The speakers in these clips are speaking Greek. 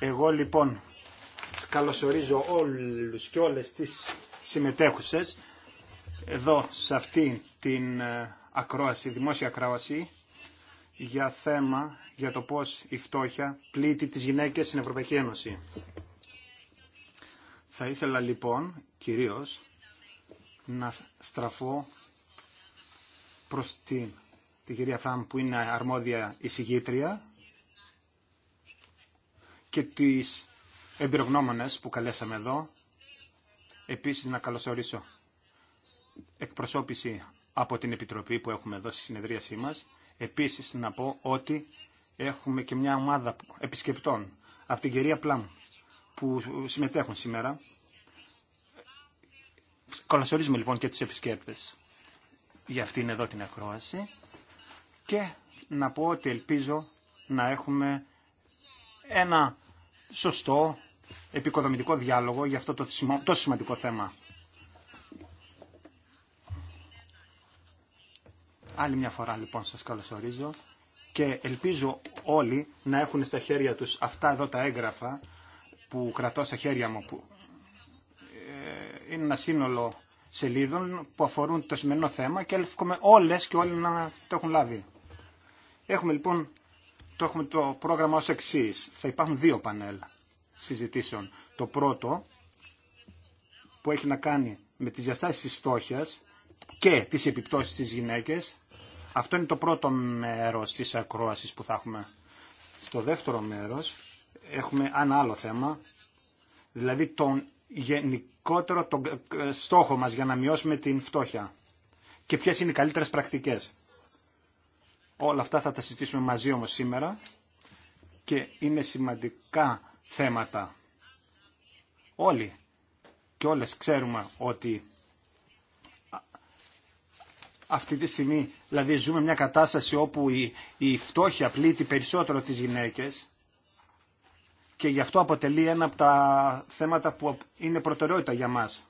Εγώ λοιπόν καλωσορίζω όλους και όλες τις συμμετέχουσες εδώ σε αυτή την ε, ακρόαση, δημόσια ακρόαση για θέμα για το πώς η φτώχεια πλήττει τις γυναίκες στην Ευρωπαϊκή Ένωση. Θα ήθελα λοιπόν κυρίως να στραφώ προς την, την κυρία Φράμ που είναι αρμόδια εισηγήτρια και τις εμπειρογνώμονες που καλέσαμε εδώ. Επίσης να καλωσορίσω εκπροσώπηση από την Επιτροπή που έχουμε εδώ στη συνεδρίασή μας. Επίσης να πω ότι έχουμε και μια ομάδα επισκεπτών από την κυρία Πλάμ που συμμετέχουν σήμερα. Καλωσορίζουμε λοιπόν και τους επισκέπτες για αυτήν εδώ την ακρόαση και να πω ότι ελπίζω να έχουμε ένα σωστό, επικοδομητικό διάλογο για αυτό το τόσο σημαντικό θέμα. Άλλη μια φορά λοιπόν σας καλωσορίζω και ελπίζω όλοι να έχουν στα χέρια τους αυτά εδώ τα έγγραφα που κρατώ στα χέρια μου που ε, είναι ένα σύνολο σελίδων που αφορούν το σημερινό θέμα και ελπίζουμε όλες και όλοι να το έχουν λάβει. Έχουμε λοιπόν το έχουμε το πρόγραμμα ως εξή. Θα υπάρχουν δύο πανέλ συζητήσεων. Το πρώτο που έχει να κάνει με τις διαστάσεις της φτώχειας και τις επιπτώσεις στις γυναίκες. Αυτό είναι το πρώτο μέρος της ακρόασης που θα έχουμε. Στο δεύτερο μέρος έχουμε ένα άλλο θέμα, δηλαδή τον γενικότερο τον ε, στόχο μας για να μειώσουμε την φτώχεια και ποιες είναι οι καλύτερες πρακτικές. Όλα αυτά θα τα συζητήσουμε μαζί όμως σήμερα και είναι σημαντικά θέματα. Όλοι και όλες ξέρουμε ότι αυτή τη στιγμή, δηλαδή ζούμε μια κατάσταση όπου η, η φτώχεια πλήττει περισσότερο τις γυναίκες και γι' αυτό αποτελεί ένα από τα θέματα που είναι προτεραιότητα για μας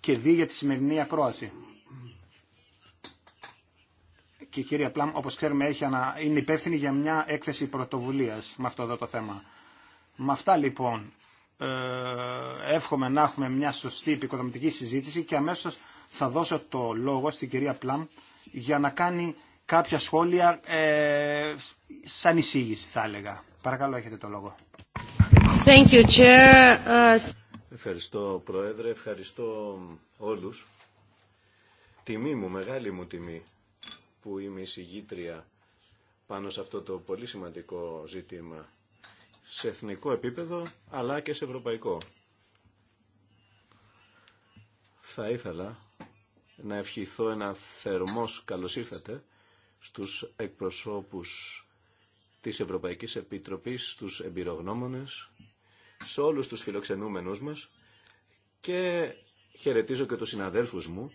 και δεί για τη σημερινή ακρόαση και η κυρία Πλάμ, όπως ξέρουμε, έχει ανα... είναι υπεύθυνη για μια έκθεση πρωτοβουλίας με αυτό εδώ το θέμα. Με αυτά λοιπόν ε, εύχομαι να έχουμε μια σωστή επικοδομητική συζήτηση και αμέσως θα δώσω το λόγο στην κυρία Πλάμ για να κάνει κάποια σχόλια ε, σαν εισήγηση θα έλεγα. Παρακαλώ έχετε το λόγο. Thank you, Chair. Ε, ευχαριστώ Πρόεδρε, ευχαριστώ όλους. Τιμή μου, μεγάλη μου τιμή που είμαι συγγήτρια πάνω σε αυτό το πολύ σημαντικό ζήτημα σε εθνικό επίπεδο αλλά και σε ευρωπαϊκό. Θα ήθελα να ευχηθώ ένα θερμός καλώς ήρθατε στους εκπροσώπους της Ευρωπαϊκής Επιτροπής, στους εμπειρογνώμονες, σε όλους τους φιλοξενούμενους μας και χαιρετίζω και τους συναδέλφους μου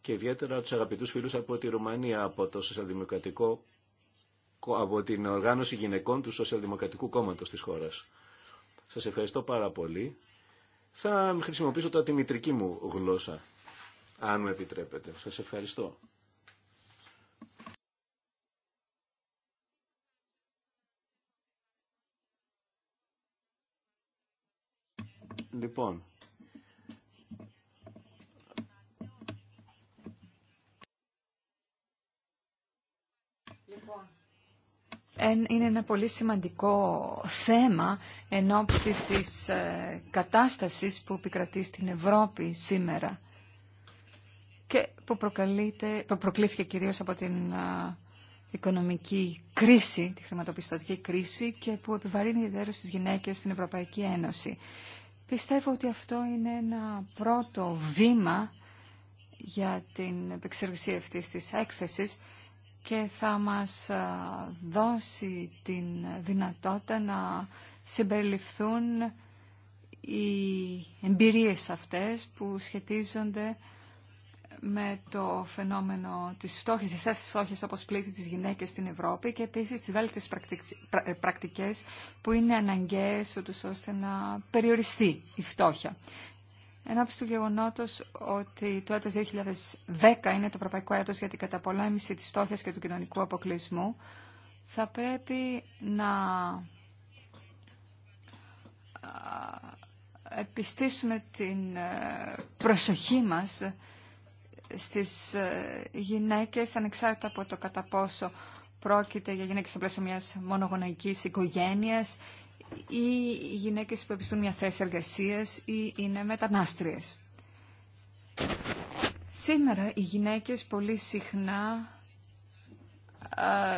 και ιδιαίτερα τους αγαπητούς φίλους από τη Ρουμανία, από το Σοσιαλδημοκρατικό από την οργάνωση γυναικών του Σοσιαλδημοκρατικού Κόμματος της χώρας. Σας ευχαριστώ πάρα πολύ. Θα χρησιμοποιήσω τώρα τη μητρική μου γλώσσα, αν μου επιτρέπετε. Σας ευχαριστώ. Λοιπόν, είναι ένα πολύ σημαντικό θέμα εν ώψη της ε, κατάστασης που επικρατεί στην Ευρώπη σήμερα και που προκλήθηκε κυρίως από την ε, οικονομική κρίση, τη χρηματοπιστωτική κρίση και που επιβαρύνει ιδιαίτερα στις γυναίκες στην Ευρωπαϊκή Ένωση. Πιστεύω ότι αυτό είναι ένα πρώτο βήμα για την επεξεργασία αυτής της έκθεσης και θα μας ε, δώσει την δυνατότητα να συμπεριληφθούν οι εμπειρίες αυτές που σχετίζονται με το φαινόμενο της φτώχειας, της θέσης φτώχης όπως πλήττει τις γυναίκες στην Ευρώπη και επίσης τις βέλτιες ε, πρακτικές που είναι αναγκαίες ώστε να περιοριστεί η φτώχεια. Ενώπιση του γεγονότο ότι το έτο 2010 είναι το ευρωπαϊκό Έτο για την καταπολέμηση τη στόχιας και του κοινωνικού αποκλεισμού, θα πρέπει να επιστήσουμε την ε, προσοχή μας στις ε, γυναίκες ανεξάρτητα από το κατά πόσο πρόκειται για γυναίκες στο πλαίσιο μιας μονογονεϊκής οικογένειας ή γυναίκες που επιστούν μια θέση εργασίας ή είναι μετανάστριες. Σήμερα οι γυναίκες πολύ συχνά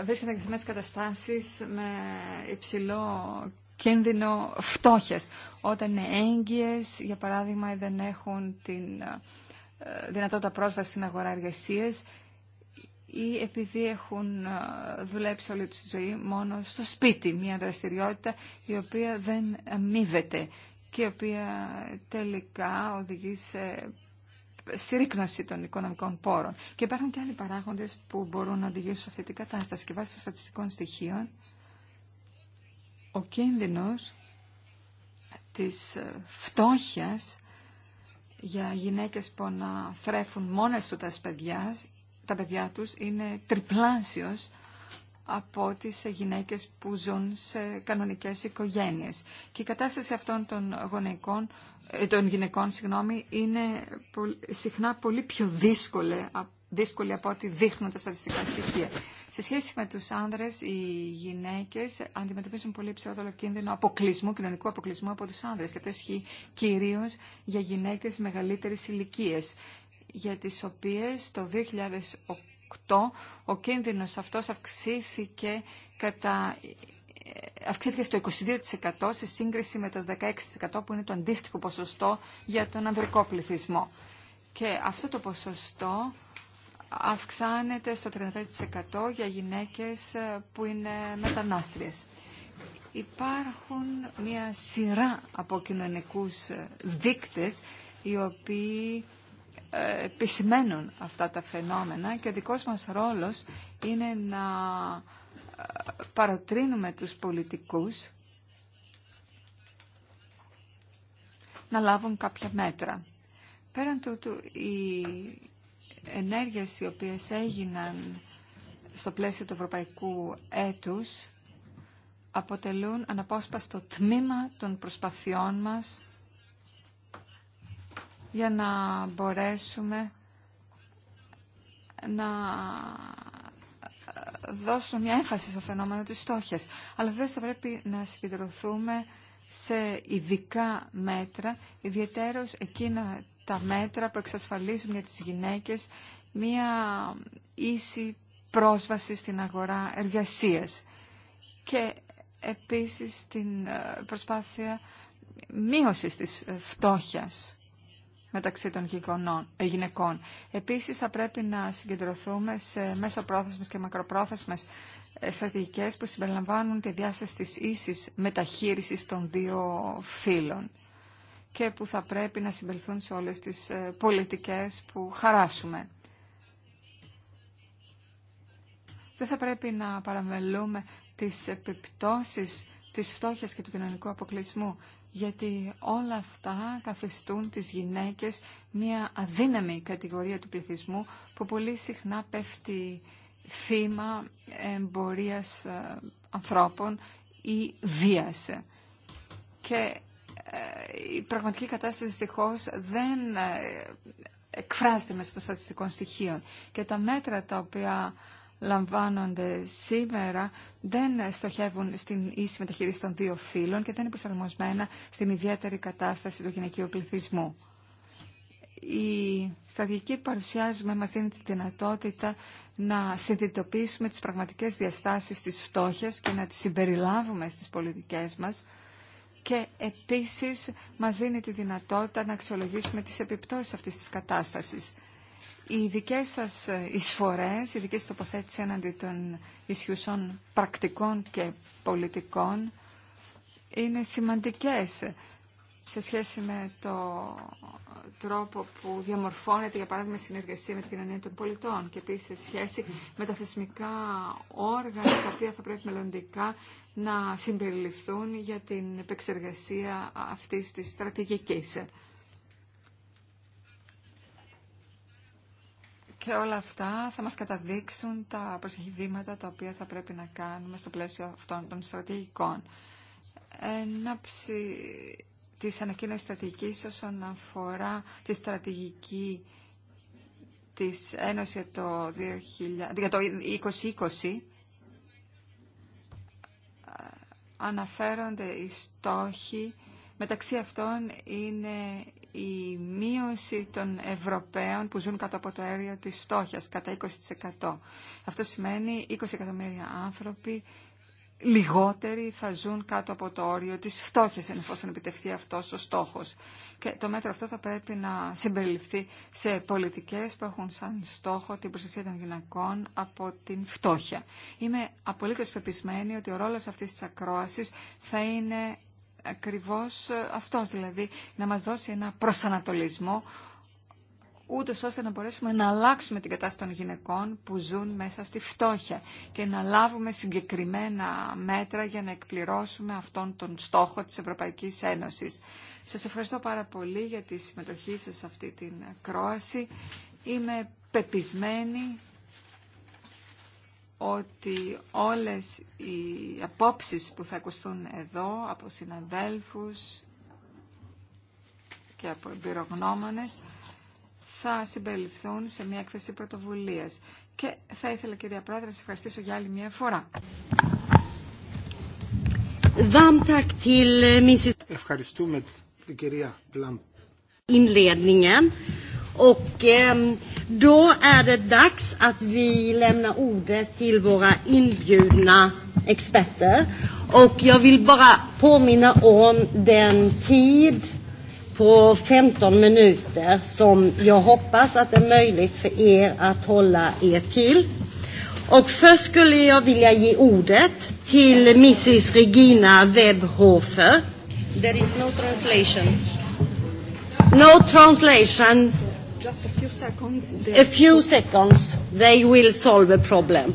βρίσκονται σε καταστάσεις με υψηλό κίνδυνο φτώχειας. Όταν είναι έγκυες, για παράδειγμα, δεν έχουν την δυνατότητα πρόσβαση στην αγορά εργασίας ή επειδή έχουν ε, δουλέψει όλη τους τη ζωή μόνο στο σπίτι, μια δραστηριότητα η οποία δεν αμείβεται και η οποία τελικά οδηγεί σε συρρήκνωση των οικονομικών πόρων. Και υπάρχουν και άλλοι παράγοντες που μπορούν να οδηγήσουν σε αυτή την κατάσταση και βάσει των στατιστικών στοιχείων ο κίνδυνος της ε, φτώχειας για γυναίκες που να φρέφουν μόνες του τα παιδιά τα παιδιά τους είναι τριπλάσιος από τις γυναίκες που ζουν σε κανονικές οικογένειες. Και η κατάσταση αυτών των, γονεϊκών, ε, των γυναικών συγγνώμη, είναι συχνά πολύ πιο δύσκολη, δύσκολη από ό,τι δείχνουν τα στατιστικά στοιχεία. Σε σχέση με τους άνδρες, οι γυναίκες αντιμετωπίζουν πολύ ψηλότερο κίνδυνο αποκλεισμού, κοινωνικού αποκλεισμού από τους άνδρες. Και αυτό ισχύει κυρίως για γυναίκες μεγαλύτερης ηλικίας για τις οποίες το 2008 ο κίνδυνος αυτός αυξήθηκε, κατά, αυξήθηκε στο 22% σε σύγκριση με το 16% που είναι το αντίστοιχο ποσοστό για τον ανδρικό πληθυσμό. Και αυτό το ποσοστό αυξάνεται στο 35% για γυναίκες ε, που είναι μετανάστριες. Υπάρχουν μια σειρά από κοινωνικούς ε, δείκτες οι οποίοι επισημαίνουν αυτά τα φαινόμενα και ο δικός μας ρόλος είναι να ε, παροτρύνουμε τους πολιτικούς να λάβουν κάποια μέτρα. Πέραν τούτου, οι ενέργειες οι οποίες έγιναν στο πλαίσιο του ευρωπαϊκού έτους αποτελούν αναπόσπαστο τμήμα των προσπαθειών μας για να μπορέσουμε να δώσουμε μια έμφαση στο φαινόμενο της στόχιας. Αλλά βέβαια θα πρέπει να συγκεντρωθούμε σε ειδικά μέτρα, ιδιαίτερως εκείνα τα μέτρα που εξασφαλίζουν για τις γυναίκες μια ίση πρόσβαση στην αγορά εργασίας και επίσης την ε, προσπάθεια μείωσης της ε, φτώχειας μεταξύ των ε, γυναικών. Επίσης θα πρέπει να συγκεντρωθούμε σε μέσοπρόθεσμες και μακροπρόθεσμες ε, στρατηγικές που συμπεριλαμβάνουν τη διάσταση της ίσης μεταχείρισης των δύο φύλων και που θα πρέπει να συμπεριφθούν σε όλες τις ε, πολιτικές που χαράσουμε. Δεν θα πρέπει να παραμελούμε τις επιπτώσεις της φτώχειας και του κοινωνικού αποκλεισμού γιατί όλα αυτά καθιστούν τις γυναίκες μια αδύναμη κατηγορία του πληθυσμού που πολύ συχνά πέφτει θύμα εμπορίας ε, ανθρώπων ή βίας. Και ε, η πραγματική κατάσταση δυστυχώ δεν ε, εκφράζεται μέσα των στατιστικών στοιχείων. Και τα μέτρα τα οποία λαμβάνονται σήμερα δεν στοχεύουν στην ίση μεταχείριση των δύο φύλων και δεν είναι προσαρμοσμένα στην ιδιαίτερη κατάσταση του γυναικείου πληθυσμού. Η σταδιακή παρουσιάζουμε μας δίνει τη δυνατότητα να συνειδητοποιήσουμε τις πραγματικές διαστάσεις της φτώχειας και να τις συμπεριλάβουμε στις πολιτικές μας και επίσης μας δίνει τη δυνατότητα να αξιολογήσουμε τις επιπτώσεις αυτής της κατάστασης οι δικές σας εισφορές, οι δικές τοποθέτησεις έναντι των ισχυουσών πρακτικών και πολιτικών είναι σημαντικές σε σχέση με το τρόπο που διαμορφώνεται, για παράδειγμα, η συνεργασία με την κοινωνία των πολιτών και επίσης σε σχέση με τα θεσμικά όργανα τα οποία θα πρέπει μελλοντικά να συμπεριληφθούν για την επεξεργασία αυτής της στρατηγικής. Και όλα αυτά θα μας καταδείξουν τα προσεχή βήματα τα οποία θα πρέπει να κάνουμε στο πλαίσιο αυτών των στρατηγικών. Έναψη της ανακοίνωσης στρατηγικής όσον αφορά τη στρατηγική της Ένωσης για το 2020 αναφέρονται οι στόχοι. Μεταξύ αυτών είναι η μείωση των Ευρωπαίων που ζουν κάτω από το αέριο της φτώχειας κατά 20%. Αυτό σημαίνει 20 εκατομμύρια άνθρωποι λιγότεροι θα ζουν κάτω από το όριο της φτώχειας εφόσον επιτευχθεί αυτός ο στόχος. Και το μέτρο αυτό θα πρέπει να συμπεριληφθεί σε πολιτικές που έχουν σαν στόχο την προστασία των γυναικών από την φτώχεια. Είμαι απολύτως πεπισμένη ότι ο ρόλος αυτής της ακρόασης θα είναι ακριβώς ε, αυτός, δηλαδή να μας δώσει ένα προσανατολισμό ούτω ώστε να μπορέσουμε να αλλάξουμε την κατάσταση των γυναικών που ζουν μέσα στη φτώχεια και να λάβουμε συγκεκριμένα μέτρα για να εκπληρώσουμε αυτόν τον στόχο της Ευρωπαϊκής Ένωσης. Σας ευχαριστώ πάρα πολύ για τη συμμετοχή σας σε αυτή την κρόαση. Είμαι πεπισμένη ότι όλες οι απόψεις που θα ακουστούν εδώ από συναδέλφους και από εμπειρογνώμονες θα συμπεριληφθούν σε μια έκθεση πρωτοβουλίας. Και θα ήθελα κυρία Πρόεδρε να σας ευχαριστήσω για άλλη μια φορά. Eh, Ευχαριστούμε την κυρία Πλάμπ. Och då är det dags att vi lämnar ordet till våra inbjudna experter. Och jag vill bara påminna om den tid på 15 minuter som jag hoppas att det är möjligt för er att hålla er till. Och först skulle jag vilja ge ordet till Mrs. Regina Webhofer. There is no translation. No translation. Just a few seconds. A few seconds, they will solve the problem.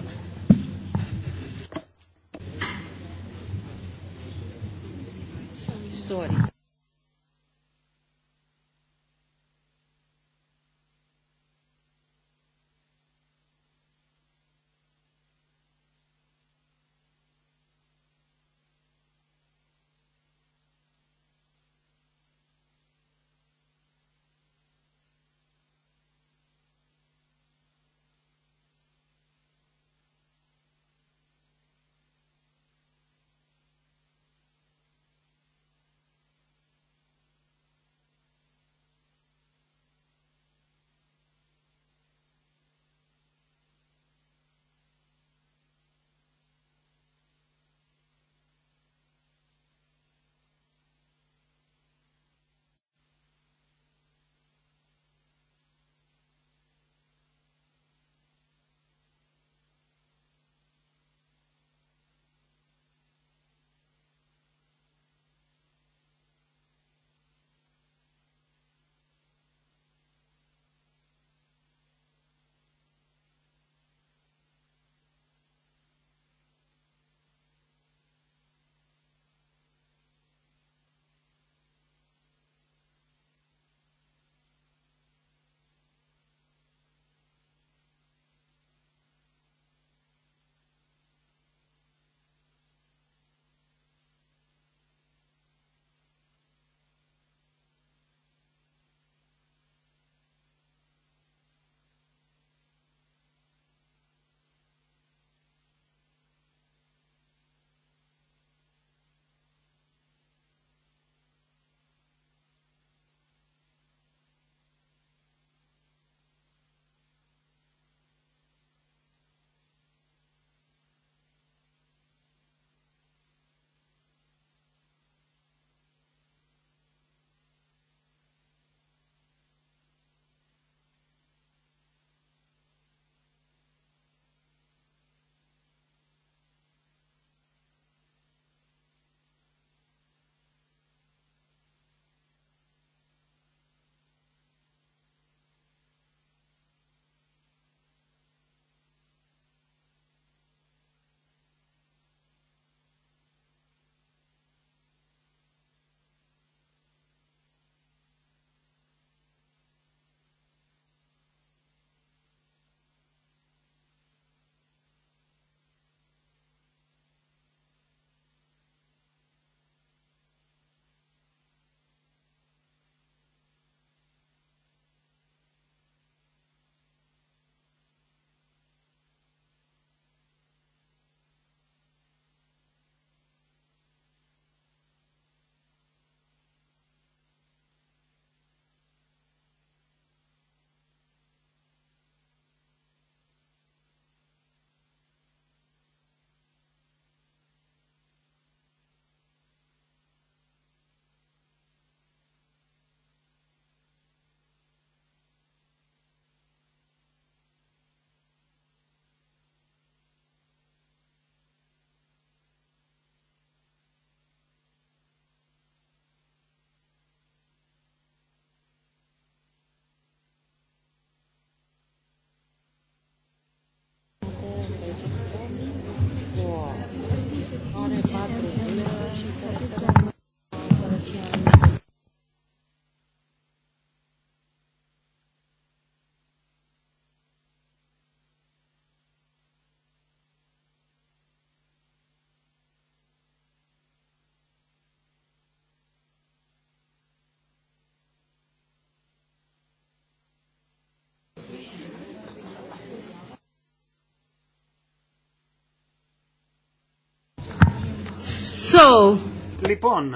Λοιπόν,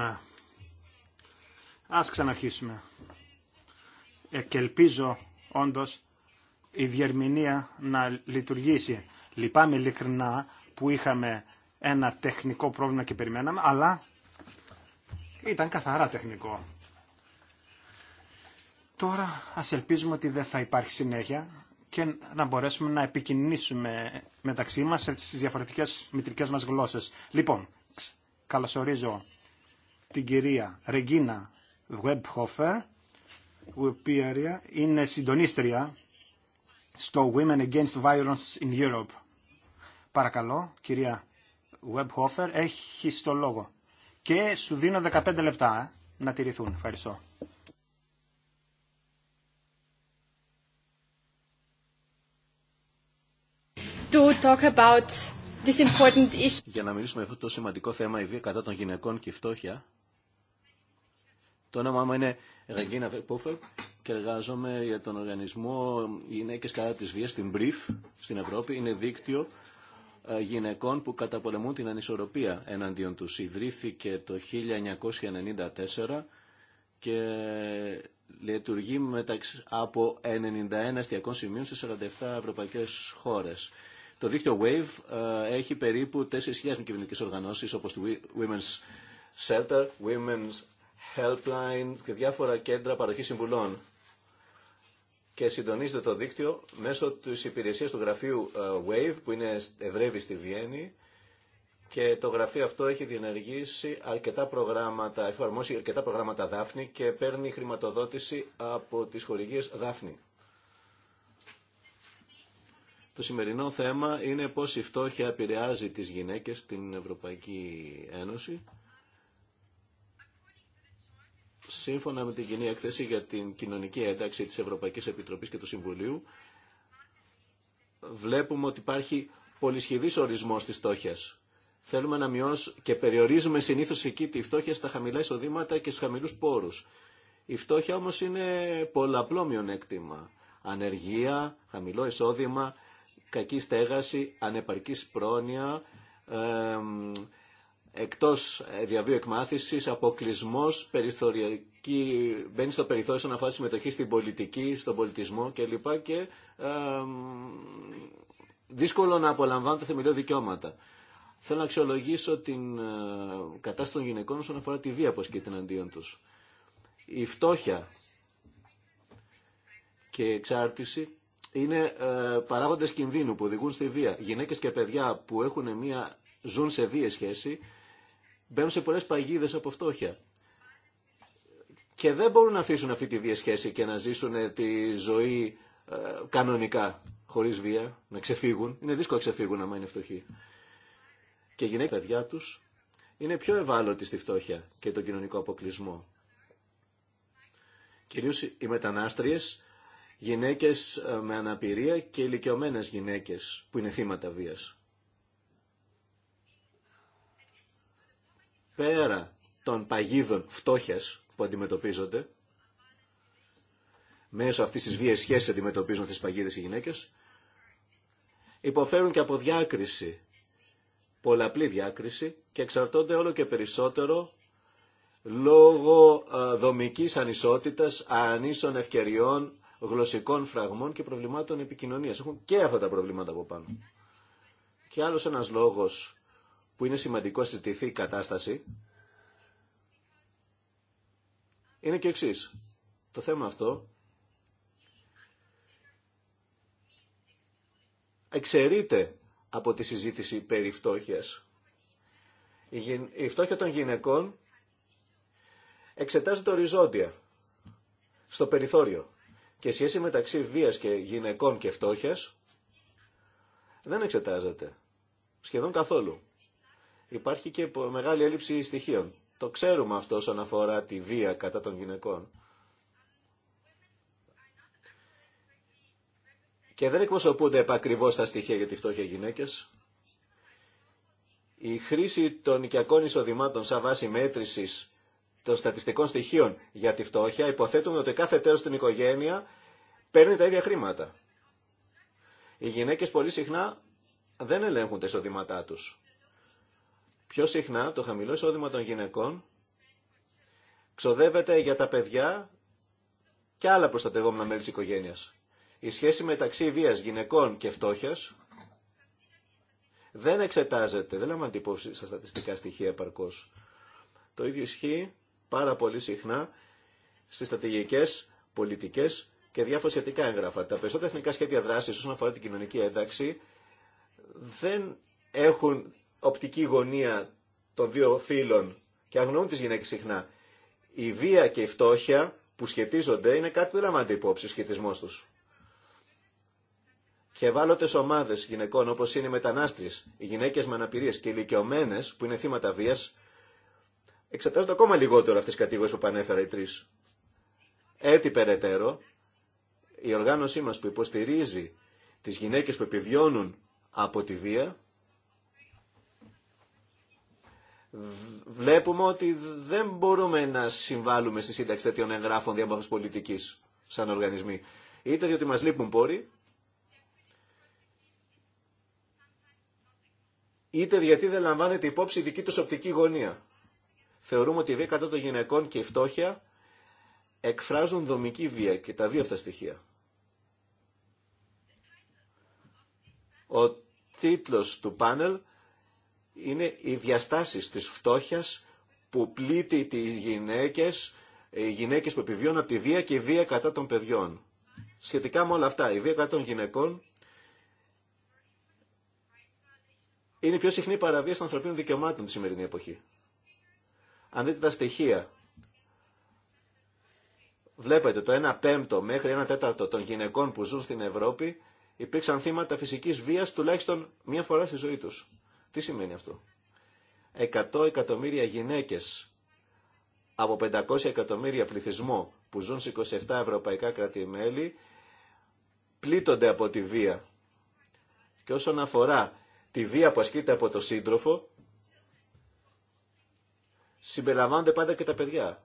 ας ξαναρχίσουμε. Ε, και ελπίζω όντως η διερμηνία να λειτουργήσει. Λυπάμαι ειλικρινά που είχαμε ένα τεχνικό πρόβλημα και περιμέναμε, αλλά ήταν καθαρά τεχνικό. Τώρα ας ελπίζουμε ότι δεν θα υπάρχει συνέχεια και να μπορέσουμε να επικοινωνήσουμε μεταξύ μας στις διαφορετικές μητρικές μας γλώσσες. Λοιπόν, καλωσορίζω την κυρία Ρεγίνα Βουέμπχοφερ, η οποία είναι συντονίστρια στο Women Against Violence in Europe. Παρακαλώ, κυρία Βουεμπχόφερ, έχει το λόγο. Και σου δίνω 15 λεπτά ε, να τηρηθούν. Ευχαριστώ. To talk about για να μιλήσουμε για αυτό το σημαντικό θέμα, η βία κατά των γυναικών και η φτώχεια. Το όνομά μου είναι Ραγκίνα Πόφερ και εργάζομαι για τον οργανισμό Γυναίκε Κατά τη Βία στην BRIF στην Ευρώπη. Είναι δίκτυο ε, γυναικών που καταπολεμούν την ανισορροπία εναντίον του. Ιδρύθηκε το 1994 και λειτουργεί μεταξύ από 91 εστιακών σημείων σε 47 ευρωπαϊκές χώρες. Το δίκτυο WAVE ε, έχει περίπου 4.000 κυβερνητικέ οργανώσει όπω το Women's Shelter, Women's Helpline και διάφορα κέντρα παροχή συμβουλών. Και συντονίζεται το δίκτυο μέσω τη υπηρεσία του γραφείου ε, WAVE που είναι εδρεύει στη Βιέννη. Και το γραφείο αυτό έχει διενεργήσει αρκετά προγράμματα, εφαρμόσει αρκετά προγράμματα Δάφνη και παίρνει χρηματοδότηση από τις χορηγίες Δάφνη. Το σημερινό θέμα είναι πώς η φτώχεια επηρεάζει τις γυναίκες στην Ευρωπαϊκή Ένωση. Σύμφωνα με την κοινή έκθεση για την κοινωνική ένταξη της Ευρωπαϊκής Επιτροπής και του Συμβουλίου, βλέπουμε ότι υπάρχει πολυσχηδής ορισμός της φτώχειας. Θέλουμε να μειώσουμε και περιορίζουμε συνήθως εκεί τη φτώχεια στα χαμηλά εισοδήματα και στους χαμηλούς πόρους. Η φτώχεια όμως είναι πολλαπλό μειονέκτημα. Ανεργία, χαμηλό εισόδημα, κακή στέγαση, ανεπαρκής πρόνοια, ε, εκτός διαβίου εκμάθησης, αποκλεισμός, περιθωριακή, μπαίνει στο περιθώριο σαν φάσει συμμετοχή στην πολιτική, στον πολιτισμό κλπ. Και δύσκολο να απολαμβάνει τα θεμελιώδη δικαιώματα. Θέλω να αξιολογήσω την ε, κατάσταση των γυναικών όσον αφορά τη βία που ασκείται εναντίον τους. Η φτώχεια και η εξάρτηση είναι ε, παράγοντε κινδύνου που οδηγούν στη βία. Γυναίκες και παιδιά που έχουν μια, ζουν σε βίαιη σχέση μπαίνουν σε πολλές παγίδες από φτώχεια. Και δεν μπορούν να αφήσουν αυτή τη βία σχέση και να ζήσουν ε, τη ζωή ε, κανονικά, χωρίς βία, να ξεφύγουν. Είναι δύσκολο να ξεφύγουν άμα είναι φτωχοί. Και οι γυναίκες παιδιά τους είναι πιο ευάλωτοι στη φτώχεια και τον κοινωνικό αποκλεισμό. Κυρίω οι μετανάστριες γυναίκες ε, με αναπηρία και ηλικιωμένες γυναίκες που είναι θύματα βίας. Πέρα των παγίδων φτώχειας που αντιμετωπίζονται, μέσω αυτής της βίας σχέσης αντιμετωπίζουν αυτές τις παγίδες οι γυναίκες, υποφέρουν και από διάκριση, πολλαπλή διάκριση και εξαρτώνται όλο και περισσότερο λόγω ε, δομικής ανισότητας, ανίσων ευκαιριών γλωσσικών φραγμών και προβλημάτων επικοινωνία. Έχουν και αυτά τα προβλήματα από πάνω. Και άλλος ένας λόγος που είναι σημαντικό στη η κατάσταση είναι και ο Το θέμα αυτό εξαιρείται από τη συζήτηση περί φτώχειας. Η φτώχεια των γυναικών εξετάζεται οριζόντια, στο περιθώριο και σχέση μεταξύ βίας και γυναικών και φτώχειας δεν εξετάζεται. Σχεδόν καθόλου. Υπάρχει και μεγάλη έλλειψη στοιχείων. Το ξέρουμε αυτό όσον αφορά τη βία κατά των γυναικών. Και δεν εκπροσωπούνται επακριβώς τα στοιχεία για τη φτώχεια γυναίκες. Η χρήση των οικιακών εισοδημάτων σαν βάση μέτρησης των στατιστικών στοιχείων για τη φτώχεια, υποθέτουμε ότι κάθε τέλο στην οικογένεια παίρνει τα ίδια χρήματα. Οι γυναίκες πολύ συχνά δεν ελέγχουν τα εισοδήματά τους. Πιο συχνά το χαμηλό εισόδημα των γυναικών ξοδεύεται για τα παιδιά και άλλα προστατευόμενα μέλη της οικογένειας. Η σχέση μεταξύ βίας γυναικών και φτώχειας δεν εξετάζεται, δεν λέμε αντιπόψη στα στατιστικά στοιχεία επαρκώς. Το ίδιο ισχύει πάρα πολύ συχνά στι στρατηγικές, πολιτικέ και διάφορα σχετικά έγγραφα. Τα περισσότερα εθνικά σχέδια δράση όσον αφορά την κοινωνική ένταξη δεν έχουν οπτική γωνία των δύο φύλων και αγνοούν τι γυναίκε συχνά. Η βία και η φτώχεια που σχετίζονται είναι κάτι που δεν λαμβάνεται υπόψη ο σχετισμό του. Και ευάλωτε ομάδε γυναικών όπω είναι οι μετανάστε, οι γυναίκε με αναπηρίε και οι ηλικιωμένε που είναι θύματα βία εξετάζονται ακόμα λιγότερο αυτές τις κατηγορίες που πανέφερα οι τρεις. Έτσι περαιτέρω, η οργάνωσή μας που υποστηρίζει τις γυναίκες που επιβιώνουν από τη βία, βλέπουμε ότι δεν μπορούμε να συμβάλλουμε στη σύνταξη τέτοιων εγγράφων διάμορφης πολιτικής σαν οργανισμοί. Είτε διότι μας λείπουν πόροι, είτε γιατί δεν λαμβάνεται υπόψη η δική τους οπτική γωνία θεωρούμε ότι η βία κατά των γυναικών και η φτώχεια εκφράζουν δομική βία και τα δύο αυτά στοιχεία. Ο τίτλος του πάνελ είναι «Οι διαστάσεις της φτώχειας που πλήττει τις γυναίκες, οι γυναίκες που επιβιώνουν από τη βία και η βία κατά των παιδιών». Σχετικά με όλα αυτά, η βία κατά των γυναικών είναι η πιο συχνή παραβίαση των ανθρωπίνων δικαιωμάτων τη σημερινή εποχή. Αν δείτε τα στοιχεία, βλέπετε το 1 πέμπτο μέχρι 1 τέταρτο των γυναικών που ζουν στην Ευρώπη υπήρξαν θύματα φυσικής βίας τουλάχιστον μία φορά στη ζωή τους. Τι σημαίνει αυτό. 100 εκατομμύρια γυναίκες από 500 εκατομμύρια πληθυσμό που ζουν σε 27 ευρωπαϊκά κράτη-μέλη πλήττονται από τη βία. Και όσον αφορά τη βία που ασκείται από το σύντροφο, συμπεριλαμβάνονται πάντα και τα παιδιά.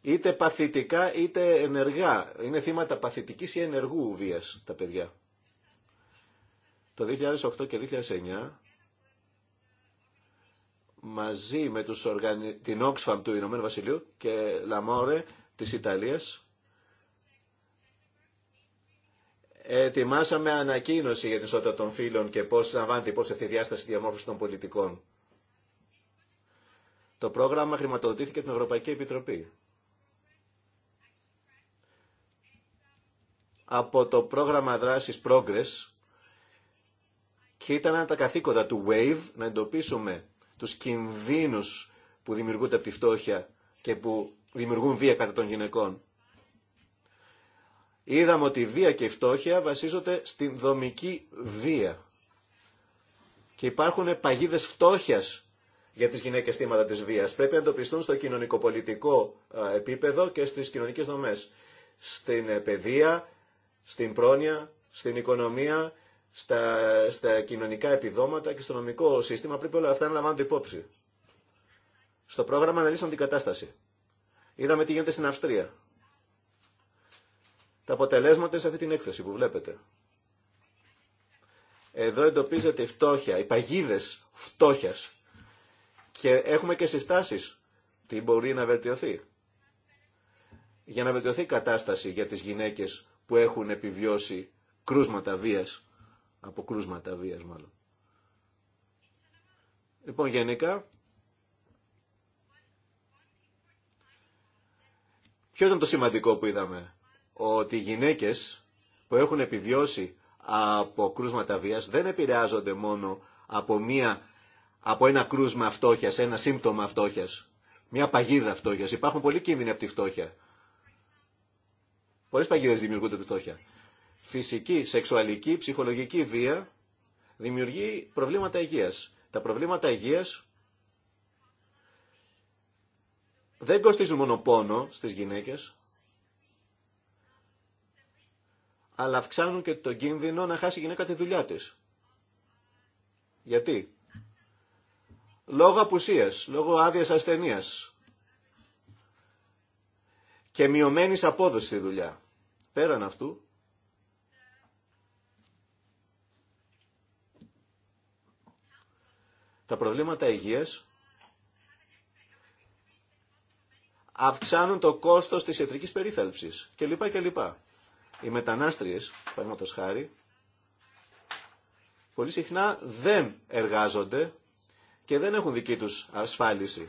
Είτε παθητικά είτε ενεργά. Είναι θύματα παθητικής ή ενεργού βίας τα παιδιά. Το 2008 και 2009 μαζί με τους την Oxfam του Ηνωμένου Βασιλείου και Λαμόρε της Ιταλίας ετοιμάσαμε ανακοίνωση για την σώτα των φίλων και πώς λαμβάνεται υπόψη αυτή η διάσταση διαμόρφωση των πολιτικών. Το πρόγραμμα χρηματοδοτήθηκε από την Ευρωπαϊκή Επιτροπή. Από το πρόγραμμα δράσης Progress και ήταν τα καθήκοντα του WAVE να εντοπίσουμε τους κινδύνους που δημιουργούνται από τη φτώχεια και που δημιουργούν βία κατά των γυναικών. Είδαμε ότι η βία και η φτώχεια βασίζονται στην δομική βία. Και υπάρχουν παγίδες φτώχειας για τις γυναίκες θύματα της βίας. Πρέπει να εντοπιστούν στο κοινωνικοπολιτικό ε, επίπεδο και στις κοινωνικές δομές. Στην ε, παιδεία, στην πρόνοια, στην οικονομία, στα, στα κοινωνικά επιδόματα και στο νομικό σύστημα πρέπει όλα αυτά να λαμβάνονται υπόψη. Στο πρόγραμμα αναλύσαμε την κατάσταση. Είδαμε τι γίνεται στην Αυστρία. Τα αποτελέσματα σε αυτή την έκθεση που βλέπετε. Εδώ εντοπίζεται η φτώχεια, οι παγίδες φτώχειας και έχουμε και συστάσεις τι μπορεί να βελτιωθεί. Για να βελτιωθεί η κατάσταση για τις γυναίκες που έχουν επιβιώσει κρούσματα βίας, από κρούσματα βίας μάλλον. Λοιπόν, γενικά, ποιο ήταν το σημαντικό που είδαμε. Ότι οι γυναίκες που έχουν επιβιώσει από κρούσματα βίας δεν επηρεάζονται μόνο από μία από ένα κρούσμα φτώχεια, ένα σύμπτωμα φτώχεια, μια παγίδα φτώχεια. Υπάρχουν πολλοί κίνδυνοι από τη φτώχεια. Πολλέ παγίδε δημιουργούνται από τη φτώχεια. Φυσική, σεξουαλική, ψυχολογική βία δημιουργεί προβλήματα υγεία. Τα προβλήματα υγεία δεν κοστίζουν μόνο πόνο στι γυναίκε, αλλά αυξάνουν και τον κίνδυνο να χάσει η γυναίκα τη δουλειά τη. Γιατί λόγω απουσίας, λόγω άδειας ασθενείας και μειωμένης απόδοση στη δουλειά. Πέραν αυτού, τα προβλήματα υγείας αυξάνουν το κόστος της και περίθαλψης και λοιπά. Οι μετανάστριες, παραδείγματος χάρη, πολύ συχνά δεν εργάζονται και δεν έχουν δική τους ασφάλιση.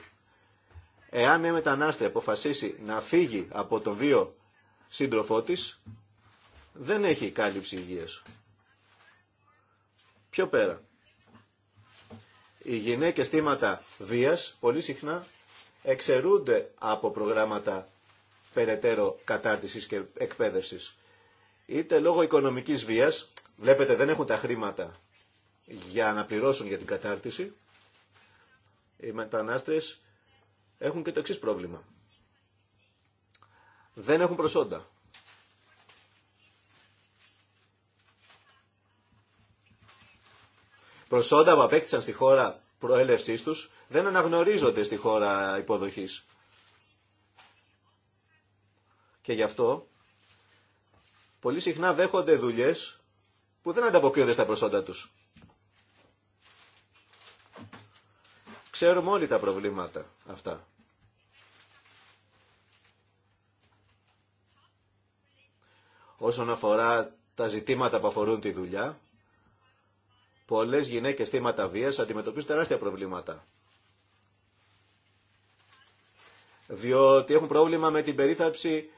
Εάν μια μετανάστε αποφασίσει να φύγει από τον βίο σύντροφό της, δεν έχει κάλυψη υγείας. Πιο πέρα. Οι γυναίκες θύματα βίας πολύ συχνά εξαιρούνται από προγράμματα περαιτέρω κατάρτισης και εκπαίδευσης. Είτε λόγω οικονομικής βίας, βλέπετε δεν έχουν τα χρήματα για να πληρώσουν για την κατάρτιση, οι μετανάστες έχουν και το εξή πρόβλημα. Δεν έχουν προσόντα. Προσόντα που απέκτησαν στη χώρα προέλευσής τους δεν αναγνωρίζονται στη χώρα υποδοχής. Και γι' αυτό πολύ συχνά δέχονται δουλειές που δεν ανταποκρίνονται στα προσόντα τους. Ξέρουμε όλοι τα προβλήματα αυτά. Όσον αφορά τα ζητήματα που αφορούν τη δουλειά, πολλές γυναίκες θύματα βίας αντιμετωπίζουν τεράστια προβλήματα. Διότι έχουν πρόβλημα με την περίθαψη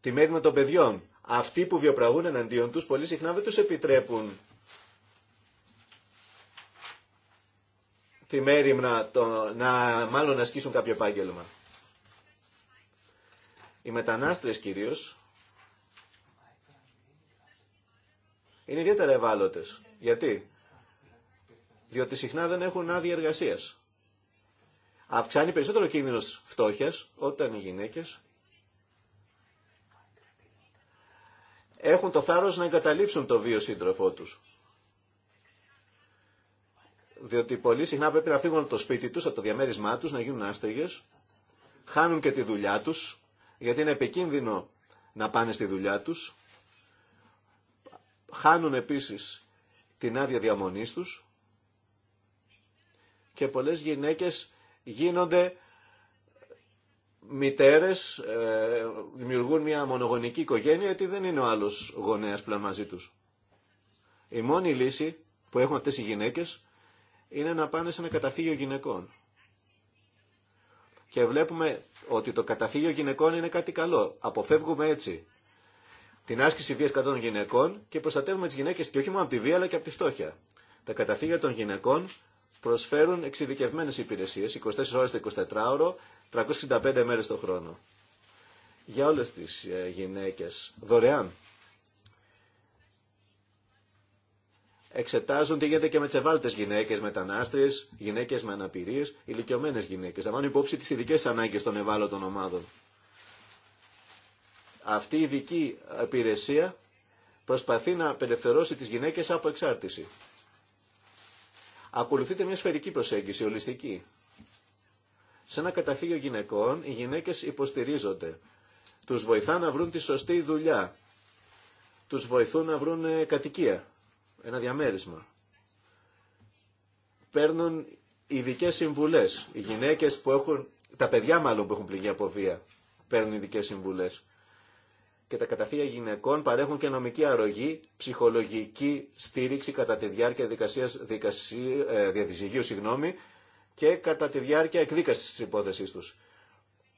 τη μέρη των παιδιών. Αυτοί που βιοπραγούν εναντίον τους πολύ συχνά δεν τους επιτρέπουν τη να το, να μάλλον να ασκήσουν κάποιο επάγγελμα. Οι μετανάστρες κυρίως είναι ιδιαίτερα ευάλωτε. Γιατί? Διότι συχνά δεν έχουν άδεια εργασία. Αυξάνει περισσότερο κίνδυνος φτώχειας όταν οι γυναίκες έχουν το θάρρος να εγκαταλείψουν το βίο σύντροφό τους διότι πολύ συχνά πρέπει να φύγουν από το σπίτι τους, από το διαμέρισμά τους, να γίνουν άστεγες, χάνουν και τη δουλειά τους, γιατί είναι επικίνδυνο να πάνε στη δουλειά τους, χάνουν επίσης την άδεια διαμονής τους και πολλές γυναίκες γίνονται μητέρες, ε, δημιουργούν μια μονογονική οικογένεια γιατί δεν είναι ο άλλος γονέας πλέον μαζί τους. Η μόνη λύση που έχουν αυτές οι γυναίκες είναι να πάνε σε ένα καταφύγιο γυναικών. Και βλέπουμε ότι το καταφύγιο γυναικών είναι κάτι καλό. Αποφεύγουμε έτσι την άσκηση βίας κατά των γυναικών και προστατεύουμε τις γυναίκες και όχι μόνο από τη βία αλλά και από τη φτώχεια. Τα καταφύγια των γυναικών προσφέρουν εξειδικευμένες υπηρεσίες 24 ώρες το 24ωρο, 365 μέρες το χρόνο. Για όλες τις ε, γυναίκες, δωρεάν. εξετάζουν τι γίνεται και με τι ευάλωτε γυναίκε, μετανάστριε, γυναίκε με αναπηρίε, ηλικιωμένε γυναίκε. Λαμβάνουν υπόψη τι ειδικέ ανάγκε των ευάλωτων ομάδων. Αυτή η ειδική υπηρεσία προσπαθεί να απελευθερώσει τι γυναίκε από εξάρτηση. Ακολουθείται μια σφαιρική προσέγγιση, ολιστική. Σε ένα καταφύγιο γυναικών, οι γυναίκε υποστηρίζονται. Του βοηθά να βρουν τη σωστή δουλειά. Του βοηθούν να βρουν ε, κατοικία ένα διαμέρισμα. Παίρνουν ειδικέ συμβουλέ. Οι γυναίκε που έχουν, τα παιδιά μάλλον που έχουν πληγεί από βία, παίρνουν ειδικέ συμβουλέ. Και τα καταφύγια γυναικών παρέχουν και νομική αρρωγή, ψυχολογική στήριξη κατά τη διάρκεια δικασίας, ε, και κατά τη διάρκεια εκδίκαση τη υπόθεσή του.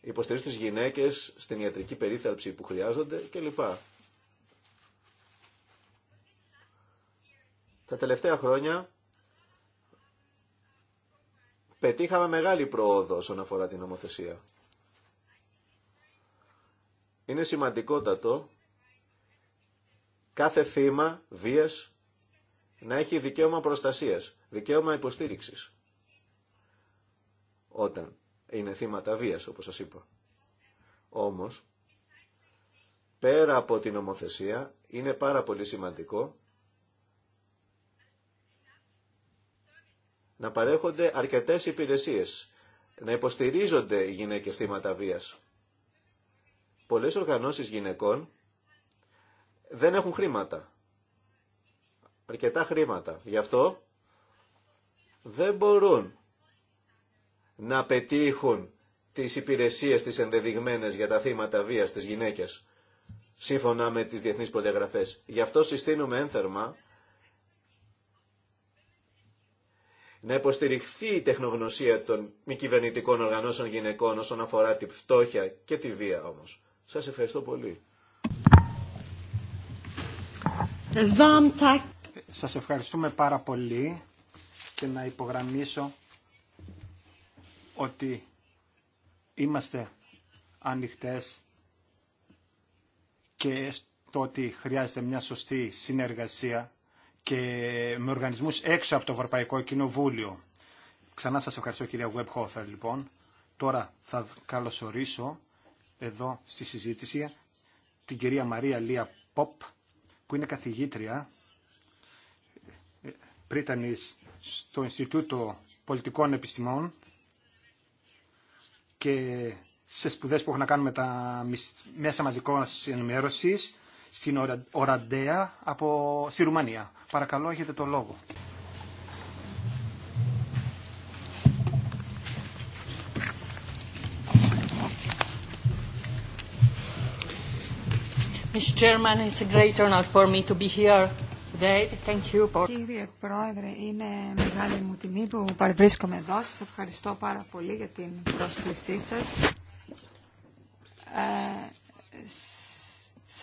Υποστηρίζουν τι γυναίκε στην ιατρική περίθαλψη που χρειάζονται κλπ. Τα τελευταία χρόνια πετύχαμε μεγάλη πρόοδο όσον αφορά την νομοθεσία. Είναι σημαντικότατο κάθε θύμα βίας να έχει δικαίωμα προστασίας, δικαίωμα υποστήριξης. Όταν είναι θύματα βίας, όπως σας είπα. Όμως, πέρα από την νομοθεσία, είναι πάρα πολύ σημαντικό να παρέχονται αρκετές υπηρεσίες, να υποστηρίζονται οι γυναίκες θύματα βίας. Πολλές οργανώσεις γυναικών δεν έχουν χρήματα, αρκετά χρήματα. Γι' αυτό δεν μπορούν να πετύχουν τις υπηρεσίες τις ενδεδειγμένες για τα θύματα βίας της γυναίκε σύμφωνα με τις διεθνείς προδιαγραφές. Γι' αυτό συστήνουμε ένθερμα να υποστηριχθεί η τεχνογνωσία των μη κυβερνητικών οργανώσεων γυναικών όσον αφορά τη φτώχεια και τη βία όμως. Σας ευχαριστώ πολύ. Σας ευχαριστούμε πάρα πολύ και να υπογραμμίσω ότι είμαστε ανοιχτές και στο ότι χρειάζεται μια σωστή συνεργασία και με οργανισμούς έξω από το Ευρωπαϊκό Κοινοβούλιο. Ξανά σας ευχαριστώ κυρία Βουέμπχόφερ λοιπόν. Τώρα θα καλωσορίσω εδώ στη συζήτηση την κυρία Μαρία Λία Ποπ που είναι καθηγήτρια ε, πρίτανης στο Ινστιτούτο Πολιτικών Επιστημών και σε σπουδές που έχουν να κάνουν με τα μέσα μαζικών ενημέρωσης στην Οραντέα από στη Ρουμανία. Παρακαλώ, έχετε το λόγο. Κύριε Πρόεδρε, είναι μεγάλη μου τιμή που παρευρίσκομαι εδώ. Σας ευχαριστώ πάρα πολύ για την πρόσκλησή σας. Ε,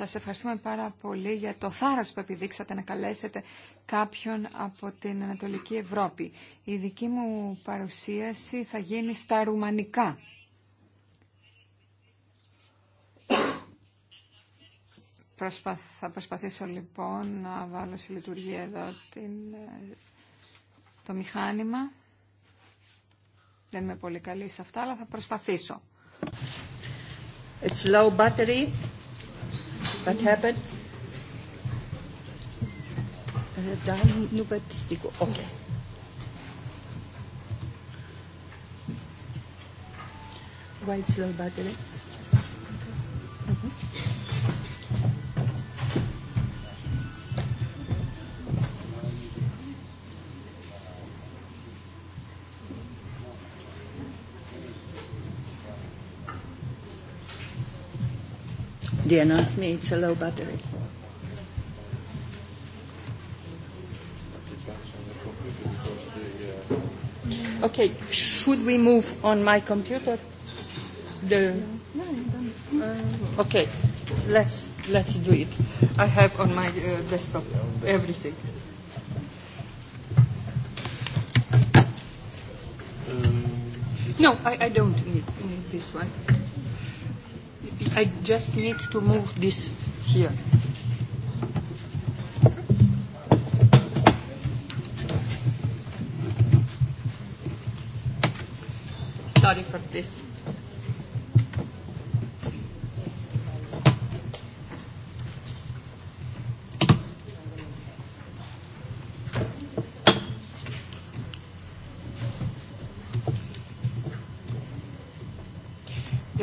σας ευχαριστούμε πάρα πολύ για το θάρρος που επιδείξατε να καλέσετε κάποιον από την Ανατολική Ευρώπη. Η δική μου παρουσίαση θα γίνει στα ρουμανικά. Θα προσπαθήσω λοιπόν να βάλω σε λειτουργία εδώ ε, το μηχάνημα. Δεν είμαι πολύ καλή σε αυτά, αλλά θα προσπαθήσω. It's low battery. What happened? Okay. White slow battery. announced me it's a low battery. Okay, should we move on my computer? The okay, let's let's do it. I have on my desktop everything. No, I I don't need need this one. I just need to move this here. Sorry for this.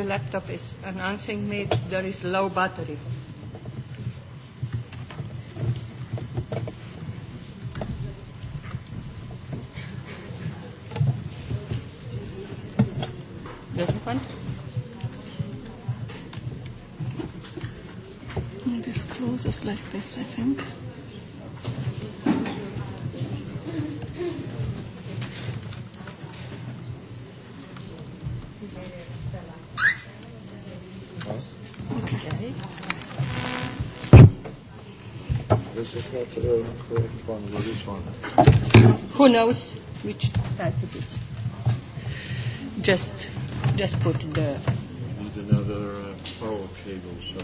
laptop is announcing me there is low battery. Doesn't want? This closes like this, I think. Who knows which type it is? Just, just put the. Need another uh, power cable. So.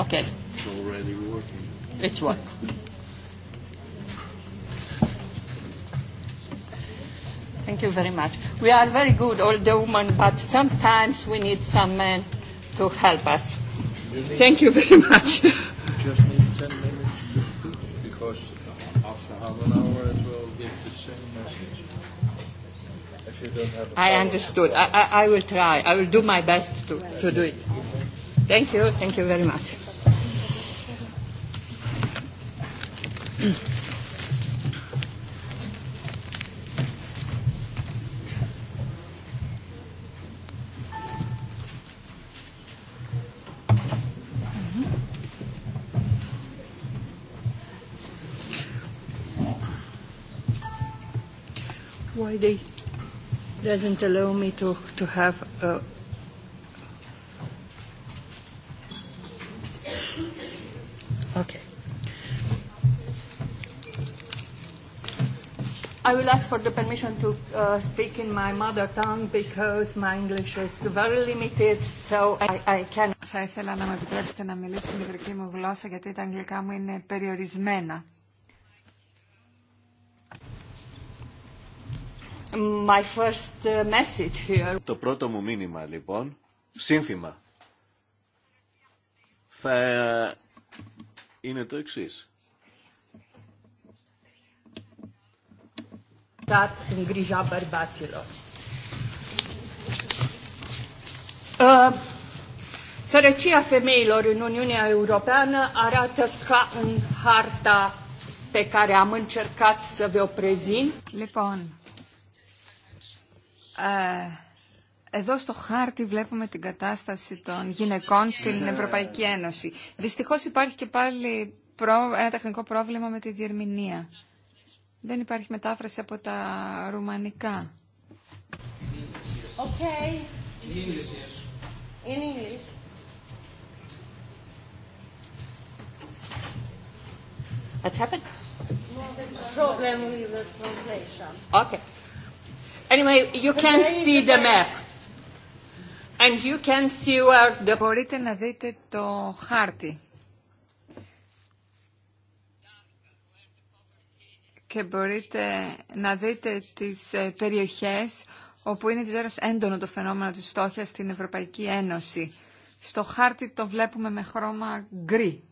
Okay. It's already working. It's working. you very much. We are very good, all women, but sometimes we need some men to help us. Thank you very much. I understood. I, I, I will try. I will do my best to, to do it. Thank you. Thank you very much. doesn't allow me to to have a Okay. I will ask for the permission to uh, speak in my mother tongue because my English is very limited, so I, I can. Θα ήθελα να μου επιτρέψετε να μιλήσω στην μητρική μου γλώσσα γιατί τα αγγλικά μου είναι περιορισμένα. My first message here. Το πρώτο μου μήνυμα λοιπόν, σύνθημα, θα είναι το εξής. Sărăcia femeilor în Uniunea Europeană arată ca în harta pe care am încercat să vă o prezint. Λοιπόν, εδώ στο χάρτη βλέπουμε την κατάσταση των γυναικών στην Ευρωπαϊκή Ένωση. Δυστυχώς υπάρχει και πάλι ένα τεχνικό πρόβλημα με τη διερμηνία. Δεν υπάρχει μετάφραση από τα ρουμανικά. Okay. In English, In English. Problem with translation. Okay. Anyway, Μπορείτε να δείτε το χάρτη. Και μπορείτε να δείτε τις ε, περιοχές όπου είναι ιδιαίτερως έντονο το φαινόμενο της φτώχειας στην Ευρωπαϊκή Ένωση. Στο χάρτη το βλέπουμε με χρώμα γκρι.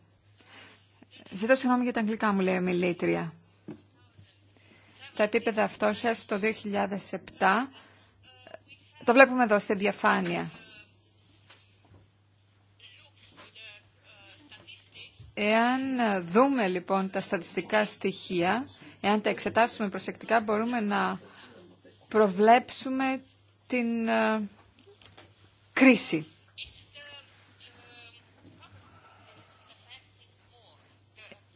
Ζητώ συγγνώμη για τα αγγλικά μου, λέει η μιλήτρια τα επίπεδα φτώχειας το 2007. Το βλέπουμε εδώ στη διαφάνεια. Εάν δούμε λοιπόν τα στατιστικά στοιχεία, εάν τα εξετάσουμε προσεκτικά, μπορούμε να προβλέψουμε την ε, κρίση.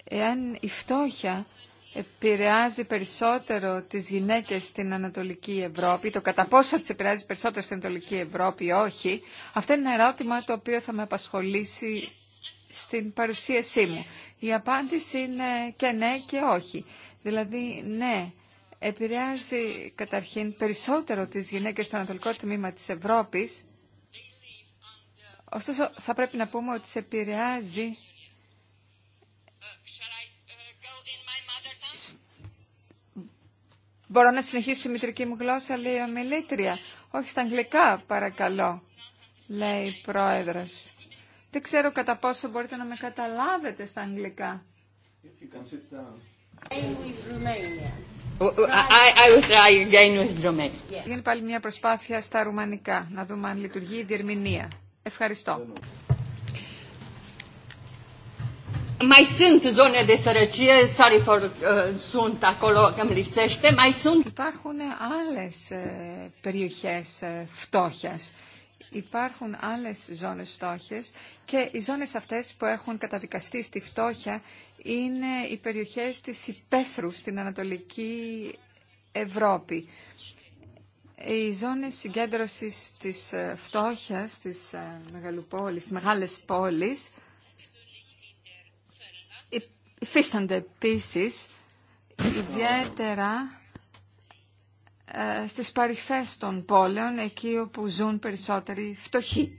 Εάν η φτώχεια επηρεάζει περισσότερο τις γυναίκες στην Ανατολική Ευρώπη, το κατά πόσο τις επηρεάζει περισσότερο στην Ανατολική Ευρώπη ή όχι, αυτό είναι ένα ερώτημα το οποίο θα με απασχολήσει στην παρουσίασή μου. Η απάντηση είναι και ναι και όχι. Δηλαδή, ναι, επηρεάζει καταρχήν περισσότερο τις γυναίκες στο ανατολικό τμήμα τη Ευρώπης, ωστόσο θα πρέπει να πούμε ότι σε επηρεάζει Μπορώ να συνεχίσω τη μητρική μου γλώσσα, λέει η ομιλήτρια. Όχι στα αγγλικά, παρακαλώ, λέει η πρόεδρος. Δεν ξέρω κατά πόσο μπορείτε να με καταλάβετε στα αγγλικά. Γίνει πάλι μια προσπάθεια στα ρουμανικά, να δούμε αν λειτουργεί η διερμηνία. Ευχαριστώ mai sunt zone sorry for, uh, sunt acolo că Υπάρχουν άλλες ε, περιοχές ε, φτώχειας. Υπάρχουν άλλες ζώνες φτώχειας και οι ζώνες αυτές που έχουν καταδικαστεί στη φτώχεια είναι οι περιοχές της υπαίθρου στην Ανατολική Ευρώπη. Οι ζώνες συγκέντρωσης της ε, φτώχειας, της μεγάλη πόλη υφίστανται επίση ιδιαίτερα ε, στις παρυφές των πόλεων, εκεί όπου ζουν περισσότεροι φτωχοί.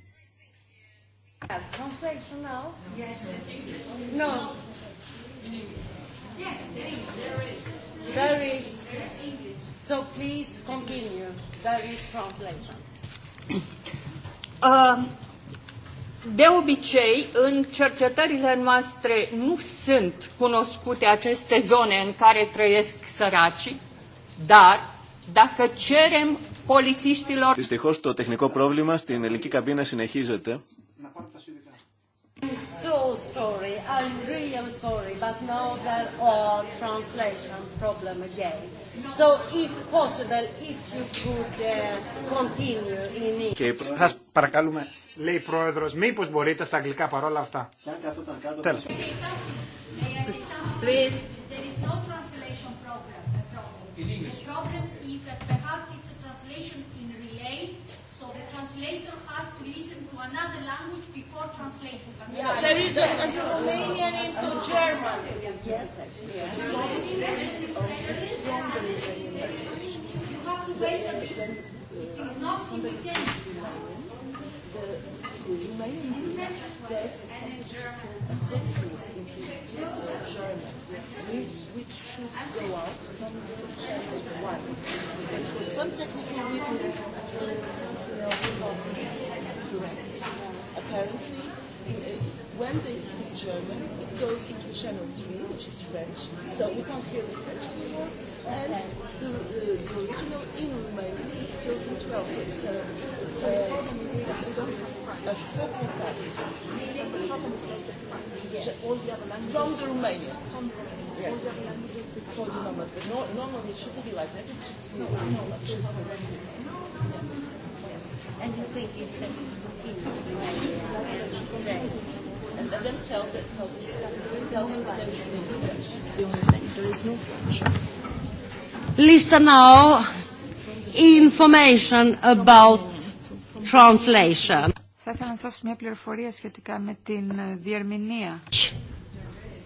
De obicei, în cercetările noastre nu sunt cunoscute aceste zone în care trăiesc săracii, dar dacă cerem polițiștilor... Δυστυχώς το τεχνικό πρόβλημα στην ελληνική καμπίνα συνεχίζεται. I'm so sorry. I'm real sorry, but now there are translation problem again. So if possible, if you could continue in English. Σας παρακαλούμε, λέει η Πρόεδρος, μήπως μπορείτε στα αγγλικά παρόλα αυτά. Τέλος. Please. There is no translation problem. In English. There is a Romanian into German. Yes, actually. You have to wait a bit. It is not simultaneous. The Romanian test and German. Which should go out from the German one. For some technical reason, apparently In when they speak German, it goes into channel three, which is French, so we can't hear the French anymore, and the, the original in Romanian is still from 12, so it's a, a full contact. From the Romanian. Yes. Yes. the but no, normally it shouldn't be like that. no, no, no, And you think it's that Listen now, information about translation. Θα ήθελα να σας μια πληροφορία σχετικά με την ε, διερμηνία.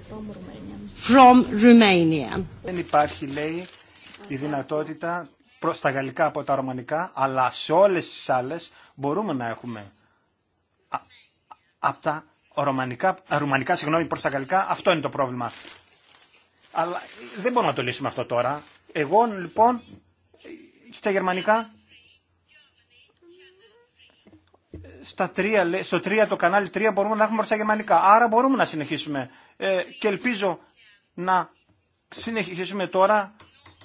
From From Δεν υπάρχει, λέει, η δυνατότητα προς τα γαλλικά από τα ρωμανικά, αλλά σε όλες τις άλλες μπορούμε να έχουμε από τα ρωμανικά, ε, ρουμανικά συγγνώμη, προς τα γαλλικά. Αυτό είναι το πρόβλημα. Αλλά δεν μπορούμε να το λύσουμε αυτό τώρα. Εγώ λοιπόν στα γερμανικά στα τρία, στο το κανάλι 3 μπορούμε να έχουμε προς τα γερμανικά. Άρα μπορούμε να συνεχίσουμε ε, και ελπίζω να συνεχίσουμε τώρα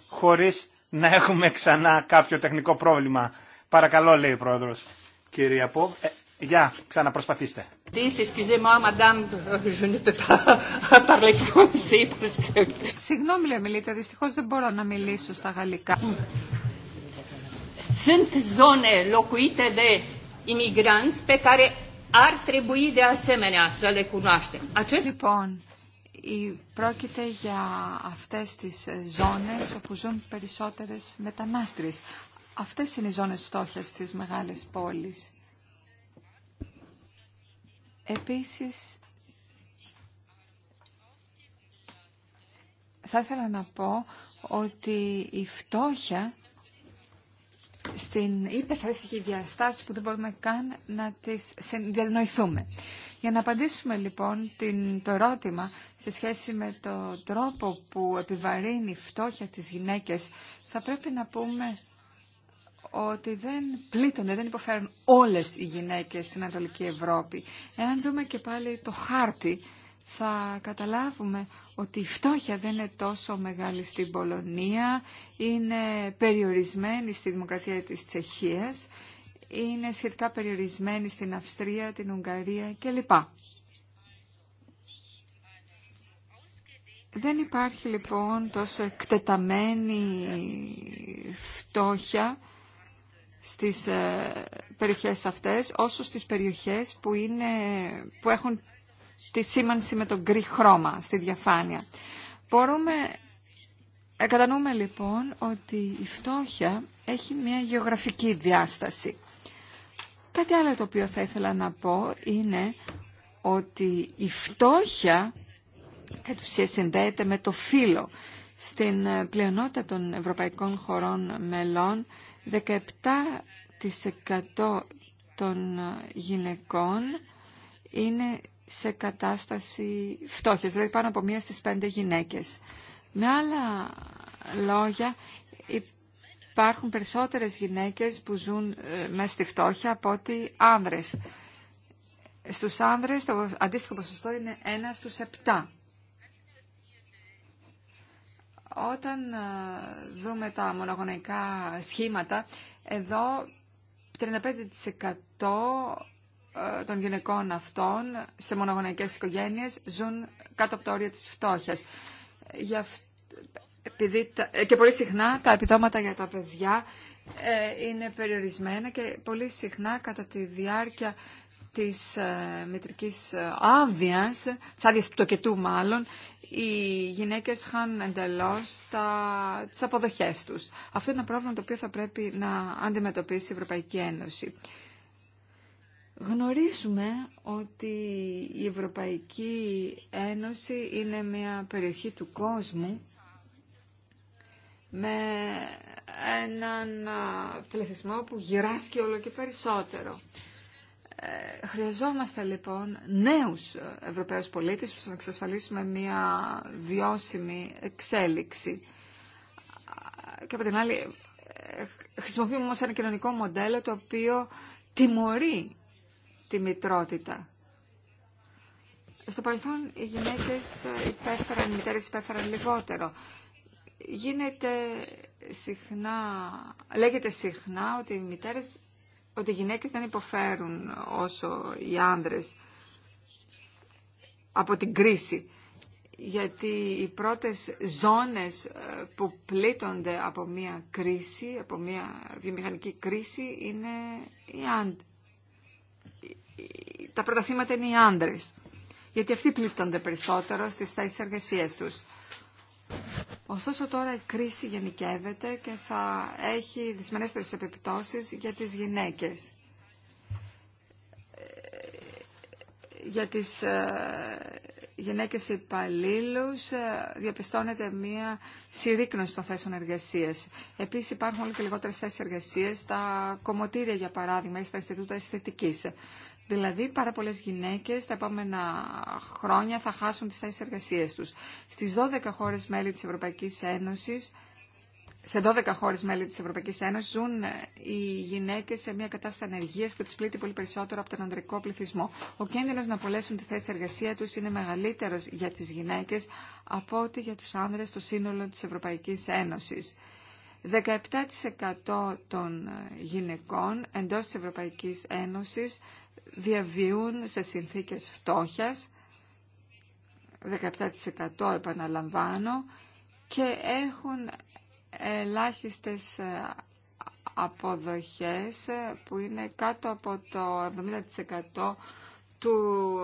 χωρίς να έχουμε ξανά κάποιο τεχνικό πρόβλημα. Παρακαλώ λέει ο Πρόεδρος. Κύριε πο Γεια, ξαναπροσπαθήστε. Συγγνώμη, λέμε μιλήτε, δυστυχώς δεν μπορώ να μιλήσω στα γαλλικά. Λοιπόν, πρόκειται για αυτές τις ζώνες όπου ζουν περισσότερες μετανάστριες. Αυτές είναι οι ζώνες φτώχειας της μεγάλης πόλης. Επίσης, θα ήθελα να πω ότι η φτώχεια στην υπεθρεφική διαστάση που δεν μπορούμε καν να τις συνδιανοηθούμε. Για να απαντήσουμε λοιπόν την, το ερώτημα σε σχέση με το τρόπο που επιβαρύνει η φτώχεια της γυναίκες, θα πρέπει να πούμε ότι δεν πλήττονται, δεν υποφέρουν όλες οι γυναίκες στην Ανατολική Ευρώπη. Εάν δούμε και πάλι το χάρτη, θα καταλάβουμε ότι η φτώχεια δεν είναι τόσο μεγάλη στην Πολωνία, είναι περιορισμένη στη Δημοκρατία της Τσεχίας, είναι σχετικά περιορισμένη στην Αυστρία, την Ουγγαρία κλπ. Δεν υπάρχει λοιπόν τόσο εκτεταμένη φτώχεια στις ε, περιοχές αυτές, όσο στις περιοχές που, είναι, που έχουν τη σήμανση με τον γκρι χρώμα στη διαφάνεια. Μπορούμε, ε, κατανοούμε λοιπόν ότι η φτώχεια έχει μια γεωγραφική διάσταση. Κάτι άλλο το οποίο θα ήθελα να πω είναι ότι η φτώχεια κατ' ουσία συνδέεται με το φύλλο. Στην ε, πλειονότητα των ευρωπαϊκών χωρών μελών 17% των γυναικών είναι σε κατάσταση φτώχειας, δηλαδή πάνω από μία στις πέντε γυναίκες. Με άλλα λόγια, υπάρχουν περισσότερες γυναίκες που ζουν ε, μέσα στη φτώχεια από ότι άνδρες. Στους άνδρες το αντίστοιχο ποσοστό είναι ένα στους 7. Όταν ε, δούμε τα μονογονεϊκά σχήματα, εδώ 35% ε, των γυναικών αυτών σε μονογονεϊκές οικογένειες ζουν κάτω από το όριο της φτώχειας. Για... Ε, και πολύ συχνά τα επιδόματα για τα παιδιά είναι περιορισμένα και πολύ συχνά κατά τη διάρκεια της ε, μητρικής ε, άδειας, της άδειας του τοκετού μάλλον, οι γυναίκες είχαν εντελώς τα, τις αποδοχές τους. Αυτό είναι ένα πρόβλημα το οποίο θα πρέπει να αντιμετωπίσει η Ευρωπαϊκή Ένωση. Γνωρίζουμε ότι η Ευρωπαϊκή Ένωση είναι μια περιοχή του κόσμου με έναν ε, πληθυσμό που γυράσκει όλο και περισσότερο. Ε, χρειαζόμαστε λοιπόν νέους ε, Ευρωπαίους πολίτες που να εξασφαλίσουμε μια βιώσιμη εξέλιξη. Και από την άλλη ε, χρησιμοποιούμε όμως ένα κοινωνικό μοντέλο το οποίο τιμωρεί τη μητρότητα. Στο παρελθόν οι γυναίκες υπέφεραν, οι μητέρες υπέφεραν λιγότερο. Γίνεται συχνά, λέγεται συχνά ότι οι μητέρες ότι οι γυναίκες δεν υποφέρουν όσο οι άνδρες από την κρίση. Γιατί οι πρώτες ζώνες ε, που πλήττονται από μια κρίση, από μια βιομηχανική κρίση, είναι οι άνδρες. Τα πρώτα είναι οι άνδρες. Γιατί αυτοί πλήττονται περισσότερο στις θέσεις εργασίας τους. Ωστόσο τώρα η κρίση γενικεύεται και θα έχει δυσμενέστερες επιπτώσεις για τις γυναίκες. Για τις ε, γυναίκες υπαλλήλου ε, διαπιστώνεται μία συρρήκνωση των θέσεων εργασίας. Επίσης υπάρχουν όλο και λιγότερες θέσεις εργασίας τα κομμωτήρια για παράδειγμα ή στα Ινστιτούτα Αισθητικής. Δηλαδή, πάρα πολλέ γυναίκε τα επόμενα χρόνια θα χάσουν τι θέσει εργασία τους. 12 χώρε μέλη τη Ευρωπαϊκή Ένωση, σε 12 χώρε μέλη τη Ευρωπαϊκή Ένωση ζουν ε, οι γυναίκε σε μια κατάσταση ανεργία που τι πλήττει πολύ περισσότερο από τον ανδρικό πληθυσμό. Ο κίνδυνος να απολέσουν τη θέση εργασία του είναι μεγαλύτερο για τι γυναίκε από ό,τι για του άνδρες στο σύνολο τη Ευρωπαϊκή Ένωση. 17% των γυναικών εντός της Ευρωπαϊκής Ένωσης διαβίουν σε συνθήκες φτώχειας, 17% επαναλαμβάνω, και έχουν ελάχιστες ε, αποδοχές που είναι κάτω από το 70% του,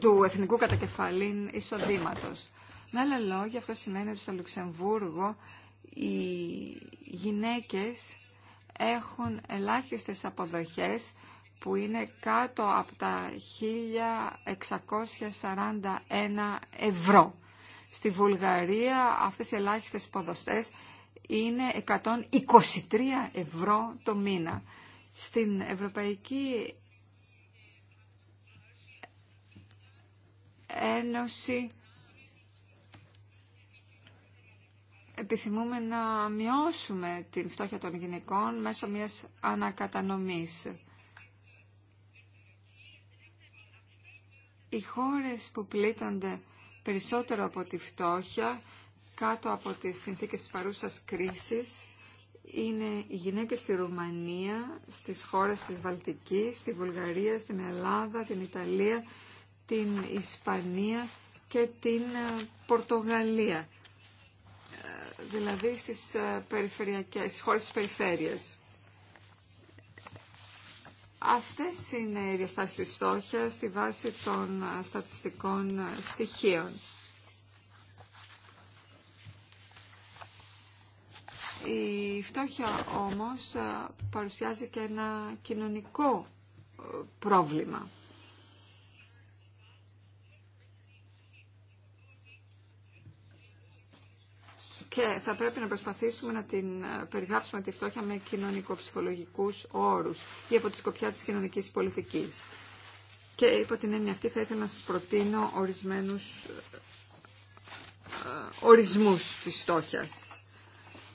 του εθνικού κατακεφαλήν εισοδήματος. Με άλλα λόγια, αυτό σημαίνει ότι στο Λουξεμβούργο οι γυναίκες έχουν ελάχιστες αποδοχές που είναι κάτω από τα 1641 ευρώ. Στη Βουλγαρία αυτές οι ελάχιστες ποδοστές είναι 123 ευρώ το μήνα. Στην Ευρωπαϊκή Ένωση επιθυμούμε να μειώσουμε την φτώχεια των γυναικών μέσω μιας ανακατανομής. οι χώρες που πλήττονται περισσότερο από τη φτώχεια, κάτω από τις συνθήκες της παρούσας κρίσης, είναι οι γυναίκες στη Ρουμανία, στις χώρες της Βαλτικής, στη Βουλγαρία, στην Ελλάδα, την Ιταλία, την Ισπανία και την ε, Πορτογαλία. Ε, δηλαδή στις, ε, περιφερειακές, στις χώρες της περιφέρειας. Αυτές είναι οι διαστάσεις της φτώχειας στη βάση των ε, στατιστικών ε, στοιχείων. Η φτώχεια όμως ε, παρουσιάζει και ένα κοινωνικό πρόβλημα. και θα πρέπει να προσπαθήσουμε να την ε, περιγράψουμε τη φτώχεια με κοινωνικοψυχολογικούς όρους ή από τη σκοπιά της κοινωνικής πολιτικής. Και υπό την έννοια αυτή θα ήθελα να σας προτείνω ορισμένους ε, ε, ορισμούς της φτώχειας.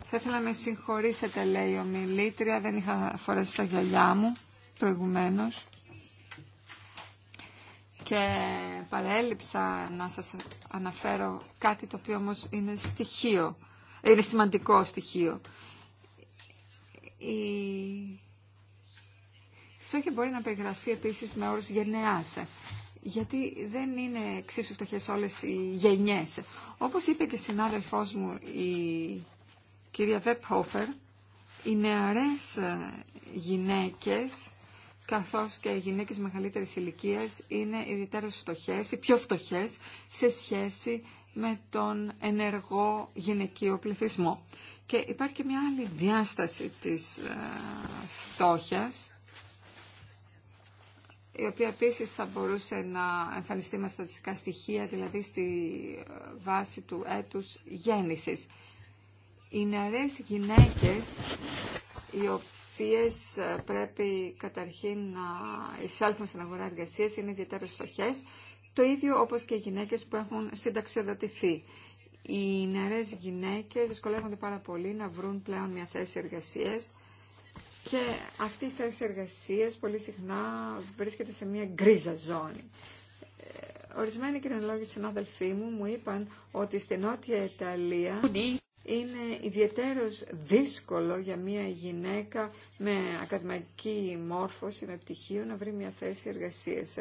Θα ήθελα να με συγχωρήσετε, λέει η ομιλήτρια, δεν είχα φορέσει τα γυαλιά μου προηγουμένως και παρέλειψα να σας αναφέρω κάτι το οποίο όμως είναι στοιχείο, είναι σημαντικό στοιχείο. Η φτώχεια μπορεί να περιγραφεί επίσης με όρους γενεάς, γιατί δεν είναι εξίσου φτωχές όλες οι γενιές. Όπως είπε και συνάδελφός μου η κυρία Βεπχόφερ, οι νεαρές γυναίκες Καθώ και οι γυναίκε μεγαλύτερη ηλικία είναι ιδιαίτερα φτωχέ, ή πιο φτωχέ σε σχέση με τον ενεργό γυναικείο πληθυσμό. Και υπάρχει και μια άλλη διάσταση της ε, φτώχειας, η οποία επίση θα μπορούσε να εμφανιστεί με στατιστικά στοιχεία, δηλαδή στη ε, βάση του έτους γέννησης. Οι νεαρές γυναίκες οι ευθείε πρέπει καταρχήν να εισέλθουν στην αγορά εργασία είναι ιδιαίτερε στοχές, το ίδιο όπως και οι γυναίκες που έχουν συνταξιοδοτηθεί. Οι νεαρές γυναίκες δυσκολεύονται πάρα πολύ να βρουν πλέον μια θέση εργασία και αυτή η θέση εργασία πολύ συχνά βρίσκεται σε μια γκρίζα ζώνη. Ε, ορισμένοι κοινωνιολόγοι συνάδελφοί μου μου είπαν ότι στην Νότια Ιταλία είναι ιδιαίτερος δύσκολο για μια γυναίκα με ακαδημαϊκή μόρφωση, με πτυχίο, να βρει μια θέση εργασίας.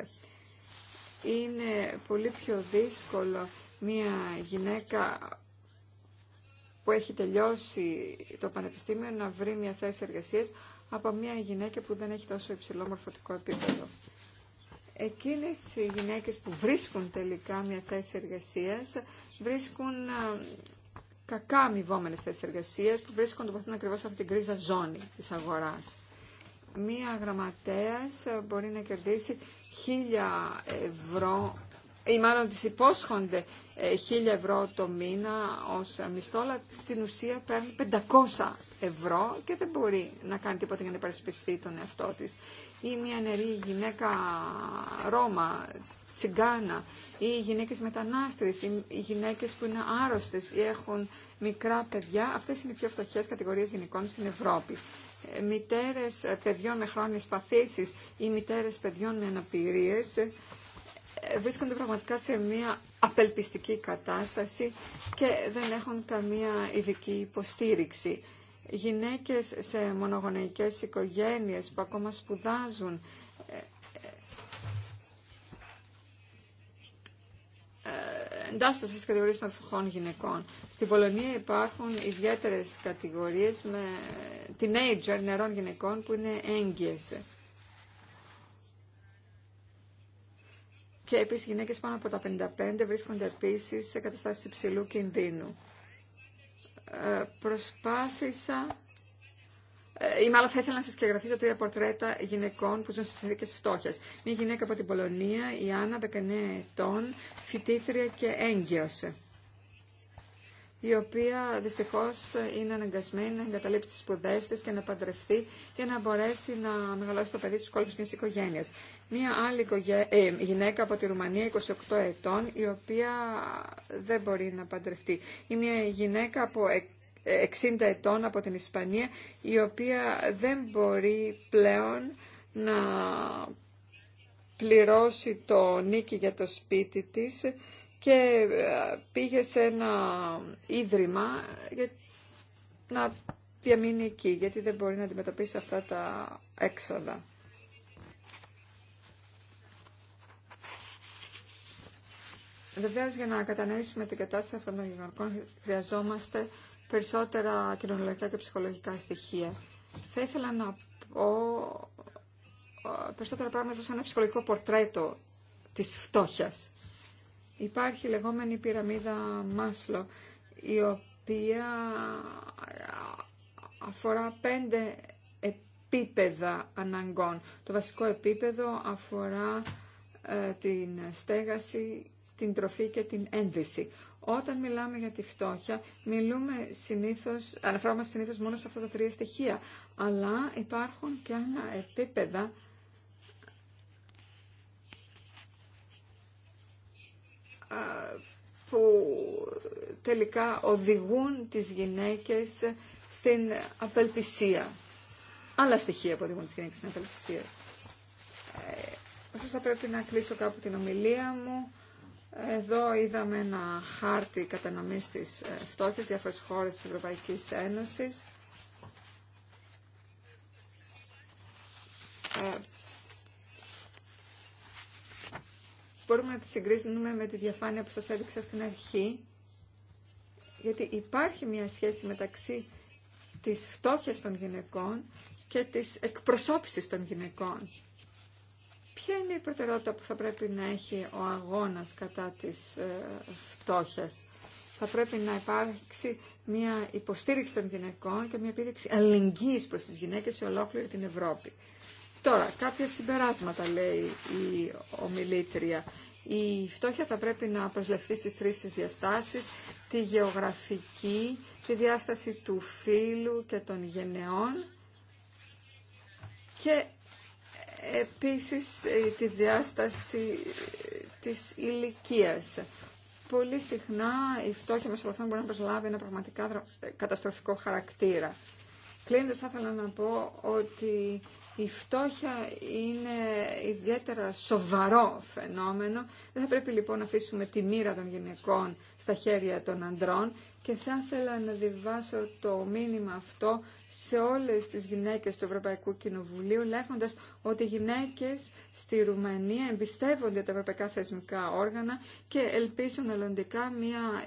Είναι πολύ πιο δύσκολο μια γυναίκα που έχει τελειώσει το πανεπιστήμιο να βρει μια θέση εργασίας από μια γυναίκα που δεν έχει τόσο υψηλό μορφωτικό επίπεδο. Εκείνες οι γυναίκες που βρίσκουν τελικά μια θέση εργασίας βρίσκουν κακά αμοιβόμενε θέσει εργασία που βρίσκονται αυτήν ακριβώ σε αυτή την κρίζα ζώνη τη αγορά. Μία γραμματέα ε, μπορεί να κερδίσει χίλια ευρώ ή μάλλον τις υπόσχονται ε, χίλια ευρώ το μήνα ως μισθό, αλλά στην ουσία παίρνει 500 ευρώ και δεν μπορεί να κάνει τίποτα για να υπερασπιστεί τον εαυτό της. Ή μια νερή γυναίκα Ρώμα, τσιγκάνα, ή οι γυναίκες ή οι γυναίκες που είναι άρρωστες ή έχουν μικρά παιδιά, αυτές είναι οι πιο φτωχές κατηγορίες γυναικών στην Ευρώπη. Ε, μητέρες ε, παιδιών με χρόνιες παθήσεις ή μητέρες παιδιών με αναπηρίες ε, βρίσκονται πραγματικά σε μια απελπιστική κατάσταση και δεν έχουν καμία ειδική υποστήριξη. Γυναίκες σε μονογονεϊκές οικογένειες που ακόμα σπουδάζουν εντάσσεται στις κατηγορίες των φτωχών γυναικών. Στην Πολωνία υπάρχουν ιδιαίτερες κατηγορίες με teenager νερών γυναικών που είναι έγκυες. Και επίσης γυναίκες πάνω από τα 55 βρίσκονται επίσης σε καταστάσεις υψηλού κινδύνου. Ε, προσπάθησα ε, ή μάλλον θα ήθελα να σα καταγραφήσω τρία πορτρέτα γυναικών που ζουν σε συνθήκε φτώχεια. Μία γυναίκα από την Πολωνία, η Άννα, 19 ετών, φοιτήτρια και έγκυο. Η οποία δυστυχώ είναι αναγκασμένη να εγκαταλείψει τι σπουδέ τη και να παντρευτεί για να μπορέσει να μεγαλώσει το παιδί στου κόλπου μια οικογένεια. Μία άλλη ε, γυναίκα από τη Ρουμανία, 28 ετών, η οποία δεν μπορεί να παντρευτεί. Ή μία γυναίκα από 60 ετών από την Ισπανία, η οποία δεν μπορεί πλέον να πληρώσει το νίκη για το σπίτι της και ε, πήγε σε ένα ίδρυμα για να διαμείνει εκεί, γιατί δεν μπορεί να αντιμετωπίσει αυτά τα έξοδα. Βεβαίω για να κατανοήσουμε την κατάσταση αυτών των γεγονότων χρειαζόμαστε περισσότερα κοινωνικά και ψυχολογικά στοιχεία. Θα ήθελα να πω ε, περισσότερα πράγματα σαν ένα ψυχολογικό πορτρέτο της φτώχειας. Υπάρχει η λεγόμενη πυραμίδα Μάσλο, η οποία ε, αφορά πέντε επίπεδα αναγκών. Το βασικό επίπεδο αφορά ε, την στέγαση, την τροφή και την ένδυση. Όταν μιλάμε για τη φτώχεια, μιλούμε συνήθως, αναφερόμαστε συνήθως μόνο σε αυτά τα τρία στοιχεία, αλλά υπάρχουν και άλλα επίπεδα που τελικά οδηγούν τις γυναίκες στην απελπισία. Άλλα στοιχεία που οδηγούν τις γυναίκες στην απελπισία. Ε, θα πρέπει να κλείσω κάπου την ομιλία μου εδώ είδαμε ένα χάρτη κατανομής της ε, φτώχειας διάφορες χώρες της Ευρωπαϊκής Ένωσης. Ε, μπορούμε να τη συγκρίνουμε με τη διαφάνεια που σας έδειξα στην αρχή, γιατί υπάρχει μια σχέση μεταξύ της φτώχειας των γυναικών και της εκπροσώπησης των γυναικών. Ποια είναι η προτεραιότητα που θα πρέπει να έχει ο αγώνας κατά της ε, φτώχειας. Θα πρέπει να υπάρξει μια υποστήριξη των γυναικών και μια επίδειξη αλληλεγγύης προς τις γυναίκες σε ολόκληρη την Ευρώπη. Τώρα, κάποια συμπεράσματα λέει η ομιλήτρια. Η φτώχεια θα πρέπει να προσλεφθεί στις τρεις της διαστάσεις, τη γεωγραφική, τη διάσταση του φύλου και των γενεών και Επίσης ε, τη διάσταση ε, της ηλικίας. Πολύ συχνά η φτώχεια μας μπορεί να προσλάβει ένα πραγματικά ε, καταστροφικό χαρακτήρα. Κλείνοντας θα ήθελα να πω ότι η φτώχεια είναι ιδιαίτερα σοβαρό φαινόμενο. Δεν θα πρέπει λοιπόν να αφήσουμε τη μοίρα των γυναικών στα χέρια των αντρών και θα ήθελα να διβάσω το μήνυμα αυτό σε όλες τις γυναίκες του Ευρωπαϊκού Κοινοβουλίου λέγοντας ότι οι γυναίκες στη Ρουμανία εμπιστεύονται τα ευρωπαϊκά θεσμικά όργανα και ελπίζουν ολοντικά μια...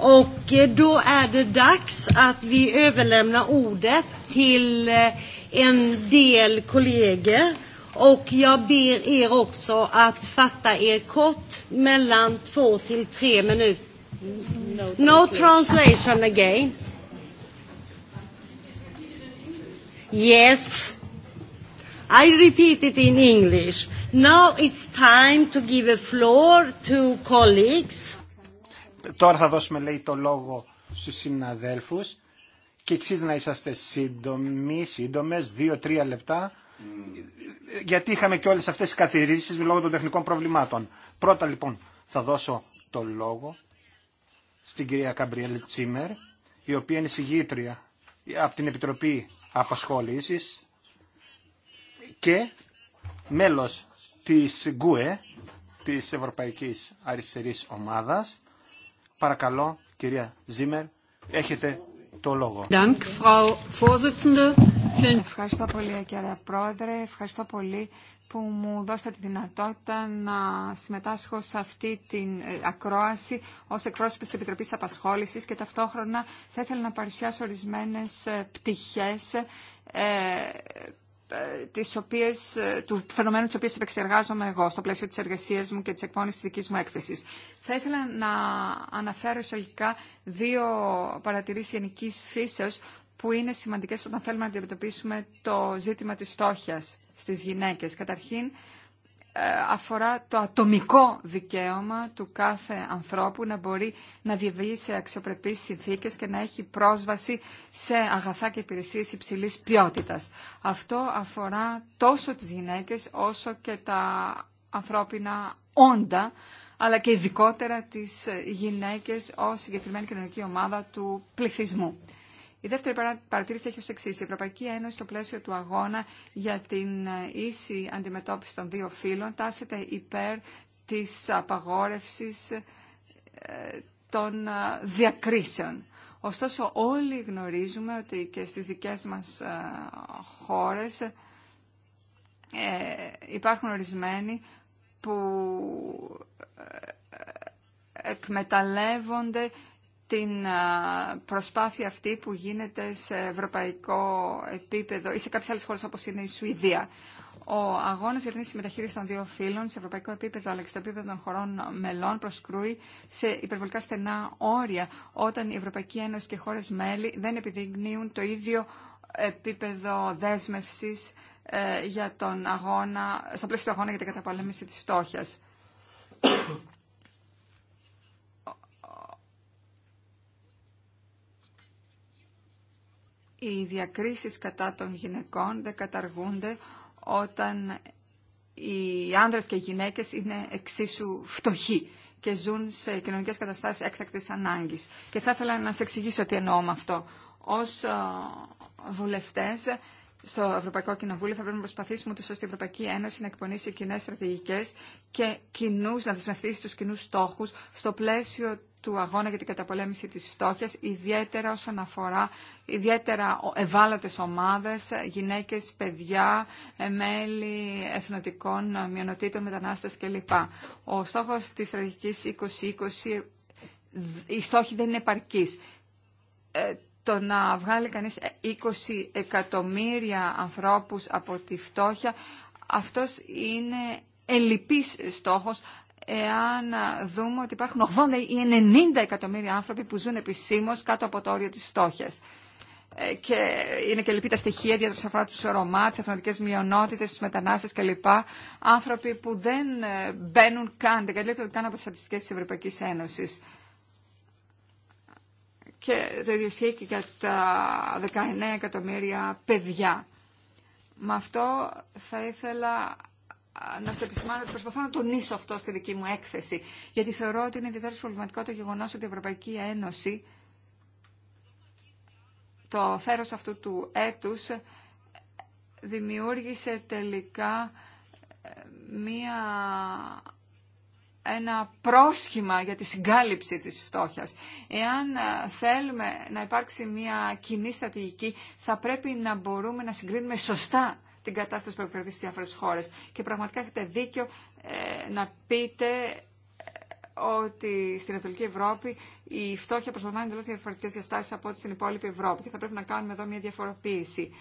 Och då är det dags att vi överlämnar ordet till en del kollegor. Och jag ber er också att fatta er kort mellan två till tre minuter. No translation again. Yes. I repeat it in English. Now it's time to give a floor to colleagues. Τώρα θα δώσουμε, λέει, το λόγο στους συναδέλφους και εξή να είσαστε σύντομοι, σύντομες, δύο-τρία λεπτά, γιατί είχαμε και όλες αυτές τις καθυρίσεις λόγω των τεχνικών προβλημάτων. Πρώτα, λοιπόν, θα δώσω το λόγο στην κυρία Καμπριέλ Τσίμερ, η οποία είναι συγγήτρια από την Επιτροπή Απασχόλησης και μέλος της ΓΚΟΕ, της Ευρωπαϊκής Αριστερής Ομάδας, Παρακαλώ, κυρία Ζήμερ, έχετε το λόγο. Ευχαριστώ πολύ, κύριε Πρόεδρε. Ευχαριστώ πολύ που μου δώσατε τη δυνατότητα να συμμετάσχω σε αυτή την ε, ακρόαση ως εκπρόσωπης της Επιτροπής Απασχόλησης και ταυτόχρονα θα ήθελα να παρουσιάσω ορισμένες ε, πτυχές ε, ε, τις οποίες, ε, του φαινομένου τις οποίες επεξεργάζομαι εγώ στο πλαίσιο της εργασίας μου και της εκπόνησης της δικής μου έκθεσης. Θα ήθελα να αναφέρω εισαγωγικά δύο παρατηρήσεις γενική φύσεως που είναι σημαντικές όταν θέλουμε να αντιμετωπίσουμε το ζήτημα της φτώχειας στις γυναίκες. Καταρχήν, ε, αφορά το ατομικό δικαίωμα του κάθε ανθρώπου να μπορεί να διαβεί σε αξιοπρεπείς συνθήκες και να έχει πρόσβαση σε αγαθά και υπηρεσίες υψηλής ποιότητας. Αυτό αφορά τόσο τις γυναίκες όσο και τα ανθρώπινα όντα, αλλά και ειδικότερα τις γυναίκες ως συγκεκριμένη κοινωνική ομάδα του πληθυσμού. Η δεύτερη παρατήρηση έχει ω εξή. Η Ευρωπαϊκή Ένωση στο πλαίσιο του αγώνα για την ε, ίση αντιμετώπιση των δύο φύλων τάσεται υπέρ της απαγόρευσης ε, των ε, διακρίσεων. Ωστόσο όλοι γνωρίζουμε ότι και στις δικές μας χώρες υπάρχουν ορισμένοι που εκμεταλλεύονται την προσπάθεια αυτή που γίνεται σε ευρωπαϊκό επίπεδο ή σε κάποιες άλλες χώρες όπως είναι η Σουηδία. Ο αγώνας για την συμμεταχείριση των δύο φύλων σε ευρωπαϊκό επίπεδο αλλά και στο επίπεδο των χωρών μελών προσκρούει σε υπερβολικά στενά όρια όταν η Ευρωπαϊκή Ένωση και οι χώρες μέλη δεν επιδεικνύουν το ίδιο επίπεδο δέσμευσης ε, για τον αγώνα, στο πλαίσιο του αγώνα για την καταπολέμηση της φτώχειας. οι διακρίσεις κατά των γυναικών δεν καταργούνται όταν οι άνδρες και οι γυναίκες είναι εξίσου φτωχοί και ζουν σε κοινωνικές καταστάσεις έκτακτης ανάγκης. Και θα ήθελα να σας εξηγήσω τι εννοώ με αυτό. Ως βουλευτές στο Ευρωπαϊκό Κοινοβούλιο θα πρέπει να προσπαθήσουμε ούτως ώστε η Ευρωπαϊκή Ένωση να εκπονήσει κοινέ στρατηγικές και κοινούς, να δεσμευτεί στους κοινούς στόχους στο πλαίσιο του αγώνα για την καταπολέμηση της φτώχειας, ιδιαίτερα όσον αφορά ιδιαίτερα ευάλωτες ομάδες, γυναίκες, παιδιά, ε, μέλη εθνοτικών ε, μειονοτήτων, μετανάστες κλπ. Ο στόχος της στρατηγικής 2020, ε, η στόχη δεν είναι επαρκής. Το να βγάλει κανείς 20 εκατομμύρια ανθρώπους από τη φτώχεια, αυτός είναι ελλειπής στόχος εάν δούμε ότι υπάρχουν 80 ή 90 εκατομμύρια άνθρωποι που ζουν επισήμω κάτω από το όριο τη φτώχεια. Ε, και είναι και λυπή τα στοιχεία για του αφορά του Ρωμά, τι αφρονικέ μειονότητε, του μετανάστε κλπ. Άνθρωποι που δεν ε, μπαίνουν καν, δεν καλύπτονται καν από τι στατιστικέ τη Ευρωπαϊκή Ένωση. Και το ίδιο ισχύει και για τα 19 εκατομμύρια παιδιά. Με αυτό θα ήθελα να σα επισημάνω ότι προσπαθώ να τονίσω αυτό στη δική μου έκθεση, γιατί θεωρώ ότι είναι ιδιαίτερα προβληματικό το γεγονό ότι η Ευρωπαϊκή Ένωση το θέρος αυτού του έτου, δημιούργησε τελικά ε, μία, ένα πρόσχημα για τη συγκάλυψη της φτώχειας. Εάν ε, θέλουμε να υπάρξει μία κοινή στρατηγική, θα πρέπει να μπορούμε να συγκρίνουμε σωστά την κατάσταση που επικρατεί στι διαφορέ χώρε Και πραγματικά έχετε δίκιο ε, να πείτε ε, ότι στην Ανατολική Ευρώπη η φτώχεια προσλαμβάνει εντελώ διαφορετικέ διαστάσει από ό,τι στην υπόλοιπη Ευρώπη και θα πρέπει να κάνουμε εδώ μια διαφοροποίηση.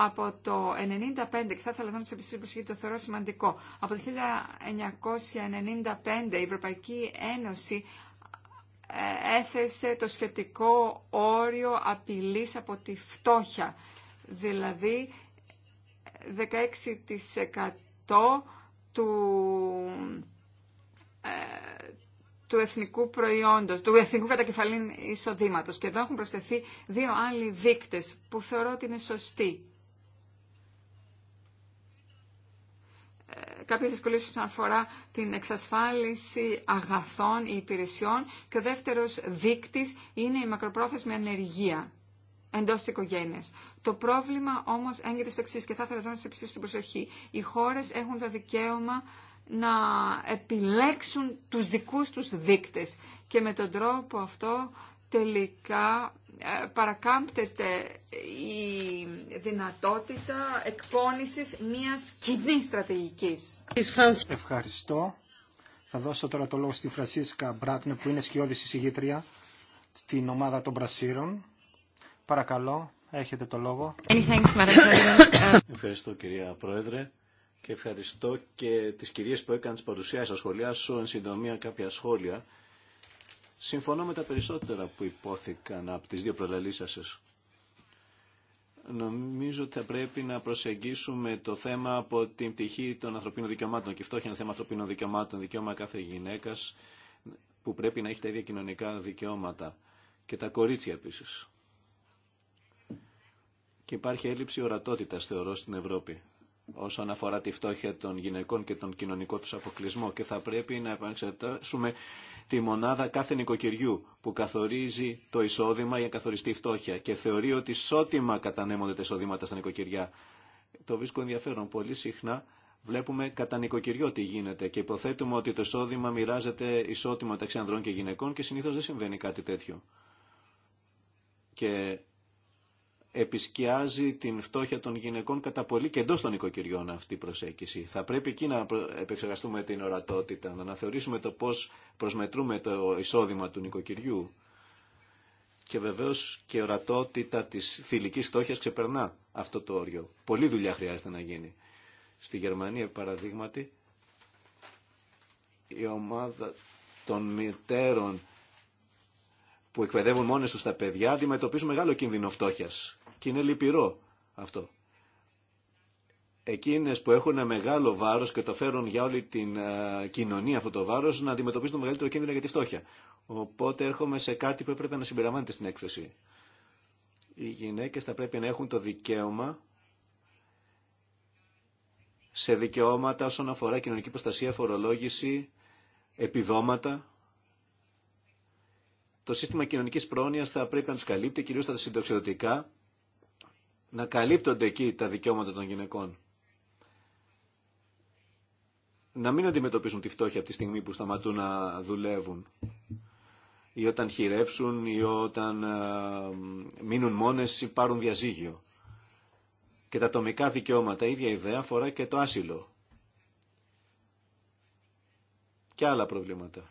Από το 1995, και θα ήθελα να σα επιστήσω γιατί το θεωρώ σημαντικό. Από το 1995 η Ευρωπαϊκή Ένωση ε, έθεσε το σχετικό όριο απειλής από τη φτώχεια. Δηλαδή 16% του, ε, του εθνικού προϊόντος, του εθνικού κατακεφαλήν εισοδήματος. Και εδώ έχουν προσθεθεί δύο άλλοι δείκτες που θεωρώ ότι είναι σωστοί. Ε, κάποιες δυσκολίες όσον αφορά την εξασφάλιση αγαθών ή υπηρεσιών και ο δεύτερος δείκτης είναι η μακροπρόθεσμη ανεργία εντό τη οικογένεια. Το πρόβλημα όμω έγκυται στο εξή και θα ήθελα να σα επιστήσω την προσοχή. Οι χώρε έχουν το δικαίωμα να επιλέξουν τους δικούς τους δείκτες και με τον τρόπο αυτό τελικά ε, παρακάμπτεται η δυνατότητα εκπόνησης μιας κοινή στρατηγικής. Ευχαριστώ. Θα δώσω τώρα το λόγο στη Φρασίσκα Μπράτνε που είναι σκιώδης εισηγήτρια στην ομάδα των Πρασίρων. Παρακαλώ, έχετε το λόγο. Ευχαριστώ κυρία Πρόεδρε και ευχαριστώ και τις κυρίες που έκανε τις παρουσιάσεις. σχολιά σου, εν συντομία κάποια σχόλια. Συμφωνώ με τα περισσότερα που υπόθηκαν από τις δύο προλαλήσεις Νομίζω ότι θα πρέπει να προσεγγίσουμε το θέμα από την πτυχή των ανθρωπίνων δικαιωμάτων. Και αυτό έχει ένα θέμα ανθρωπίνων δικαιωμάτων, δικαίωμα κάθε γυναίκας που πρέπει να έχει τα ίδια κοινωνικά δικαιώματα. Και τα κορίτσια επίσης και υπάρχει έλλειψη ορατότητας, θεωρώ, στην Ευρώπη όσον αφορά τη φτώχεια των γυναικών και τον κοινωνικό του αποκλεισμό και θα πρέπει να επανεξετάσουμε τη μονάδα κάθε νοικοκυριού που καθορίζει το εισόδημα για καθοριστή φτώχεια και θεωρεί ότι σώτιμα κατανέμονται τα εισόδηματα στα νοικοκυριά. Το βρίσκω ενδιαφέρον. Πολύ συχνά βλέπουμε κατά νοικοκυριό τι γίνεται και υποθέτουμε ότι το εισόδημα μοιράζεται ισότιμα μεταξύ ανδρών και γυναικών και συνήθως δεν συμβαίνει κάτι τέτοιο. Και επισκιάζει την φτώχεια των γυναικών κατά πολύ και εντό των οικοκυριών αυτή η προσέγγιση. Θα πρέπει εκεί να επεξεργαστούμε την ορατότητα, να αναθεωρήσουμε το πώ προσμετρούμε το εισόδημα του νοικοκυριού. Και βεβαίω και η ορατότητα τη θηλυκή φτώχεια ξεπερνά αυτό το όριο. Πολύ δουλειά χρειάζεται να γίνει. Στη Γερμανία, παραδείγματι, η ομάδα των μητέρων που εκπαιδεύουν μόνες τους τα παιδιά αντιμετωπίζουν μεγάλο κίνδυνο φτώχειας και είναι λυπηρό αυτό. Εκείνες που έχουν μεγάλο βάρος και το φέρουν για όλη την ε, κοινωνία αυτό το βάρος να αντιμετωπίσουν το μεγαλύτερο κίνδυνο για τη φτώχεια. Οπότε έρχομαι σε κάτι που έπρεπε να συμπεριλαμβάνεται στην έκθεση. Οι γυναίκες θα πρέπει να έχουν το δικαίωμα σε δικαιώματα όσον αφορά κοινωνική προστασία, φορολόγηση, επιδόματα. Το σύστημα κοινωνικής πρόνοιας θα πρέπει να τους καλύπτει, κυρίως τα συντοξιδοτικά, να καλύπτονται εκεί τα δικαιώματα των γυναικών. Να μην αντιμετωπίσουν τη φτώχεια από τη στιγμή που σταματούν να δουλεύουν ή όταν χειρεύσουν ή όταν ε, μείνουν μόνες ή πάρουν διαζύγιο. Και τα ατομικά δικαιώματα, η ίδια ιδέα αφορά και το άσυλο. Και άλλα προβλήματα.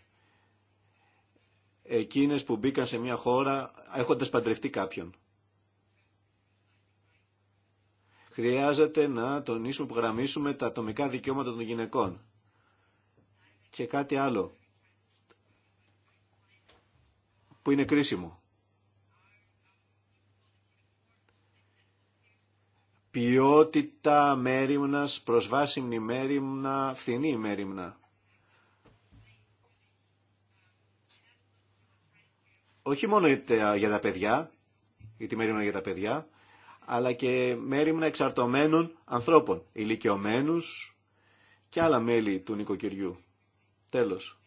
Εκείνες που μπήκαν σε μια χώρα έχοντας παντρευτεί κάποιον Χρειάζεται να τονίσουμε, γραμμίσουμε τα ατομικά δικαιώματα των γυναικών. Και κάτι άλλο που είναι κρίσιμο. Ποιότητα μέρημνας, προσβάσιμη μέρημνα, φθηνή μέρημνα. όχι μόνο για τα παιδιά, για τη μέρημνα για τα παιδιά, αλλά και μέρημνα εξαρτωμένων ανθρώπων, ηλικιωμένου και άλλα μέλη του νοικοκυριού. Τέλος.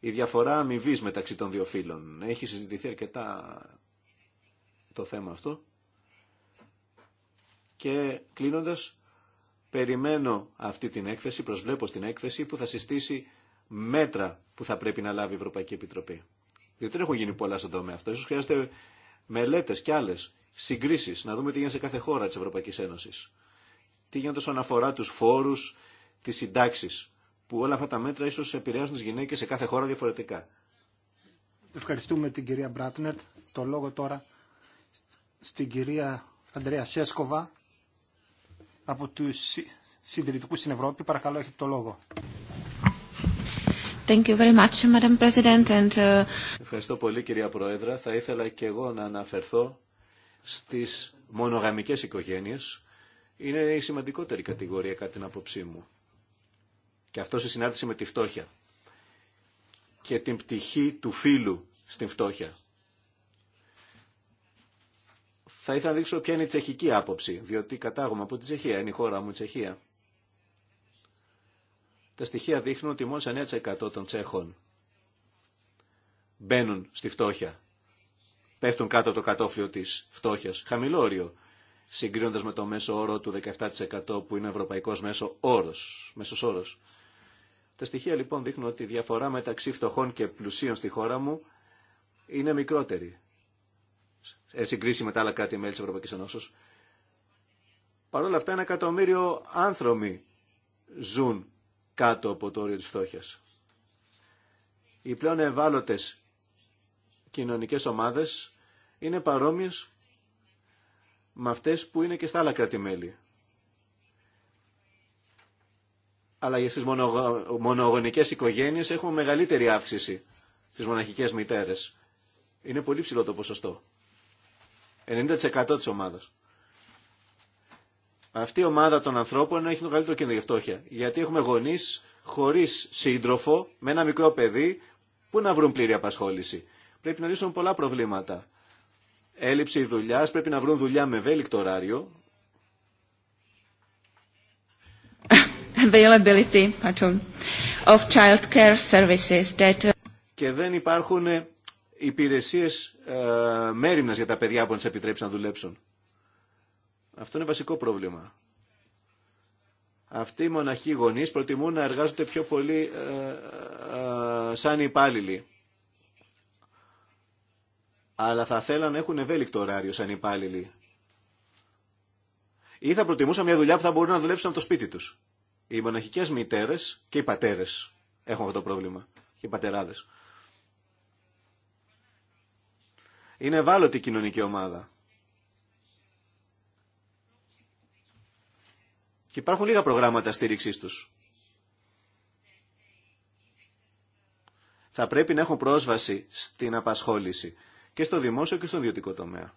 Η διαφορά αμοιβή μεταξύ των δύο φύλων. Έχει συζητηθεί αρκετά το θέμα αυτό. Και κλείνοντας, περιμένω αυτή την έκθεση, προσβλέπω στην έκθεση που θα συστήσει μέτρα που θα πρέπει να λάβει η Ευρωπαϊκή Επιτροπή. Διότι δεν έχουν γίνει πολλά στον τομέα αυτό. Ίσως χρειάζεται μελέτες και άλλες συγκρίσεις, να δούμε τι γίνεται σε κάθε χώρα της Ευρωπαϊκής Ένωσης. Τι γίνεται όσον αφορά τους φόρους, τις συντάξεις, που όλα αυτά τα μέτρα ίσως επηρεάζουν τις γυναίκες σε κάθε χώρα διαφορετικά. Ευχαριστούμε την κυρία Μπράτνερτ. Το λόγο τώρα στην κυρία Αντρέα Σέσκοβα από τους Συντηρητικού στην Ευρώπη. Παρακαλώ, έχετε το λόγο. Thank you very much, Madam President. And... Uh, Ευχαριστώ πολύ κυρία Πρόεδρα. Θα ήθελα και εγώ να αναφερθώ στις μονογαμικές οικογένειες είναι η σημαντικότερη κατηγορία κατά την άποψή μου. Και αυτό σε συνάρτηση με τη φτώχεια και την πτυχή του φίλου στην φτώχεια. Θα ήθελα να δείξω ποια είναι η τσεχική άποψη, διότι κατάγομαι από τη Τσεχία, είναι η χώρα μου η Τσεχία. Τα στοιχεία δείχνουν ότι μόνο 9% των Τσέχων μπαίνουν στη φτώχεια πέφτουν κάτω από το κατόφλιο της φτώχειας. Χαμηλό όριο, συγκρίνοντας με το μέσο όρο του 17% που είναι ευρωπαϊκός μέσο όρο. μέσος όρος. Τα στοιχεία λοιπόν δείχνουν ότι η διαφορά μεταξύ φτωχών και πλουσίων στη χώρα μου είναι μικρότερη. Σε συγκρίση με τα άλλα κράτη-μέλη τη Ευρωπαϊκή Ενώσεω. Παρ' όλα αυτά ένα εκατομμύριο άνθρωποι ζουν κάτω από το όριο τη φτώχεια. Οι πλέον ευάλωτε κοινωνικές ομάδες είναι παρόμοιες με αυτές που είναι και στα άλλα Αλλά για στις μονογονικές οικογένειες έχουμε μεγαλύτερη αύξηση στις μοναχικές μητέρες. Είναι πολύ ψηλό το ποσοστό. 90% της ομάδας. Αυτή η ομάδα των ανθρώπων έχει το καλύτερο κίνδυνο για φτώχεια. Γιατί έχουμε γονείς χωρίς σύντροφο, με ένα μικρό παιδί, που να βρουν πλήρη απασχόληση πρέπει να λύσουν πολλά προβλήματα. Έλλειψη δουλειά, πρέπει να βρουν δουλειά με ευέλικτο ωράριο. Uh, Και δεν υπάρχουν ε, υπηρεσίες ε, για τα παιδιά που να τι επιτρέψει να δουλέψουν. Αυτό είναι βασικό πρόβλημα. Αυτοί οι μοναχοί γονεί προτιμούν να εργάζονται πιο πολύ ε, ε, σαν υπάλληλοι αλλά θα θέλαν να έχουν ευέλικτο ωράριο σαν υπάλληλοι. Ή θα προτιμούσαν μια δουλειά που θα μπορούν να δουλέψουν από το σπίτι του. Οι μοναχικέ μητέρε και οι πατέρε έχουν αυτό το πρόβλημα. Και οι πατεράδε. Είναι ευάλωτη η κοινωνική ομάδα. Και υπάρχουν λίγα προγράμματα στήριξή του. Θα πρέπει να έχουν πρόσβαση στην απασχόληση και στο δημόσιο και στον ιδιωτικό τομέα.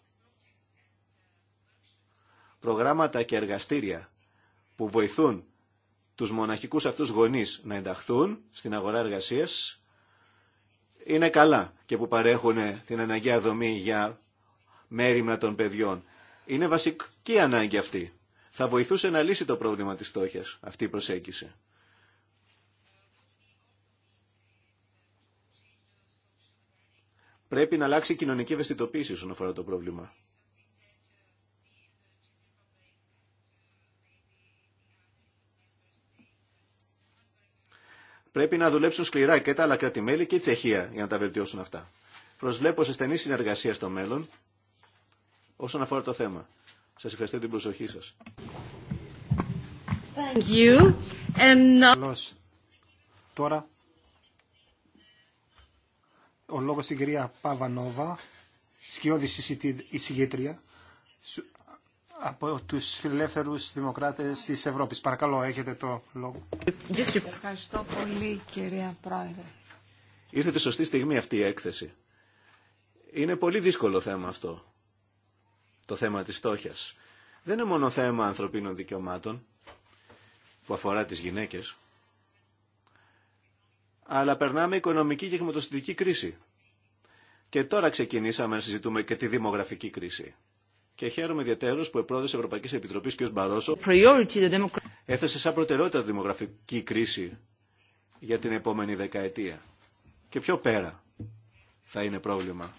Προγράμματα και εργαστήρια που βοηθούν τους μοναχικούς αυτούς γονείς να ενταχθούν στην αγορά εργασίας είναι καλά και που παρέχουν την αναγκαία δομή για μέρημνα των παιδιών. Είναι βασική ανάγκη αυτή. Θα βοηθούσε να λύσει το πρόβλημα της στόχιας αυτή η προσέγγιση. Πρέπει να αλλάξει η κοινωνική ευαισθητοποίηση όσον αφορά το πρόβλημα. Πρέπει να δουλέψουν σκληρά και τα άλλα και η Τσεχία για να τα βελτιώσουν αυτά. Προσβλέπω σε στενή συνεργασία στο μέλλον όσον αφορά το θέμα. Σας ευχαριστώ την προσοχή σας. Thank you. And... Τώρα ο λόγος στην κυρία Παβανόβα, σκιώδη εισηγήτρια, από τους φιλελεύθερους δημοκράτες της Ευρώπης. Παρακαλώ, έχετε το λόγο. Ευχαριστώ πολύ, κυρία Πρόεδρε. Ήρθε τη σωστή στιγμή αυτή η έκθεση. Είναι πολύ δύσκολο θέμα αυτό, το θέμα της στόχιας. Δεν είναι μόνο θέμα ανθρωπίνων δικαιωμάτων που αφορά τις γυναίκες, αλλά περνάμε οικονομική και χρηματοστητική κρίση. Και τώρα ξεκινήσαμε να συζητούμε και τη δημογραφική κρίση. Και χαίρομαι ιδιαίτερω που ο πρόεδρο τη Ευρωπαϊκή Επιτροπή, κ. Μπαρόσο, έθεσε σαν προτεραιότητα τη δημογραφική κρίση για την επόμενη δεκαετία. Και πιο πέρα θα είναι πρόβλημα.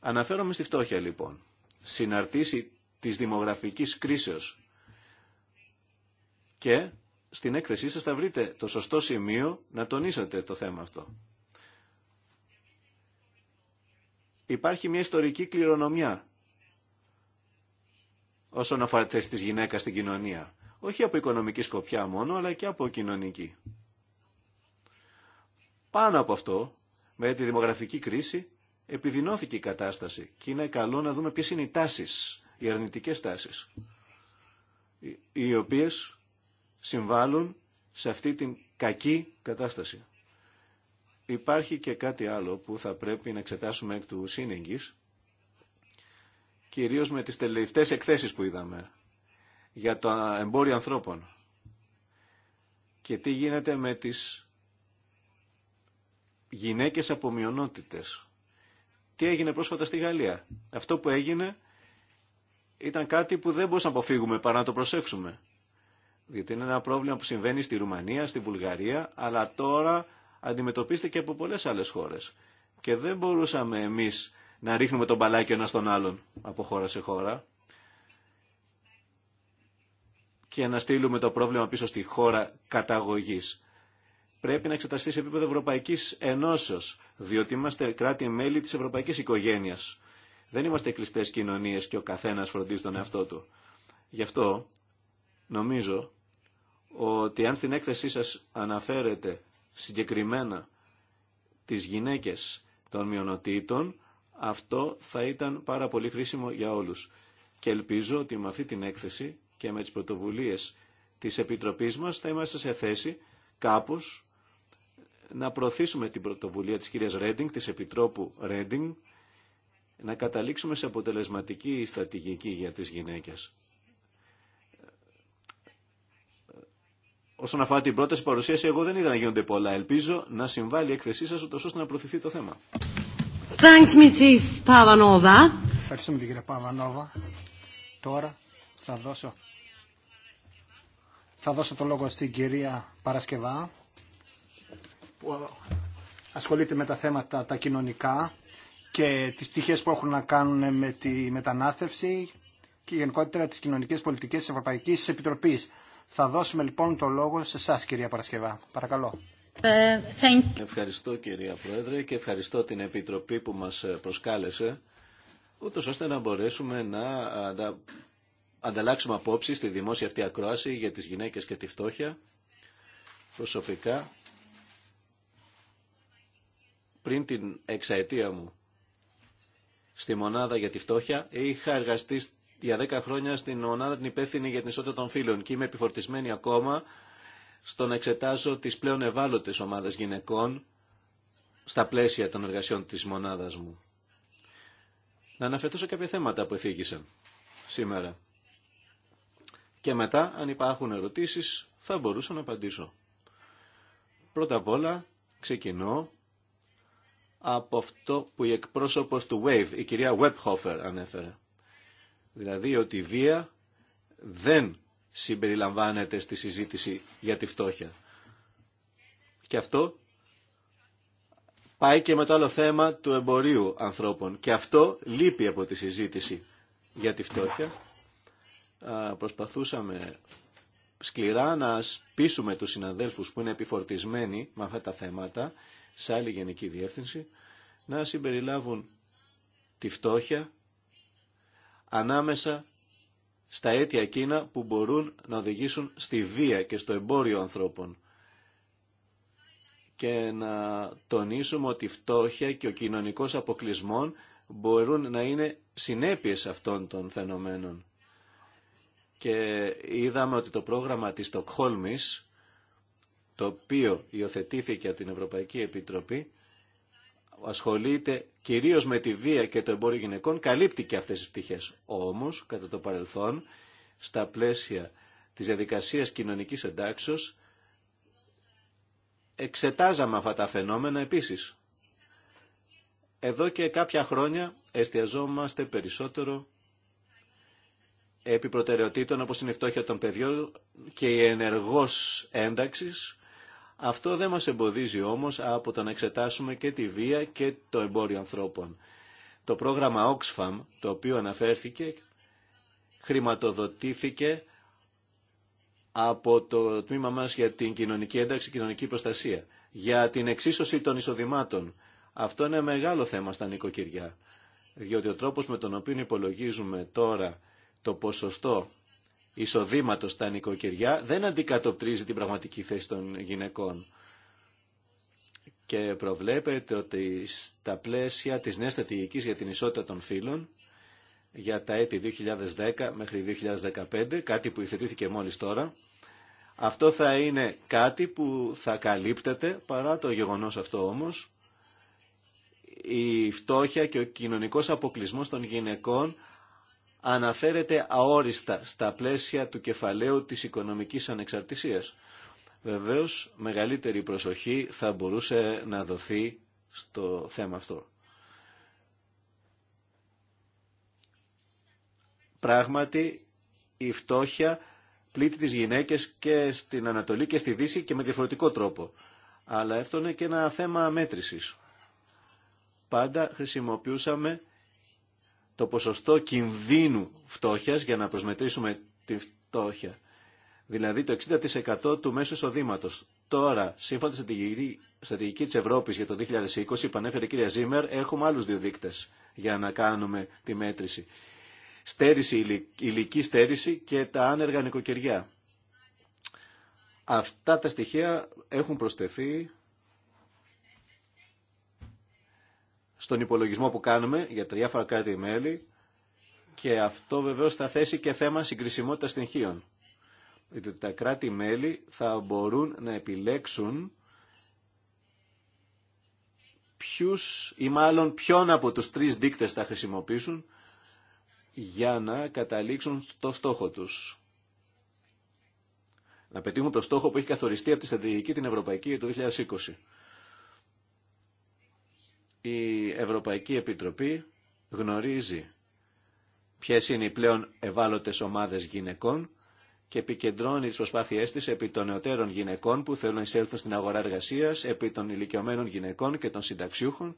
Αναφέρομαι στη φτώχεια λοιπόν. Συναρτήσει της δημογραφικής κρίσεως και στην έκθεσή σας θα βρείτε το σωστό σημείο να τονίσετε το θέμα αυτό. Υπάρχει μια ιστορική κληρονομιά όσον αφορά τη της γυναίκας στην κοινωνία. Όχι από οικονομική σκοπιά μόνο, αλλά και από κοινωνική. Πάνω από αυτό, με τη δημογραφική κρίση, επιδεινώθηκε η κατάσταση και είναι καλό να δούμε ποιες είναι οι τάσεις, οι αρνητικές τάσεις, οι οποίες συμβάλλουν σε αυτή την κακή κατάσταση. Υπάρχει και κάτι άλλο που θα πρέπει να εξετάσουμε εκ του σύνεγγυς. κυρίως με τις τελευταίες εκθέσεις που είδαμε για το εμπόριο ανθρώπων και τι γίνεται με τις γυναίκες από Τι έγινε πρόσφατα στη Γαλλία. Αυτό που έγινε ήταν κάτι που δεν μπορούσαμε να αποφύγουμε παρά να το προσέξουμε. Διότι είναι ένα πρόβλημα που συμβαίνει στη Ρουμανία, στη Βουλγαρία, αλλά τώρα αντιμετωπίζεται και από πολλές άλλες χώρες. Και δεν μπορούσαμε εμείς να ρίχνουμε τον μπαλάκι ένα στον άλλον από χώρα σε χώρα και να στείλουμε το πρόβλημα πίσω στη χώρα καταγωγής. Πρέπει να εξεταστεί σε επίπεδο Ευρωπαϊκής Ενώσεως, διότι είμαστε κράτη-μέλη της Ευρωπαϊκής Οικογένειας. Δεν είμαστε κλειστές κοινωνίες και ο καθένας φροντίζει τον εαυτό του. Γι' αυτό νομίζω ότι αν στην έκθεσή σας αναφέρετε συγκεκριμένα τις γυναίκες των μειονοτήτων, αυτό θα ήταν πάρα πολύ χρήσιμο για όλους. Και ελπίζω ότι με αυτή την έκθεση και με τις πρωτοβουλίες της Επιτροπής μας θα είμαστε σε θέση κάπως να προωθήσουμε την πρωτοβουλία της κυρίας Ρέντινγκ, της Επιτρόπου Ρέντινγκ, να καταλήξουμε σε αποτελεσματική στρατηγική για τις γυναίκες. Όσον αφορά την πρόταση παρουσίαση, εγώ δεν είδα να γίνονται πολλά. Ελπίζω να συμβάλλει η έκθεσή σα, ώστε να προωθηθεί το θέμα. Thanks, Mrs. Pavanova. Ευχαριστούμε την κυρία Παβανόβα. Τώρα θα δώσω, θα δώσω το λόγο στην κυρία Παρασκευά, που ασχολείται με τα θέματα τα κοινωνικά και τις πτυχές που έχουν να κάνουν με τη μετανάστευση και γενικότερα τις κοινωνικές πολιτικές της Ευρωπαϊκής Επιτροπής. Θα δώσουμε λοιπόν το λόγο σε εσά, κυρία Παρασκευά. Παρακαλώ. Ε, thank Ευχαριστώ κυρία Πρόεδρε και ευχαριστώ την Επιτροπή που μας ε, προσκάλεσε ούτω ώστε να μπορέσουμε να αντα... ανταλλάξουμε απόψεις στη δημόσια αυτή ακρόαση για τις γυναίκες και τη φτώχεια προσωπικά πριν την εξαετία μου στη μονάδα για τη φτώχεια είχα εργαστεί για 10 χρόνια στην μονάδα την υπεύθυνη για την ισότητα των φίλων και είμαι επιφορτισμένη ακόμα στο να εξετάζω τις πλέον ευάλωτες ομάδες γυναικών στα πλαίσια των εργασιών της μονάδας μου. Να αναφερθώ σε κάποια θέματα που εφήγησαν σήμερα. Και μετά, αν υπάρχουν ερωτήσεις, θα μπορούσα να απαντήσω. Πρώτα απ' όλα, ξεκινώ από αυτό που η εκπρόσωπος του WAVE, η κυρία Webhofer, ανέφερε. Δηλαδή ότι η βία δεν συμπεριλαμβάνεται στη συζήτηση για τη φτώχεια. Και αυτό πάει και με το άλλο θέμα του εμπορίου ανθρώπων. Και αυτό λείπει από τη συζήτηση για τη φτώχεια. Προσπαθούσαμε σκληρά να πείσουμε τους συναδέλφους που είναι επιφορτισμένοι με αυτά τα θέματα σε άλλη γενική διεύθυνση να συμπεριλάβουν τη φτώχεια ανάμεσα στα αίτια εκείνα που μπορούν να οδηγήσουν στη βία και στο εμπόριο ανθρώπων. Και να τονίσουμε ότι η φτώχεια και ο κοινωνικός αποκλεισμός μπορούν να είναι συνέπειες αυτών των φαινομένων. Και είδαμε ότι το πρόγραμμα της Στοκχόλμης, το οποίο υιοθετήθηκε από την Ευρωπαϊκή Επιτροπή, ασχολείται κυρίως με τη βία και το εμπόριο γυναικών καλύπτει και αυτές τις πτυχές. Όμως, κατά το παρελθόν, στα πλαίσια της διαδικασίας κοινωνικής εντάξεως, εξετάζαμε αυτά τα φαινόμενα επίσης. Εδώ και κάποια χρόνια εστιαζόμαστε περισσότερο επί προτεραιοτήτων όπως είναι η φτώχεια των παιδιών και η ενεργός ένταξης αυτό δεν μας εμποδίζει όμως από το να εξετάσουμε και τη βία και το εμπόριο ανθρώπων. Το πρόγραμμα Oxfam, το οποίο αναφέρθηκε, χρηματοδοτήθηκε από το τμήμα μας για την κοινωνική ένταξη κοινωνική προστασία, για την εξίσωση των εισοδημάτων. Αυτό είναι μεγάλο θέμα στα νοικοκυριά, διότι ο τρόπος με τον οποίο υπολογίζουμε τώρα το ποσοστό εισοδήματο στα νοικοκυριά δεν αντικατοπτρίζει την πραγματική θέση των γυναικών. Και προβλέπεται ότι στα πλαίσια της νέας στρατηγικής για την ισότητα των φύλων για τα έτη 2010 μέχρι 2015, κάτι που υθετήθηκε μόλις τώρα, αυτό θα είναι κάτι που θα καλύπτεται, παρά το γεγονός αυτό όμως, η φτώχεια και ο κοινωνικός αποκλεισμός των γυναικών αναφέρεται αόριστα στα πλαίσια του κεφαλαίου της οικονομικής ανεξαρτησίας. Βεβαίως, μεγαλύτερη προσοχή θα μπορούσε να δοθεί στο θέμα αυτό. Πράγματι, η φτώχεια πλήττει τις γυναίκες και στην Ανατολή και στη Δύση και με διαφορετικό τρόπο. Αλλά αυτό είναι και ένα θέμα μέτρησης. Πάντα χρησιμοποιούσαμε το ποσοστό κινδύνου φτώχειας για να προσμετρήσουμε τη φτώχεια. Δηλαδή το 60% του μέσου εισοδήματο. Τώρα, σύμφωνα με τη στρατηγική της Ευρώπης για το 2020, πανέφερε η κυρία Ζήμερ, έχουμε άλλους δύο δείκτες για να κάνουμε τη μέτρηση. Στέρηση, ηλική στέρηση και τα άνεργα νοικοκυριά. Αυτά τα στοιχεία έχουν προσθεθεί στον υπολογισμό που κάνουμε για τα διάφορα κράτη-μέλη και αυτό βεβαίω θα θέσει και θέμα συγκρισιμότητα στοιχείων. Διότι τα κράτη-μέλη θα μπορούν να επιλέξουν ποιου ή μάλλον ποιον από τους τρεις δείκτε θα χρησιμοποιήσουν για να καταλήξουν στο στόχο τους. Να πετύχουν το στόχο που έχει καθοριστεί από τη στρατηγική την Ευρωπαϊκή το 2020. Η Ευρωπαϊκή Επιτροπή γνωρίζει ποιες είναι οι πλέον ευάλωτες ομάδες γυναικών και επικεντρώνει τις προσπάθειές της επί των νεωτέρων γυναικών που θέλουν να εισέλθουν στην αγορά εργασίας, επί των ηλικιωμένων γυναικών και των συνταξιούχων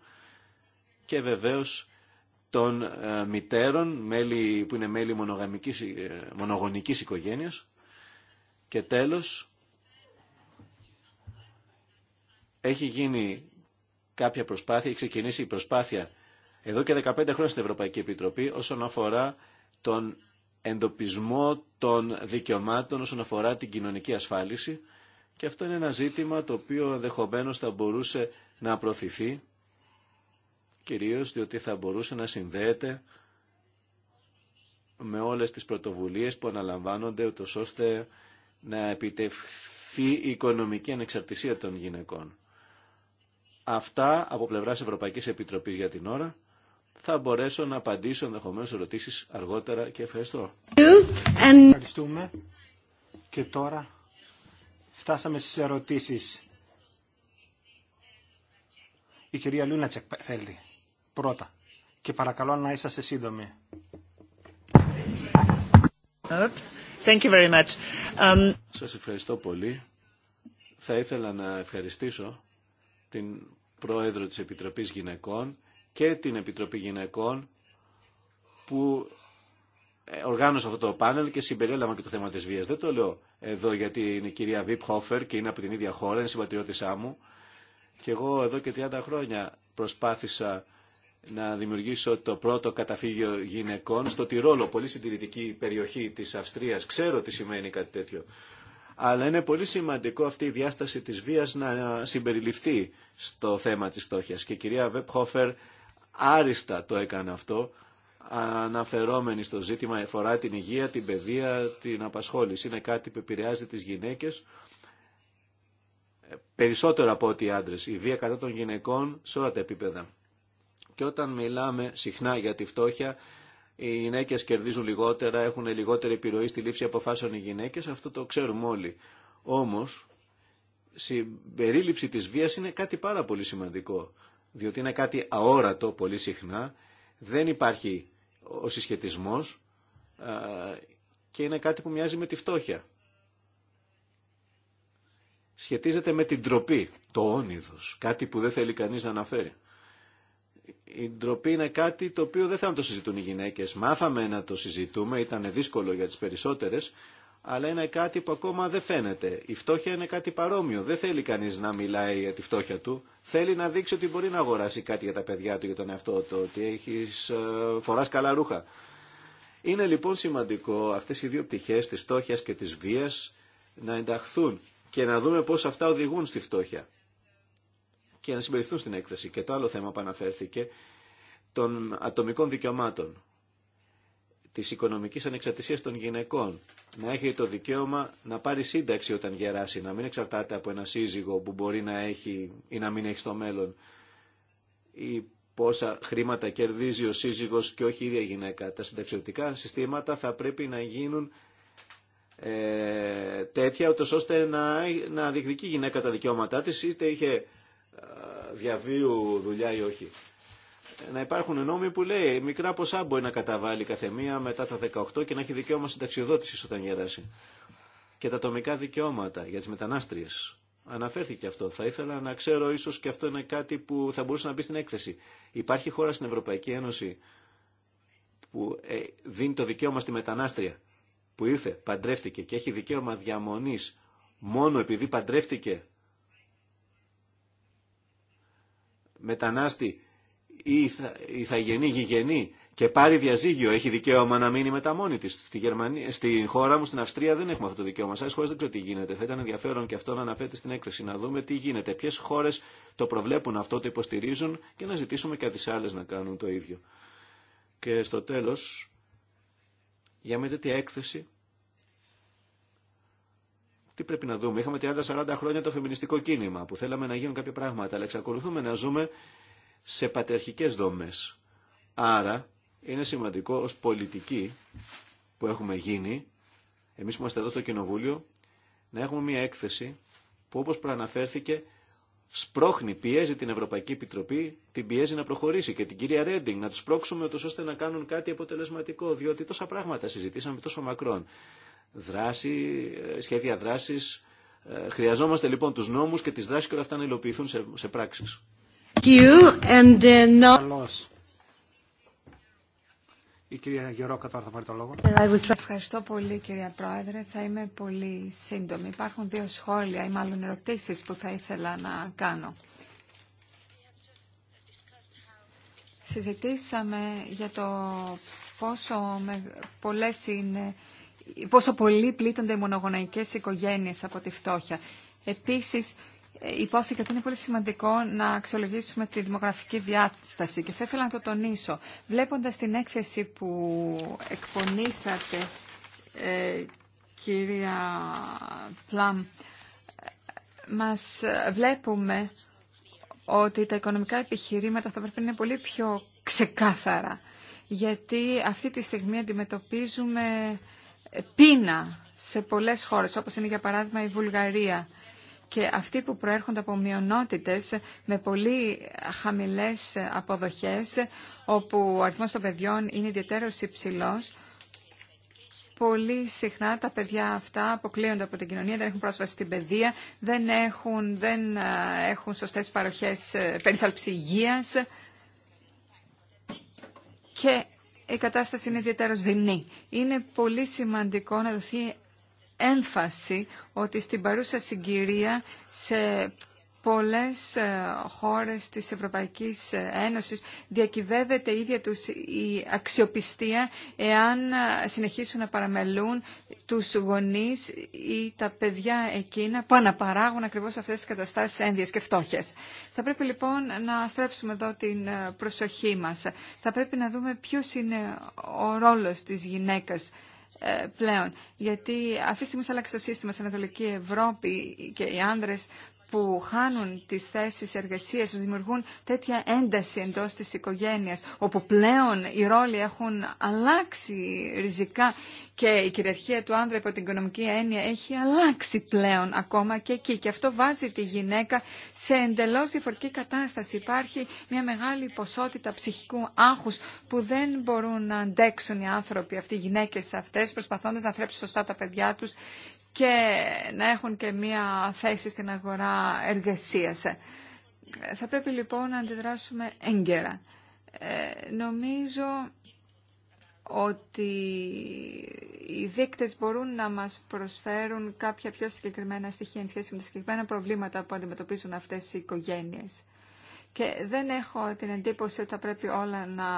και βεβαίως των ε, μητέρων μέλη, που είναι μέλη μονογαμικής, ε, μονογονικής οικογένειας. Και τέλος, έχει γίνει κάποια προσπάθεια, έχει ξεκινήσει η προσπάθεια εδώ και 15 χρόνια στην Ευρωπαϊκή Επιτροπή όσον αφορά τον εντοπισμό των δικαιωμάτων όσον αφορά την κοινωνική ασφάλιση και αυτό είναι ένα ζήτημα το οποίο ενδεχομένω θα μπορούσε να προωθηθεί κυρίως διότι θα μπορούσε να συνδέεται με όλες τις πρωτοβουλίες που αναλαμβάνονται ούτως ώστε να επιτευχθεί η οικονομική ανεξαρτησία των γυναικών. Αυτά από πλευρά Ευρωπαϊκή Επιτροπή για την ώρα. Θα μπορέσω να απαντήσω ενδεχομένω ερωτήσει αργότερα και ευχαριστώ. Ευχαριστούμε. Και τώρα φτάσαμε στι ερωτήσεις. Η κυρία Λούνατσεκ θέλει πρώτα. Και παρακαλώ να είσαστε σύντομοι. Thank you Um... Σας ευχαριστώ πολύ. Θα ήθελα να ευχαριστήσω την Πρόεδρο της Επιτροπής Γυναικών και την Επιτροπή Γυναικών που ε, οργάνωσε αυτό το πάνελ και συμπεριέλαβα και το θέμα της βίας. Δεν το λέω εδώ γιατί είναι η κυρία Βίπ Χόφερ και είναι από την ίδια χώρα, είναι συμπατριώτησά μου. Και εγώ εδώ και 30 χρόνια προσπάθησα να δημιουργήσω το πρώτο καταφύγιο γυναικών στο Τιρόλο, πολύ συντηρητική περιοχή της Αυστρίας. Ξέρω τι σημαίνει κάτι τέτοιο αλλά είναι πολύ σημαντικό αυτή η διάσταση της βίας να συμπεριληφθεί στο θέμα της στόχιας. Και η κυρία Βεπχόφερ άριστα το έκανε αυτό, αναφερόμενη στο ζήτημα εφορά την υγεία, την παιδεία, την απασχόληση. Είναι κάτι που επηρεάζει τις γυναίκες περισσότερο από ό,τι οι άντρες. Η βία κατά των γυναικών σε όλα τα επίπεδα. Και όταν μιλάμε συχνά για τη φτώχεια, οι γυναίκες κερδίζουν λιγότερα, έχουν λιγότερη επιρροή στη λήψη αποφάσεων οι γυναίκες, αυτό το ξέρουμε όλοι. Όμως, περίληψη της βίας είναι κάτι πάρα πολύ σημαντικό, διότι είναι κάτι αόρατο πολύ συχνά, δεν υπάρχει ο συσχετισμός και είναι κάτι που μοιάζει με τη φτώχεια. Σχετίζεται με την τροπή, το όνειδος, κάτι που δεν θέλει κανείς να αναφέρει η ντροπή είναι κάτι το οποίο δεν θα το συζητούν οι γυναίκες. Μάθαμε να το συζητούμε, ήταν δύσκολο για τις περισσότερες, αλλά είναι κάτι που ακόμα δεν φαίνεται. Η φτώχεια είναι κάτι παρόμοιο. Δεν θέλει κανείς να μιλάει για τη φτώχεια του. Θέλει να δείξει ότι μπορεί να αγοράσει κάτι για τα παιδιά του, για τον εαυτό του, ότι έχει ε, φορά καλά ρούχα. Είναι λοιπόν σημαντικό αυτές οι δύο πτυχές της φτώχεια και της βίας να ενταχθούν και να δούμε πώς αυτά οδηγούν στη φτώχεια και να συμπεριφθούν στην έκθεση. Και το άλλο θέμα που αναφέρθηκε των ατομικών δικαιωμάτων, της οικονομικής ανεξαρτησίας των γυναικών, να έχει το δικαίωμα να πάρει σύνταξη όταν γεράσει, να μην εξαρτάται από ένα σύζυγο που μπορεί να έχει ή να μην έχει στο μέλλον ή πόσα χρήματα κερδίζει ο σύζυγος και όχι η ίδια γυναίκα. Τα συνταξιωτικά συστήματα θα πρέπει να γίνουν ε, τέτοια, ώστε να, να διεκδικεί η γυναίκα τα δικαιώματά της, είτε είχε διαβίου ε, δουλειά ή όχι. Ε, να υπάρχουν νόμοι που λέει μικρά ποσά μπορεί να καταβάλει κάθε μία μετά τα 18 και να έχει δικαίωμα συνταξιοδότηση όταν γεράσει. Και τα ατομικά δικαιώματα για τι μετανάστριες. Αναφέρθηκε αυτό. Θα ήθελα να ξέρω ίσω και αυτό είναι κάτι που θα μπορούσε να μπει στην έκθεση. Υπάρχει χώρα στην Ευρωπαϊκή Ένωση που ε, δίνει το δικαίωμα στη μετανάστρια που ήρθε, παντρεύτηκε και έχει δικαίωμα διαμονή μόνο επειδή παντρεύτηκε μετανάστη ή ηθαγενή, γηγενή και πάρει διαζύγιο, έχει δικαίωμα να μείνει τα μόνη τη. Στη Γερμανία, στη χώρα μου, στην Αυστρία, δεν έχουμε αυτό το δικαίωμα. Σε χώρε δεν ξέρω τι γίνεται. Θα ήταν ενδιαφέρον και αυτό να αναφέρεται στην έκθεση, να δούμε τι γίνεται. Ποιε χώρε το προβλέπουν αυτό, το υποστηρίζουν και να ζητήσουμε και τι άλλε να κάνουν το ίδιο. Και στο τέλο, για μια τέτοια έκθεση τι πρέπει να δούμε. Είχαμε 30-40 χρόνια το φεμινιστικό κίνημα που θέλαμε να γίνουν κάποια πράγματα, αλλά εξακολουθούμε να ζούμε σε πατριαρχικές δομές. Άρα είναι σημαντικό ως πολιτικοί που έχουμε γίνει, εμείς που είμαστε εδώ στο Κοινοβούλιο, να έχουμε μια έκθεση που όπως προαναφέρθηκε σπρώχνει, πιέζει την Ευρωπαϊκή Επιτροπή, την πιέζει να προχωρήσει και την κυρία Ρέντινγκ να τους πρόξουμε ώστε να κάνουν κάτι αποτελεσματικό, διότι τόσα πράγματα συζητήσαμε τόσο μακρόν δράση, ε, σχέδια δράσης. Ε, χρειαζόμαστε λοιπόν του νόμου και τι δράσει και όλα αυτά να υλοποιηθούν σε, σε πράξεις. Uh, Η κυρία τώρα θα πάρει το λόγο. Ε, Ευχαριστώ πολύ κυρία Πρόεδρε. Θα είμαι πολύ σύντομη. Υπάρχουν δύο σχόλια ή μάλλον ερωτήσεις που θα ήθελα να κάνω. Συζητήσαμε για το πόσο με... πολλές είναι πόσο πολύ πλήττονται οι μονογονεϊκές οικογένειες από τη φτώχεια. Επίσης, ε, υπόθηκε ότι είναι πολύ σημαντικό να αξιολογήσουμε τη δημογραφική διάσταση και θα ήθελα να το τονίσω. Βλέποντας την έκθεση που εκπονήσατε, ε, κυρία Πλάμ, μας βλέπουμε ότι τα οικονομικά επιχειρήματα θα πρέπει να είναι πολύ πιο ξεκάθαρα, γιατί αυτή τη στιγμή αντιμετωπίζουμε πείνα σε πολλές χώρες, όπως είναι για παράδειγμα η Βουλγαρία. Και αυτοί που προέρχονται από μειονότητες με πολύ χαμηλές αποδοχές, όπου ο αριθμός των παιδιών είναι ιδιαίτερος υψηλός, πολύ συχνά τα παιδιά αυτά αποκλείονται από την κοινωνία, δεν έχουν πρόσβαση στην παιδεία, δεν έχουν, δεν έχουν σωστές παροχές ε, περίθαλψη Και η κατάσταση είναι ιδιαίτερο δεινή. Είναι πολύ σημαντικό να δοθεί έμφαση ότι στην παρούσα συγκυρία σε πολλές ε, χώρες της Ευρωπαϊκής ε, Ένωσης διακυβεύεται ίδια τους η αξιοπιστία εάν ε, συνεχίσουν να παραμελούν τους γονείς ή τα παιδιά εκείνα που αναπαράγουν ακριβώς αυτές τις καταστάσεις ένδυες και φτώχες. Θα πρέπει λοιπόν να στρέψουμε εδώ την προσοχή μας. Θα πρέπει να δούμε ποιος είναι ο ρόλος της γυναίκας πλέον. Γιατί αυτή τη στιγμή άλλαξε το σύστημα στην Ανατολική Ευρώπη και οι άνδρες που χάνουν τις θέσεις εργασίας, που δημιουργούν τέτοια ένταση εντός της οικογένειας, όπου πλέον οι ρόλοι έχουν αλλάξει ριζικά και η κυριαρχία του άνδρα υπό την οικονομική έννοια έχει αλλάξει πλέον ακόμα και εκεί. Και αυτό βάζει τη γυναίκα σε εντελώς διαφορετική κατάσταση. Υπάρχει μια μεγάλη ποσότητα ψυχικού άγχους που δεν μπορούν να αντέξουν οι άνθρωποι αυτοί, οι γυναίκες αυτές, προσπαθώντας να θρέψουν σωστά τα παιδιά τους και να έχουν και μία θέση στην αγορά εργασίας. Θα πρέπει λοιπόν να αντιδράσουμε έγκαιρα. Ε, νομίζω ότι οι δείκτες μπορούν να μας προσφέρουν κάποια πιο συγκεκριμένα στοιχεία εν σχέση με τα συγκεκριμένα προβλήματα που αντιμετωπίζουν αυτές οι οικογένειες. Και δεν έχω την εντύπωση ότι θα πρέπει όλα να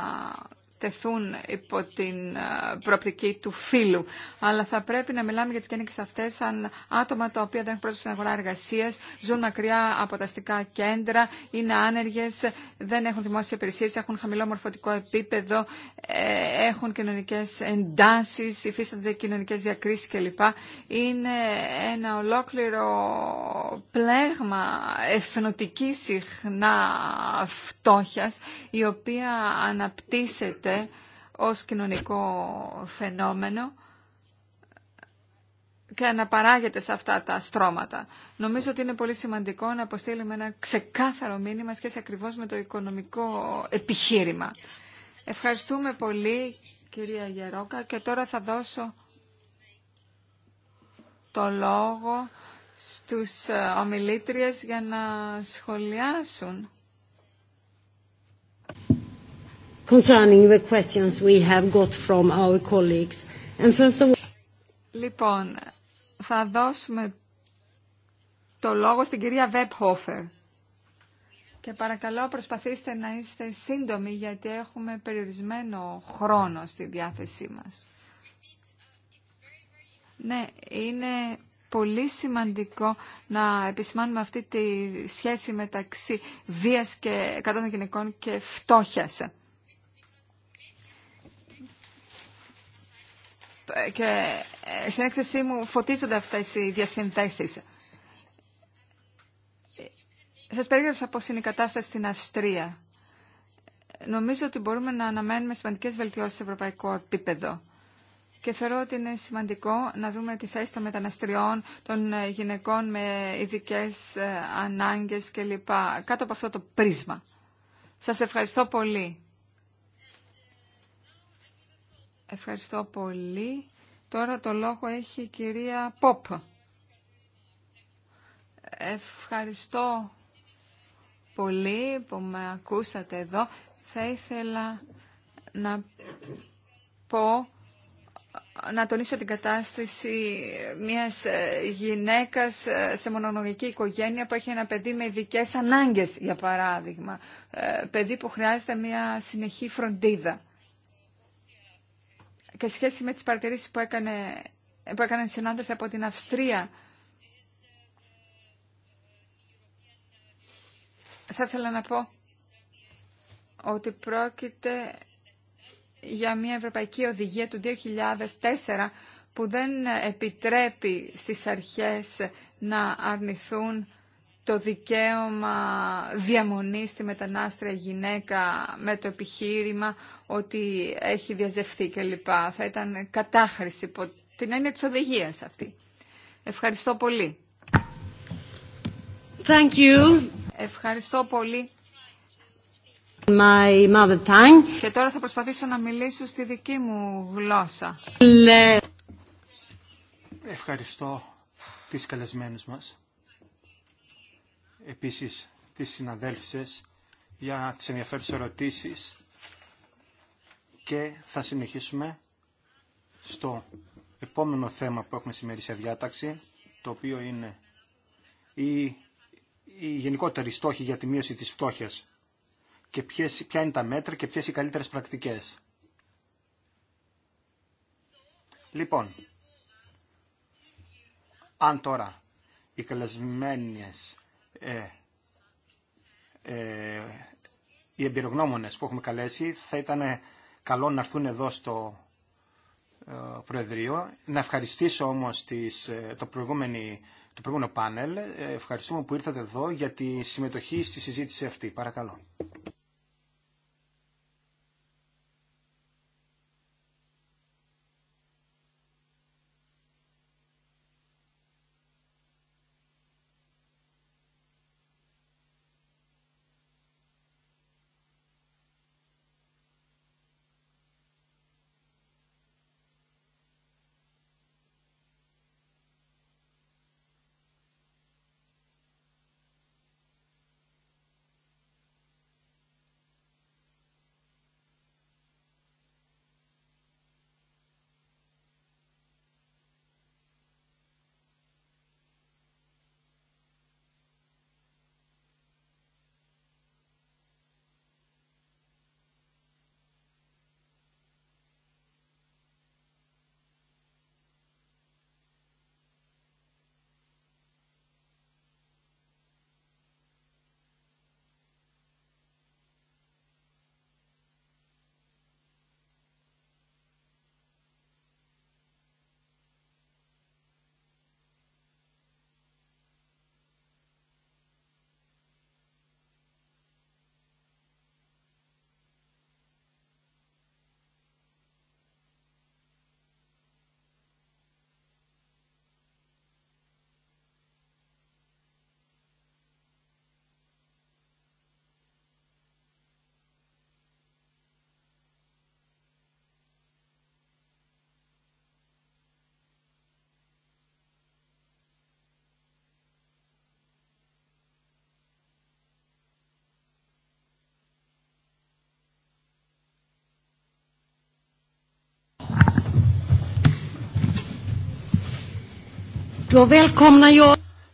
τεθούν υπό την ε, προοπτική του φύλου. Αλλά θα πρέπει να μιλάμε για τι γενικέ αυτέ σαν άτομα τα οποία δεν έχουν πρόσβαση στην αγορά εργασία, ζουν μακριά από τα αστικά κέντρα, είναι άνεργε, δεν έχουν δημόσια υπηρεσίε, έχουν χαμηλό μορφωτικό επίπεδο, ε, έχουν κοινωνικέ εντάσει, υφίστανται κοινωνικέ διακρίσει κλπ. Είναι ένα ολόκληρο πλέγμα εθνοτική συχνά φτώχεια, η οποία αναπτύσσεται Ω ως κοινωνικό φαινόμενο και αναπαράγεται σε αυτά τα στρώματα. Νομίζω ότι είναι πολύ σημαντικό να αποστείλουμε ένα ξεκάθαρο μήνυμα σχέση ακριβώς με το οικονομικό επιχείρημα. Ευχαριστούμε πολύ κυρία Γερόκα και τώρα θα δώσω το λόγο στους ε, ομιλήτριες για να σχολιάσουν. concerning the questions we have got from our colleagues. And first of all... Λοιπόν, θα δώσουμε το λόγο στην κυρία Βεπχόφερ. Και παρακαλώ προσπαθήστε να είστε σύντομοι γιατί έχουμε περιορισμένο χρόνο στη διάθεσή μας. Ναι, είναι πολύ σημαντικό να επισημάνουμε αυτή τη σχέση μεταξύ βίας και κατά των γυναικών και φτώχειας. και ε, στην έκθεσή μου φωτίζονται αυτές οι διασυνθέσεις. Σας περίγραψα πώς είναι η κατάσταση στην Αυστρία. Νομίζω ότι μπορούμε να αναμένουμε σημαντικές βελτιώσεις σε ευρωπαϊκό επίπεδο. Και θεωρώ ότι είναι σημαντικό να δούμε τη θέση των μεταναστριών, των ε, γυναικών με ειδικέ ε, ανάγκες κλπ. Κάτω από αυτό το πρίσμα. Σας ευχαριστώ πολύ. Ευχαριστώ πολύ. Τώρα το λόγο έχει η κυρία Πόπ. Ευχαριστώ πολύ που με ακούσατε εδώ. Θα ήθελα να πω να τονίσω την κατάσταση μιας γυναίκας σε μονονογική οικογένεια που έχει ένα παιδί με ειδικέ ανάγκες, για παράδειγμα. Ε, παιδί που χρειάζεται μια συνεχή φροντίδα και σχέση με τις παρατηρήσεις που, έκανε, που έκαναν συνάδελφοι από την Αυστρία, θα ήθελα να πω ότι πρόκειται για μια ευρωπαϊκή οδηγία του 2004 που δεν επιτρέπει στις αρχές να αρνηθούν το δικαίωμα διαμονής στη μετανάστρια γυναίκα με το επιχείρημα ότι έχει διαζευθεί κλπ. Θα ήταν κατάχρηση υπό την έννοια τη οδηγία αυτή. Ευχαριστώ πολύ. Thank you. Ευχαριστώ πολύ. My mother tongue. Και τώρα θα προσπαθήσω να μιλήσω στη δική μου γλώσσα. Ευχαριστώ τις καλεσμένους μας επίσης τις συναδέλφισες για τις ενδιαφέρουσες ερωτήσεις και θα συνεχίσουμε στο επόμενο θέμα που έχουμε σήμερα σε διάταξη, το οποίο είναι η, η γενικότερη στόχη για τη μείωση της φτώχειας και ποιες, ποια είναι τα μέτρα και ποιες οι καλύτερες πρακτικές. Λοιπόν, αν τώρα οι καλεσμένες ε, ε, οι εμπειρογνώμονες που έχουμε καλέσει θα ήταν καλό να έρθουν εδώ στο ε, Προεδρείο. Να ευχαριστήσω όμως τις, το, το προηγούμενο πάνελ. Ευχαριστούμε που ήρθατε εδώ για τη συμμετοχή στη συζήτηση αυτή. Παρακαλώ.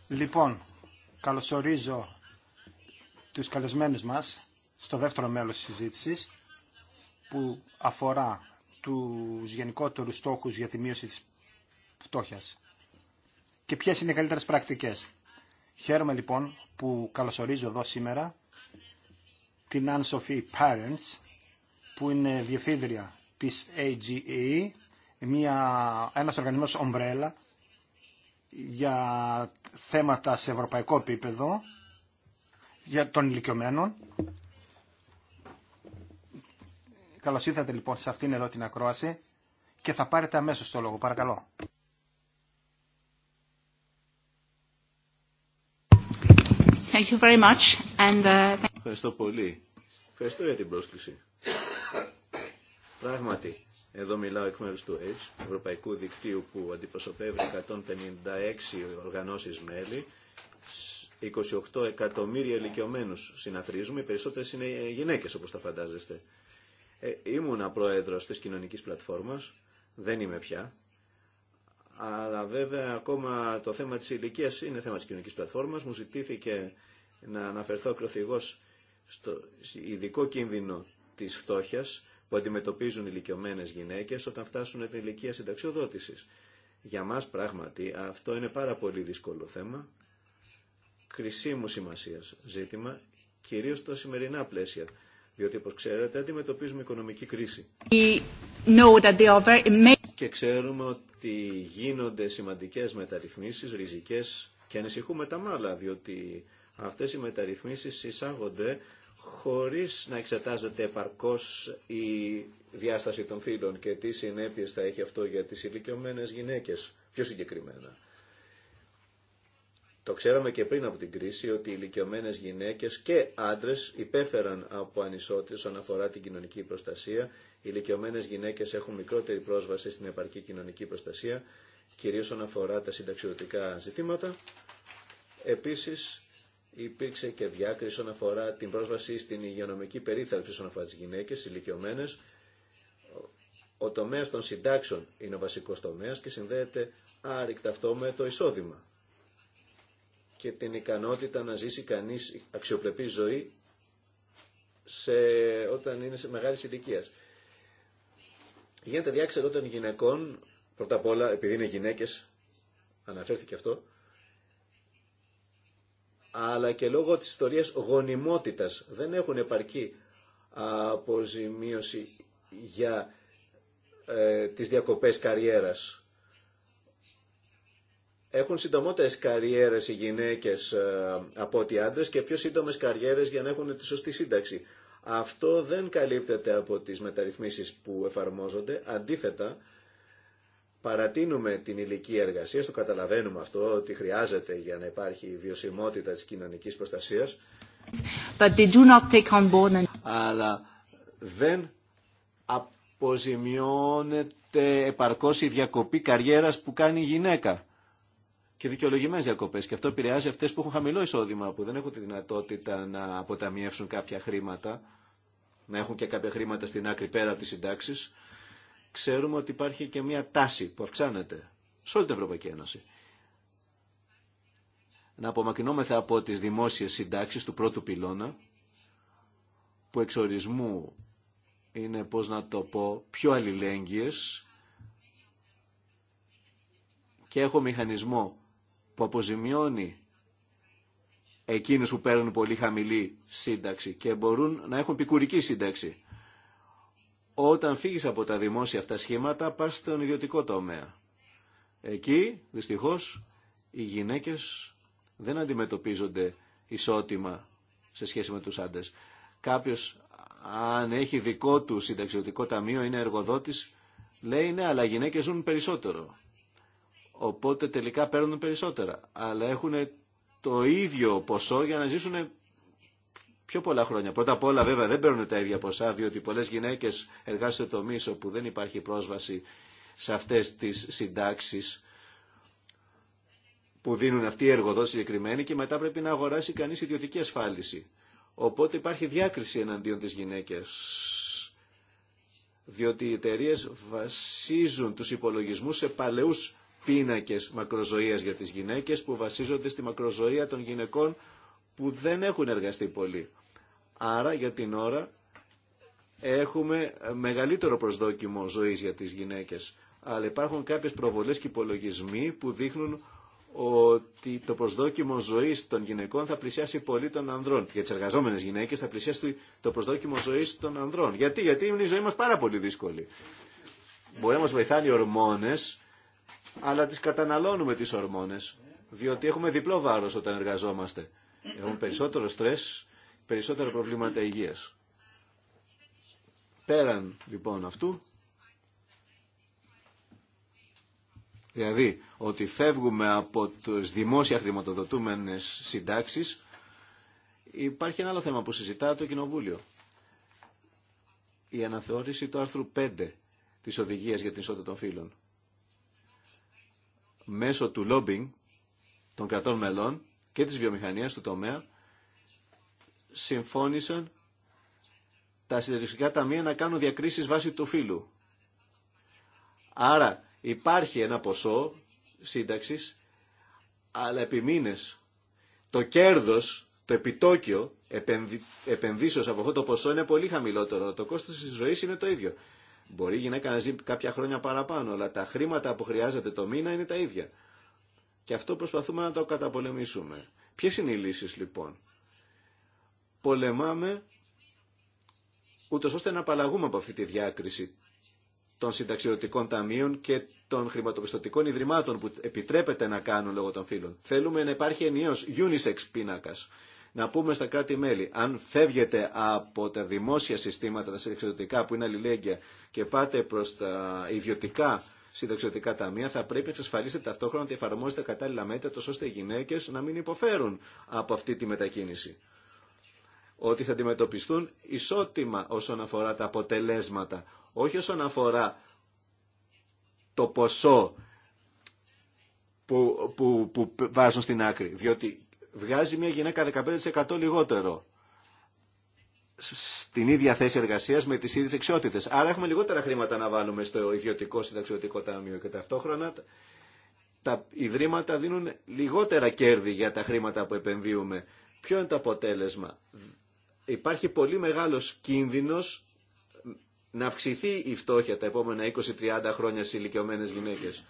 Λοιπόν, καλωσορίζω τους καλεσμένους μας στο δεύτερο μέλος της συζήτησης που αφορά τους γενικότερους στόχους για τη μείωση της φτώχειας και ποιες είναι οι καλύτερες πρακτικές. Χαίρομαι λοιπόν που καλωσορίζω εδώ σήμερα την Anne-Sophie Parents που είναι διευθύντρια της AGE, μια, ένας οργανισμός ομπρέλα για θέματα σε ευρωπαϊκό επίπεδο για των ηλικιωμένων. Καλώ ήρθατε λοιπόν σε αυτήν εδώ την ακρόαση και θα πάρετε αμέσως το λόγο. Παρακαλώ. Thank you very much and, uh, thank... Ευχαριστώ πολύ. Ευχαριστώ για την πρόσκληση. Πράγματι, εδώ μιλάω εκ μέρους του AIDS, Ευρωπαϊκού Δικτύου που αντιπροσωπεύει 156 οργανώσεις μέλη, 28 εκατομμύρια ηλικιωμένου συναθρίζουμε, οι περισσότερες είναι γυναίκες όπως τα φαντάζεστε. Ε, ήμουνα πρόεδρο της κοινωνικής πλατφόρμας, δεν είμαι πια, αλλά βέβαια ακόμα το θέμα της ηλικία είναι θέμα της κοινωνικής πλατφόρμας. Μου ζητήθηκε να αναφερθώ ακροθυγώς στο ειδικό κίνδυνο της φτώχειας που αντιμετωπίζουν ηλικιωμένες γυναίκε όταν φτάσουν την ηλικία συνταξιοδότησης. Για μα πράγματι αυτό είναι πάρα πολύ δύσκολο θέμα, κρισίμου σημασία ζήτημα, Κυρίω στα σημερινά πλαίσια, διότι όπω ξέρετε αντιμετωπίζουμε οικονομική κρίση. Και ξέρουμε ότι γίνονται σημαντικέ μεταρρυθμίσεις, ριζικέ, και ανησυχούμε τα μάλα, διότι αυτέ οι μεταρρυθμίσεις εισάγονται χωρίς να εξετάζεται επαρκώς η διάσταση των φύλων και τι συνέπειες θα έχει αυτό για τις ηλικιωμένες γυναίκες πιο συγκεκριμένα. Το ξέραμε και πριν από την κρίση ότι οι ηλικιωμένε γυναίκε και άντρε υπέφεραν από ανισότητε όσον αφορά την κοινωνική προστασία. Οι ηλικιωμένε γυναίκε έχουν μικρότερη πρόσβαση στην επαρκή κοινωνική προστασία, κυρίω όσον αφορά τα συνταξιδοτικά ζητήματα. Επίση, υπήρξε και διάκριση όσον αφορά την πρόσβαση στην υγειονομική περίθαλψη όσον αφορά τι γυναίκε ηλικιωμένε. Ο τομέα των συντάξεων είναι ο βασικό τομέα και συνδέεται άρρηκτα αυτό με το εισόδημα και την ικανότητα να ζήσει κανείς αξιοπρεπή ζωή σε, όταν είναι σε μεγάλη ηλικία. Γίνεται εδώ των γυναικών, πρώτα απ' όλα επειδή είναι γυναίκες, αναφέρθηκε αυτό, αλλά και λόγω της ιστορίας γονιμότητας δεν έχουν επαρκή αποζημίωση για ε, τις διακοπές καριέρας. Έχουν συντομότερες καριέρες οι γυναίκες ε, από ότι άντρες και πιο σύντομες καριέρες για να έχουν τη σωστή σύνταξη. Αυτό δεν καλύπτεται από τις μεταρρυθμίσεις που εφαρμόζονται. Αντίθετα, παρατείνουμε την ηλική εργασία, το καταλαβαίνουμε αυτό, ότι χρειάζεται για να υπάρχει η βιωσιμότητα της κοινωνικής προστασίας. Αλλά δεν αποζημιώνεται επαρκώς η διακοπή καριέρας που κάνει η γυναίκα. Και δικαιολογημένε διακοπέ. Και αυτό επηρεάζει αυτέ που έχουν χαμηλό εισόδημα, που δεν έχουν τη δυνατότητα να αποταμιεύσουν κάποια χρήματα, να έχουν και κάποια χρήματα στην άκρη πέρα από τι ξέρουμε ότι υπάρχει και μια τάση που αυξάνεται σε όλη την Ευρωπαϊκή Ένωση. Να απομακρυνόμεθα από τις δημόσιες συντάξεις του πρώτου πυλώνα, που εξορισμού είναι, πώς να το πω, πιο αλληλέγγυες και έχω μηχανισμό που αποζημιώνει εκείνους που παίρνουν πολύ χαμηλή σύνταξη και μπορούν να έχουν πικουρική σύνταξη. Όταν φύγεις από τα δημόσια αυτά σχήματα, πας στον ιδιωτικό τομέα. Εκεί, δυστυχώς, οι γυναίκες δεν αντιμετωπίζονται ισότιμα σε σχέση με τους άντρες. Κάποιος, αν έχει δικό του συνταξιωτικό ταμείο, είναι εργοδότης, λέει ναι, αλλά οι γυναίκες ζουν περισσότερο. Οπότε τελικά παίρνουν περισσότερα. Αλλά έχουν το ίδιο ποσό για να ζήσουν πιο πολλά χρόνια. Πρώτα απ' όλα βέβαια δεν παίρνουν τα ίδια ποσά, διότι πολλές γυναίκες εργάζονται το μίσο που δεν υπάρχει πρόσβαση σε αυτές τις συντάξεις που δίνουν αυτοί οι εργοδότες συγκεκριμένοι και μετά πρέπει να αγοράσει κανείς ιδιωτική ασφάλιση. Οπότε υπάρχει διάκριση εναντίον της γυναίκας. Διότι οι εταιρείε βασίζουν τους υπολογισμούς σε παλαιούς πίνακες μακροζωίας για τις γυναίκες που βασίζονται στη μακροζωία των γυναικών που δεν έχουν εργαστεί πολύ. Άρα για την ώρα έχουμε μεγαλύτερο προσδόκιμο ζωής για τις γυναίκες. Αλλά υπάρχουν κάποιες προβολές και υπολογισμοί που δείχνουν ότι το προσδόκιμο ζωής των γυναικών θα πλησιάσει πολύ των ανδρών. Για τις εργαζόμενες γυναίκες θα πλησιάσει το προσδόκιμο ζωής των ανδρών. Γιατί, γιατί είναι η ζωή μας πάρα πολύ δύσκολη. Μπορεί να μας βοηθάνε οι ορμόνες, αλλά τις καταναλώνουμε τις ορμόνες, διότι έχουμε διπλό βάρος όταν εργαζόμαστε έχουν περισσότερο στρες, περισσότερα προβλήματα υγείας. Πέραν λοιπόν αυτού, δηλαδή ότι φεύγουμε από τις δημόσια χρηματοδοτούμενες συντάξεις, υπάρχει ένα άλλο θέμα που συζητά το Κοινοβούλιο. Η αναθεώρηση του άρθρου 5 της Οδηγίας για την Ισότητα των Φύλων. Μέσω του λόμπινγκ των κρατών μελών και της βιομηχανίας του τομέα συμφώνησαν τα συντηρητικά ταμεία να κάνουν διακρίσεις βάσει του φύλου. Άρα υπάρχει ένα ποσό σύνταξης, αλλά επί μήνες το κέρδος, το επιτόκιο επενδύσεως από αυτό το ποσό είναι πολύ χαμηλότερο. Το κόστος της ζωής είναι το ίδιο. Μπορεί η γυναίκα να ζει κάποια χρόνια παραπάνω, αλλά τα χρήματα που χρειάζεται το μήνα είναι τα ίδια. Και αυτό προσπαθούμε να το καταπολεμήσουμε. Ποιε είναι οι λύσει, λοιπόν. Πολεμάμε ούτω ώστε να απαλλαγούμε από αυτή τη διάκριση των συνταξιδοτικών ταμείων και των χρηματοπιστωτικών ιδρυμάτων που επιτρέπεται να κάνουν λόγω των φίλων. Θέλουμε να υπάρχει ενίως unisex πίνακας. Να πούμε στα κράτη-μέλη, αν φεύγετε από τα δημόσια συστήματα, τα συνταξιδοτικά που είναι αλληλέγγυα και πάτε προς τα ιδιωτικά συνταξιωτικά ταμεία, θα πρέπει να εξασφαλίσετε ταυτόχρονα ότι εφαρμόζετε κατάλληλα μέτρα, τόσο ώστε οι γυναίκε να μην υποφέρουν από αυτή τη μετακίνηση. Ότι θα αντιμετωπιστούν ισότιμα όσον αφορά τα αποτελέσματα, όχι όσον αφορά το ποσό που, που, που βάζουν στην άκρη. Διότι βγάζει μια γυναίκα 15% λιγότερο στην ίδια θέση εργασία με τι ίδιε δεξιότητε. Άρα έχουμε λιγότερα χρήματα να βάλουμε στο ιδιωτικό συνταξιωτικό ταμείο και ταυτόχρονα τα ιδρύματα δίνουν λιγότερα κέρδη για τα χρήματα που επενδύουμε. Ποιο είναι το αποτέλεσμα. Υπάρχει πολύ μεγάλος κίνδυνος να αυξηθεί η φτώχεια τα επόμενα 20-30 χρόνια σε ηλικιωμένες γυναίκες.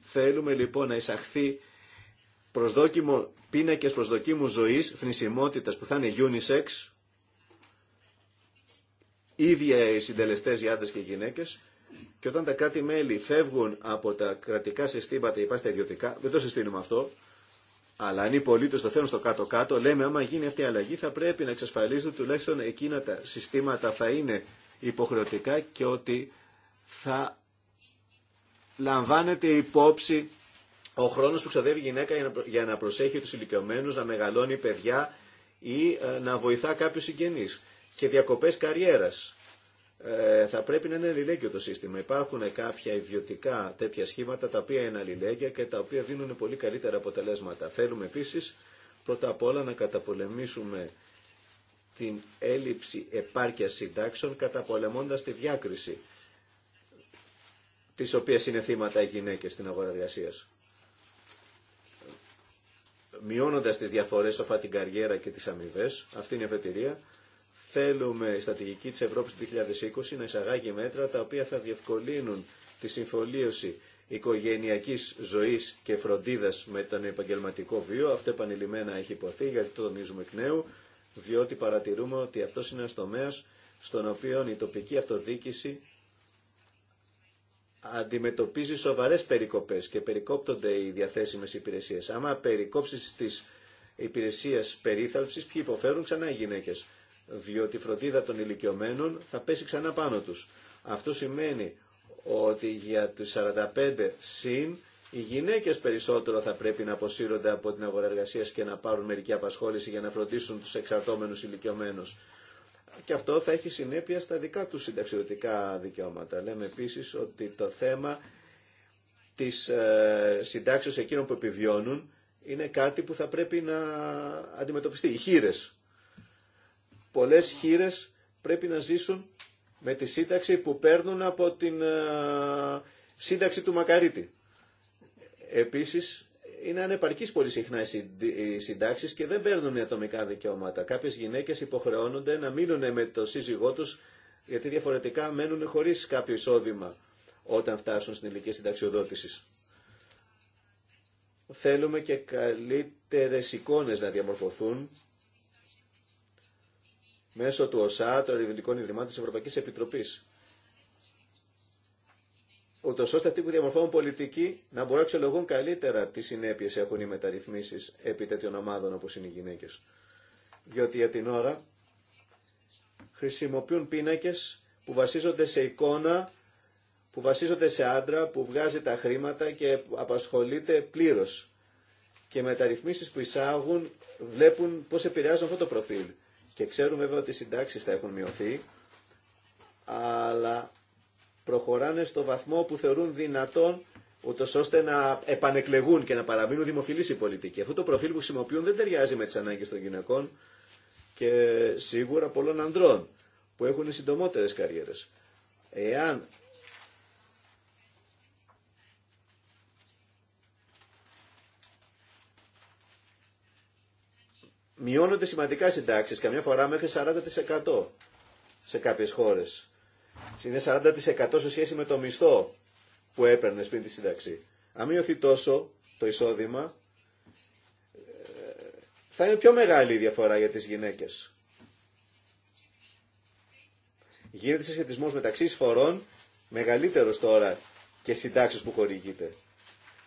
Θέλουμε λοιπόν να εισαχθεί προσδόκιμο, πίνακες προσδοκίμου ζωής, θνησιμότητας που θα είναι unisex, ίδια οι συντελεστέ για άντρε και γυναίκε. Και όταν τα κράτη-μέλη φεύγουν από τα κρατικά συστήματα ή πάνε στα ιδιωτικά, δεν το συστήνουμε αυτό, αλλά αν οι πολίτε το θέλουν στο κάτω-κάτω, λέμε άμα γίνει αυτή η αλλαγή θα πρέπει να εξασφαλίζουν τουλάχιστον εκείνα τα συστήματα θα είναι υποχρεωτικά και ότι θα λαμβάνεται υπόψη ο χρόνο που ξοδεύει η γυναίκα για να προσέχει του ηλικιωμένου, να μεγαλώνει παιδιά ή ε, να βοηθά κάποιου συγγενεί και διακοπές καριέρας. Ε, θα πρέπει να είναι αλληλέγγυο το σύστημα. Υπάρχουν κάποια ιδιωτικά τέτοια σχήματα τα οποία είναι αλληλέγγυα και τα οποία δίνουν πολύ καλύτερα αποτελέσματα. Θέλουμε επίσης πρώτα απ' όλα να καταπολεμήσουμε την έλλειψη επάρκειας συντάξεων καταπολεμώντας τη διάκριση τις οποίες είναι θύματα οι γυναίκες στην αγορά εργασίας. Μειώνοντας τις διαφορές σοφά την καριέρα και τις αμοιβέ, αυτή είναι η αφετηρία, Θέλουμε η στρατηγική της Ευρώπης του 2020 να εισαγάγει μέτρα τα οποία θα διευκολύνουν τη συμφωλίωση οικογενειακής ζωής και φροντίδας με τον επαγγελματικό βίο. Αυτό επανειλημμένα έχει υποθεί γιατί το τονίζουμε εκ νέου, διότι παρατηρούμε ότι αυτό είναι ένας τομέας στον οποίο η τοπική αυτοδίκηση αντιμετωπίζει σοβαρές περικοπές και περικόπτονται οι διαθέσιμες υπηρεσίες. Άμα περικόψεις τη υπηρεσία περίθαλψης, ποιοι υποφέρουν ξανά οι γυναίκες διότι η φροντίδα των ηλικιωμένων θα πέσει ξανά πάνω τους. Αυτό σημαίνει ότι για τους 45 συν οι γυναίκες περισσότερο θα πρέπει να αποσύρονται από την αγορά εργασία και να πάρουν μερική απασχόληση για να φροντίσουν τους εξαρτώμενους ηλικιωμένου. Και αυτό θα έχει συνέπεια στα δικά τους συνταξιδοτικά δικαιώματα. Λέμε επίσης ότι το θέμα της ε, συντάξεως εκείνων που επιβιώνουν είναι κάτι που θα πρέπει να αντιμετωπιστεί. Οι χείρες πολλές χείρες πρέπει να ζήσουν με τη σύνταξη που παίρνουν από την ε, σύνταξη του Μακαρίτη. Επίσης, είναι ανεπαρκή πολύ συχνά οι συντάξει και δεν παίρνουν ατομικά δικαιώματα. Κάποιες γυναίκες υποχρεώνονται να μείνουν με το σύζυγό τους γιατί διαφορετικά μένουν χωρίς κάποιο εισόδημα όταν φτάσουν στην ηλικία συνταξιοδότηση. Θέλουμε και καλύτερες εικόνες να διαμορφωθούν μέσω του ΟΣΑ, των Ερευνητικών Ιδρυμάτων τη Ευρωπαϊκή Επιτροπή, Ούτω ώστε αυτοί που διαμορφώνουν πολιτική να μπορούν να αξιολογούν καλύτερα τι συνέπειε έχουν οι μεταρρυθμίσει επί τέτοιων ομάδων όπω είναι οι γυναίκε. Διότι για την ώρα χρησιμοποιούν πίνακε που βασίζονται σε εικόνα, που βασίζονται σε άντρα που βγάζει τα χρήματα και απασχολείται πλήρω. Και μεταρρυθμίσει που εισάγουν βλέπουν πώ επηρεάζουν αυτό το προφίλ. Και ξέρουμε βέβαια ότι οι συντάξεις θα έχουν μειωθεί, αλλά προχωράνε στο βαθμό που θεωρούν δυνατόν ούτω ώστε να επανεκλεγούν και να παραμείνουν δημοφιλείς οι πολιτικοί. Αυτό το προφίλ που χρησιμοποιούν δεν ταιριάζει με τις ανάγκες των γυναικών και σίγουρα πολλών ανδρών που έχουν συντομότερες καριέρες. Εάν μειώνονται σημαντικά οι συντάξει, καμιά φορά μέχρι 40% σε κάποιε χώρε. Είναι 40% σε σχέση με το μισθό που έπαιρνε πριν τη σύνταξη. Αν μειωθεί τόσο το εισόδημα, ε, θα είναι πιο μεγάλη η διαφορά για τις γυναίκες. Γίνεται σχετισμός μεταξύ εισφορών μεγαλύτερος τώρα και συντάξεις που χορηγείται.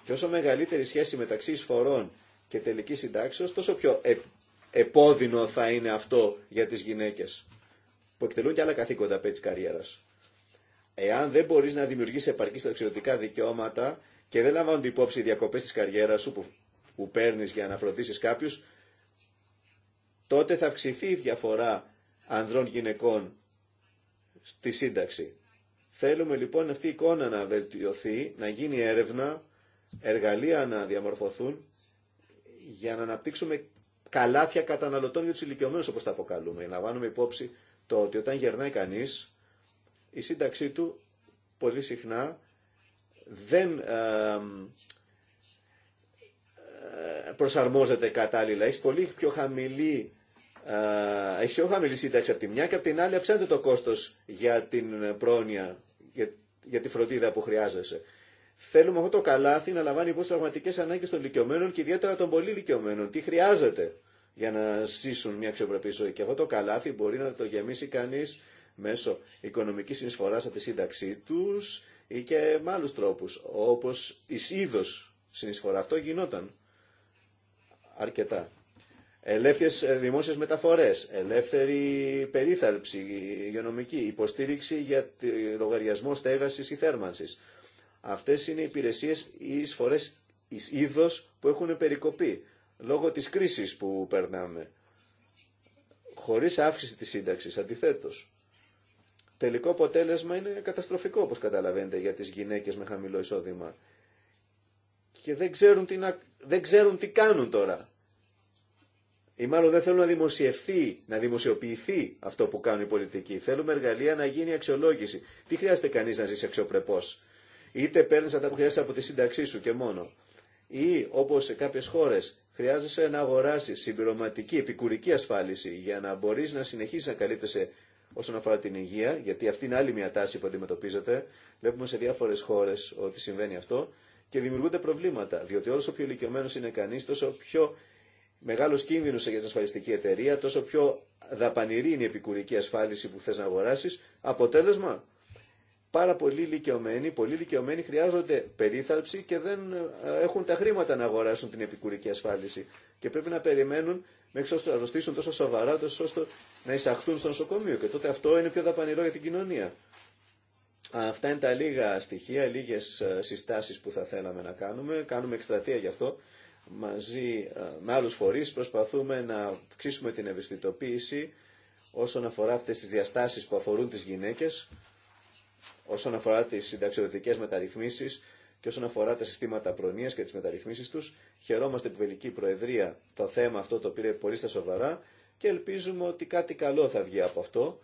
Και όσο μεγαλύτερη σχέση μεταξύ εισφορών και τελικής συντάξεως, τόσο πιο επώδυνο θα είναι αυτό για τις γυναίκες που εκτελούν και άλλα καθήκοντα πέτσι καριέρας. Εάν δεν μπορείς να δημιουργήσεις επαρκή στα δικαιώματα και δεν λαμβάνονται υπόψη οι διακοπές της καριέρας σου που, που παίρνεις για να φροντίσεις κάποιους, τότε θα αυξηθεί η διαφορά ανδρών γυναικών στη σύνταξη. Θέλουμε λοιπόν αυτή η εικόνα να βελτιωθεί, να γίνει έρευνα, εργαλεία να διαμορφωθούν για να αναπτύξουμε καλάθια καταναλωτών για του ηλικιωμένου, όπω τα αποκαλούμε. Να βάλουμε υπόψη το ότι όταν γερνάει κανεί, η σύνταξή του πολύ συχνά δεν ε, προσαρμόζεται κατάλληλα. Έχει πολύ πιο χαμηλή, ε, πιο χαμηλή σύνταξη από τη μια και από την άλλη αυξάνεται το κόστος για την πρόνοια, για, για τη φροντίδα που χρειάζεσαι. Θέλουμε αυτό το καλάθι να λαμβάνει υπόψη πραγματικέ ανάγκε των ηλικιωμένων και ιδιαίτερα των πολύ ηλικιωμένων. Τι χρειάζεται για να ζήσουν μια αξιοπρεπή ζωή. Και αυτό το καλάθι μπορεί να το γεμίσει κανείς μέσω οικονομικής συνεισφοράς από τη σύνταξή τους ή και με άλλου τρόπους, όπως η είδος συνεισφορά. Αυτό γινόταν αρκετά. Ελεύθερες δημόσιες μεταφορές, ελεύθερη περίθαλψη υγειονομική, υποστήριξη για λογαριασμό στέγασης ή θέρμανσης. Αυτές είναι οι υπηρεσίες ή εισφορές εις είδος που έχουν περικοπεί λόγω της κρίσης που περνάμε. Χωρίς αύξηση της σύνταξης, αντιθέτως. Τελικό αποτέλεσμα είναι καταστροφικό, όπως καταλαβαίνετε, για τις γυναίκες με χαμηλό εισόδημα. Και δεν ξέρουν τι, να... δεν ξέρουν τι κάνουν τώρα. Ή μάλλον δεν θέλουν να δημοσιευθεί, να δημοσιοποιηθεί αυτό που κάνουν οι πολιτικοί. Θέλουμε εργαλεία να γίνει αξιολόγηση. Τι χρειάζεται κανεί να ζήσει αξιοπρεπώ. Είτε παίρνει αυτά που χρειάζεται από τη σύνταξή σου και μόνο. Ή όπω σε κάποιε χώρε χρειάζεσαι να αγοράσει συμπληρωματική επικουρική ασφάλιση για να μπορεί να συνεχίσει να καλύπτεσαι όσον αφορά την υγεία, γιατί αυτή είναι άλλη μια τάση που αντιμετωπίζεται. Βλέπουμε σε διάφορε χώρε ότι συμβαίνει αυτό και δημιουργούνται προβλήματα, διότι όσο πιο ηλικιωμένο είναι κανεί, τόσο πιο μεγάλο κίνδυνο για την ασφαλιστική εταιρεία, τόσο πιο δαπανηρή είναι η επικουρική ασφάλιση που θε να αγοράσει. Αποτέλεσμα, πάρα πολλοί ηλικιωμένοι, πολλοί ηλικιωμένοι χρειάζονται περίθαλψη και δεν ε, έχουν τα χρήματα να αγοράσουν την επικουρική ασφάλιση. Και πρέπει να περιμένουν μέχρι ώστε να αρρωστήσουν τόσο σοβαρά, τόσο ώστε να εισαχθούν στο νοσοκομείο. Και τότε αυτό είναι πιο δαπανηρό για την κοινωνία. Αυτά είναι τα λίγα στοιχεία, λίγε συστάσει που θα θέλαμε να κάνουμε. Κάνουμε εκστρατεία γι' αυτό. Μαζί ε, με άλλου φορεί προσπαθούμε να αυξήσουμε την ευαισθητοποίηση όσον αφορά αυτές τις διαστάσεις που αφορούν τις γυναίκες όσον αφορά τι συνταξιδοτικέ μεταρρυθμίσει και όσον αφορά τα συστήματα προνοία και τις μεταρρυθμίσεις τους. Χαιρόμαστε που η Βελική Προεδρία το θέμα αυτό το πήρε πολύ στα σοβαρά και ελπίζουμε ότι κάτι καλό θα βγει από αυτό,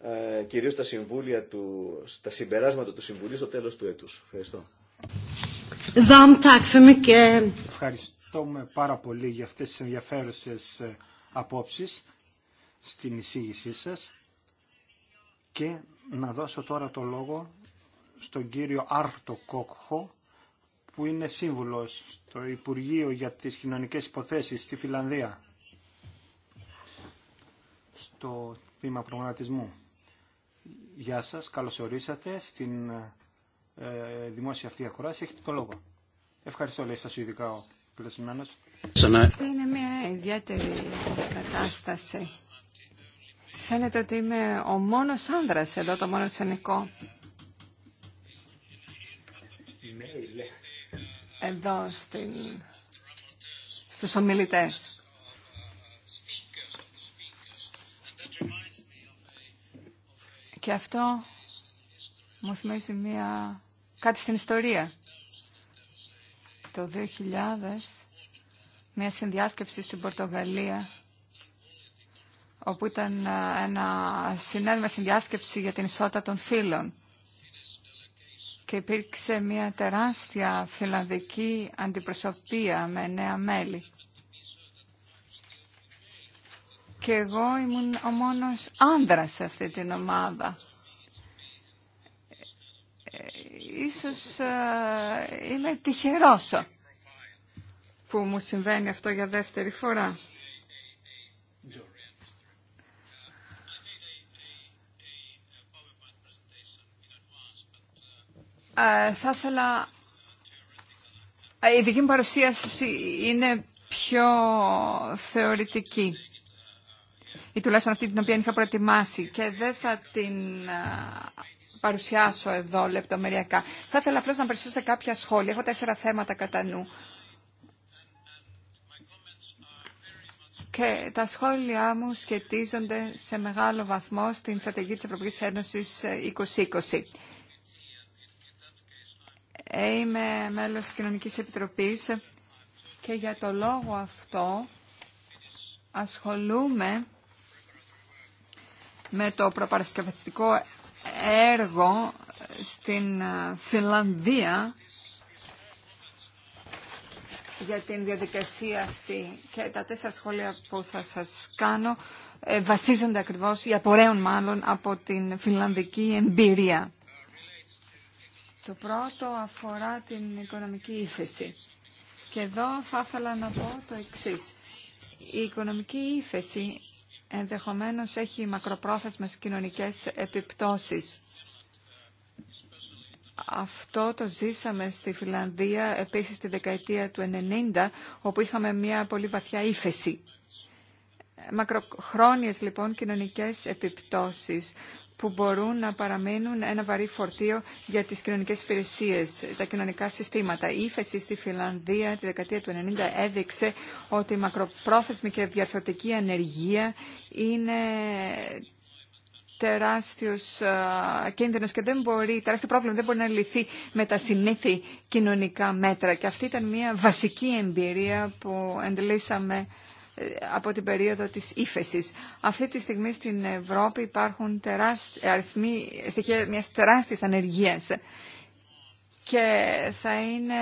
ε, κυρίως τα, συμβούλια του, τα συμπεράσματα του Συμβουλίου στο τέλος του έτους. Ευχαριστώ. Ευχαριστούμε πάρα πολύ για αυτές τις ενδιαφέρουσες ε, απόψεις στην εισήγησή σας και να δώσω τώρα το λόγο στον κύριο Άρτο Κόκχο, που είναι σύμβουλος στο Υπουργείο για τις Κοινωνικές Υποθέσεις στη Φιλανδία, στο τμήμα προγραμματισμού. Γεια σας, καλώς ορίσατε στην ε, δημόσια αυτή ακοράση. Έχετε το λόγο. Ευχαριστώ, λέει σας ειδικά ο κλασμένος. Αυτή είναι μια ιδιαίτερη κατάσταση Φαίνεται ότι είμαι ο μόνος άνδρας εδώ, το μόνο σενικό. Εδώ στην... στους ομιλητές. Και αυτό μου θυμίζει μια... κάτι στην ιστορία. Το 2000, μια συνδιάσκεψη στην Πορτογαλία όπου ήταν ε, ένα συνέδριο στην διάσκεψη για την ισότητα των φύλων και υπήρξε μια τεράστια φιλανδική αντιπροσωπεία με νέα μέλη. Και εγώ ήμουν ο μόνος άνδρας σε αυτή την ομάδα. Ε, ίσως ε, είμαι τυχερός που μου συμβαίνει αυτό για δεύτερη φορά. Ε, θα ήθελα... Ε, η δική μου παρουσίαση είναι πιο θεωρητική ή τουλάχιστον αυτή την οποία είχα προετοιμάσει και δεν θα την ε, παρουσιάσω εδώ λεπτομεριακά. Θα ήθελα απλώς να περισσώ σε κάποια σχόλια. Έχω τέσσερα θέματα κατά νου. Και τα σχόλιά μου σχετίζονται σε μεγάλο βαθμό στην στρατηγική της Ευρωπαϊκής Ένωσης 2020. Ε, είμαι μέλος της Κοινωνικής Επιτροπής και για το λόγο αυτό ασχολούμαι με το προπαρασκευαστικό έργο στην ε, Φιλανδία για την διαδικασία αυτή και τα τέσσερα σχόλια που θα σας κάνω ε, βασίζονται ακριβώς ή απορρέουν μάλλον από την φιλανδική εμπειρία. Το πρώτο αφορά την οικονομική ύφεση. Και εδώ θα ήθελα να πω το εξής. Η οικονομική ύφεση ενδεχομένως έχει μακροπρόθεσμες κοινωνικές επιπτώσεις. Αυτό το ζήσαμε στη Φιλανδία επίσης τη δεκαετία του 90, όπου είχαμε μια πολύ βαθιά ύφεση. Μακροχρόνιες λοιπόν κοινωνικές επιπτώσεις που μπορούν να παραμείνουν ένα βαρύ φορτίο για τις κοινωνικές υπηρεσίες, τα κοινωνικά συστήματα. Η ύφεση στη Φιλανδία τη δεκαετία του 1990 έδειξε ότι η μακροπρόθεσμη και διαρθρωτική ανεργία είναι τεράστιος κίνδυνο και δεν μπορεί, τεράστιο πρόβλημα δεν μπορεί να λυθεί με τα συνήθη κοινωνικά μέτρα. Και αυτή ήταν μια βασική εμπειρία που εντελήσαμε από την περίοδο της ύφεση. Αυτή τη στιγμή στην Ευρώπη υπάρχουν αριθμοί, στοιχεία μιας τεράστιας ανεργίας και θα είναι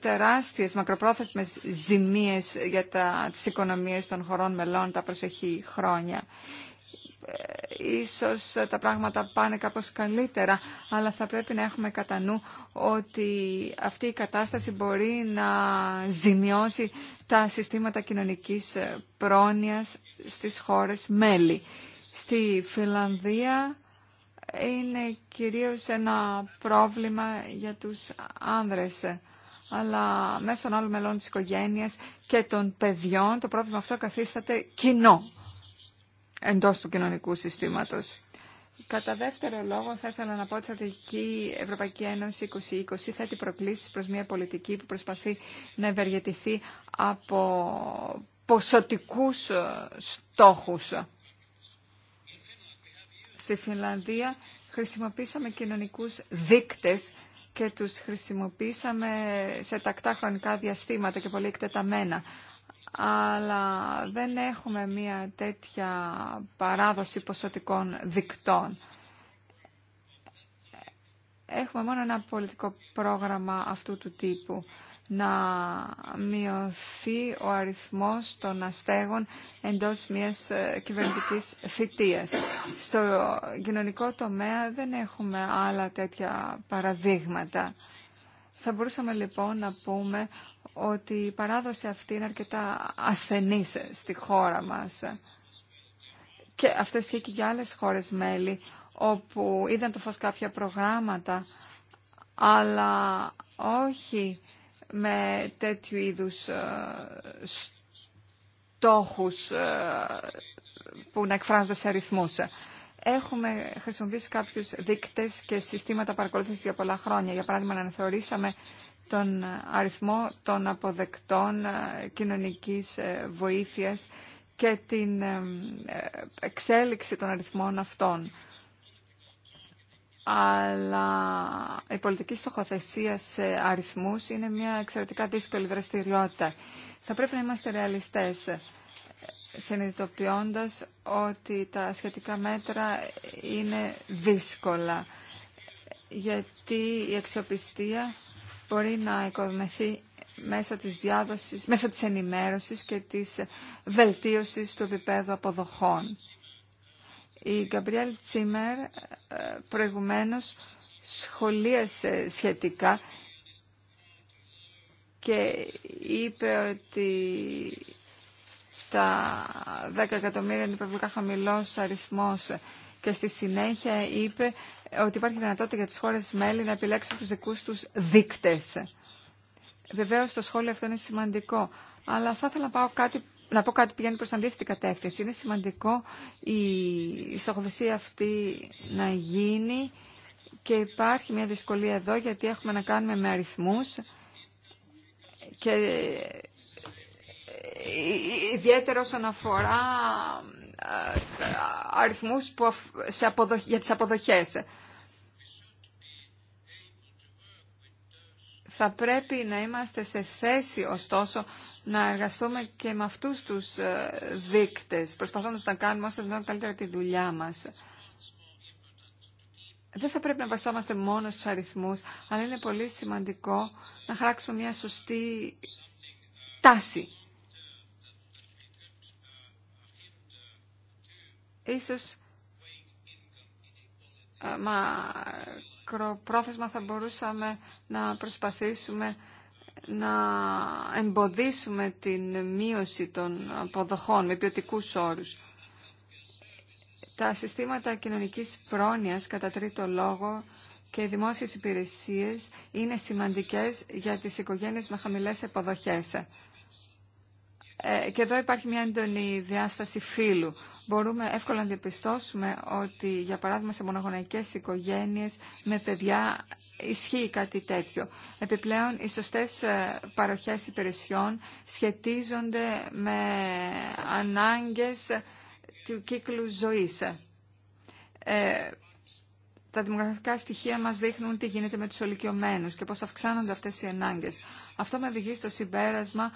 τεράστιες μακροπρόθεσμες ζημίες για τα, τις οικονομίες των χωρών μελών τα προσεχή χρόνια. Ε, ίσως τα πράγματα πάνε κάπως καλύτερα, αλλά θα πρέπει να έχουμε κατά νου ότι αυτή η κατάσταση μπορεί να ζημιώσει τα συστήματα κοινωνικής πρόνοιας στις χώρες μέλη. Στη Φιλανδία είναι κυρίως ένα πρόβλημα για τους άνδρες αλλά μέσω άλλων μελών της οικογένειας και των παιδιών το πρόβλημα αυτό καθίσταται κοινό εντός του κοινωνικού συστήματος. Κατά δεύτερο λόγο, θα ήθελα να πω ότι η Στρατηγική Ευρωπαϊκή Ένωση 2020 θέτει προκλήσεις προς μια πολιτική που προσπαθεί να ευεργετηθεί από ποσοτικούς ε, στόχους. Στη Φινλανδία χρησιμοποίησαμε κοινωνικούς δείκτες και τους χρησιμοποίησαμε σε τακτά χρονικά διαστήματα και πολύ εκτεταμένα αλλά δεν έχουμε μια τέτοια παράδοση ποσοτικών δικτών. Έχουμε μόνο ένα πολιτικό πρόγραμμα αυτού του τύπου να μειωθεί ο αριθμός των αστέγων εντός μιας ε, κυβερνητικής θητείας. Στο κοινωνικό τομέα δεν έχουμε άλλα τέτοια παραδείγματα. Θα μπορούσαμε λοιπόν να πούμε ότι η παράδοση αυτή είναι αρκετά ασθενής στη χώρα μας. Και αυτό ισχύει και για άλλες χώρες μέλη, όπου είδαν το φως κάποια προγράμματα, αλλά όχι με τέτοιου είδους ε, στόχους ε, που να εκφράζονται σε αριθμούς. Έχουμε χρησιμοποιήσει κάποιους δείκτες και συστήματα παρακολούθησης για πολλά χρόνια. Για παράδειγμα, αναθεωρήσαμε τον αριθμό των αποδεκτών ε, κοινωνικής ε, βοήθειας και την ε, εξέλιξη των αριθμών αυτών. Αλλά η πολιτική στοχοθεσία σε αριθμούς είναι μια εξαιρετικά δύσκολη δραστηριότητα. Θα πρέπει να είμαστε ρεαλιστές, συνειδητοποιώντας ότι τα σχετικά μέτρα είναι δύσκολα, γιατί η αξιοπιστία μπορεί να οικοδομηθεί μέσω της διάδοσης, μέσω της ενημέρωσης και της βελτίωσης του επίπεδου αποδοχών. Η Γκαμπριέλ Τσίμερ ε, προηγουμένως σχολίασε σχετικά και είπε ότι τα 10 εκατομμύρια είναι υπερβολικά χαμηλός αριθμός και στη συνέχεια είπε ότι υπάρχει δυνατότητα για τις χώρες μέλη να επιλέξουν τους δικούς τους δείκτες. Βεβαίως το σχόλιο αυτό είναι σημαντικό, αλλά θα ήθελα να, πάω κάτι, να πω κάτι που πηγαίνει προς αντίθετη κατεύθυνση. Είναι σημαντικό η στοχοθεσία αυτή να γίνει και υπάρχει μια δυσκολία εδώ γιατί έχουμε να κάνουμε με αριθμούς και ιδιαίτερα όσον αφορά ε, αριθμούς σε για τις αποδοχές. Θα πρέπει να είμαστε σε θέση, ωστόσο, να εργαστούμε και με αυτούς τους ε, δείκτες, προσπαθώντας να κάνουμε όσο δυνατόν καλύτερα τη δουλειά μας. Δεν θα πρέπει να βασόμαστε μόνο στους αριθμούς, αλλά είναι πολύ σημαντικό να χαράξουμε μια σωστή τάση. Ίσως, ε, μα μακροπρόθεσμα θα μπορούσαμε να προσπαθήσουμε να εμποδίσουμε την μείωση των αποδοχών με ποιοτικού όρους. Τα συστήματα κοινωνικής πρόνοιας, κατά τρίτο λόγο, και οι δημόσιες υπηρεσίες είναι σημαντικές για τις οικογένειες με χαμηλές αποδοχές. Ε, και εδώ υπάρχει μια έντονη διάσταση φύλου. Μπορούμε εύκολα να διαπιστώσουμε ότι, για παράδειγμα, σε μονογονεϊκές οικογένειες με παιδιά ισχύει κάτι τέτοιο. Επιπλέον, οι σωστές ε, παροχές υπηρεσιών σχετίζονται με ανάγκες του κύκλου ζωής. Ε, τα δημογραφικά στοιχεία μας δείχνουν τι γίνεται με τους ολικιωμένους και πώς αυξάνονται αυτές οι ανάγκες. Αυτό με οδηγεί στο συμπέρασμα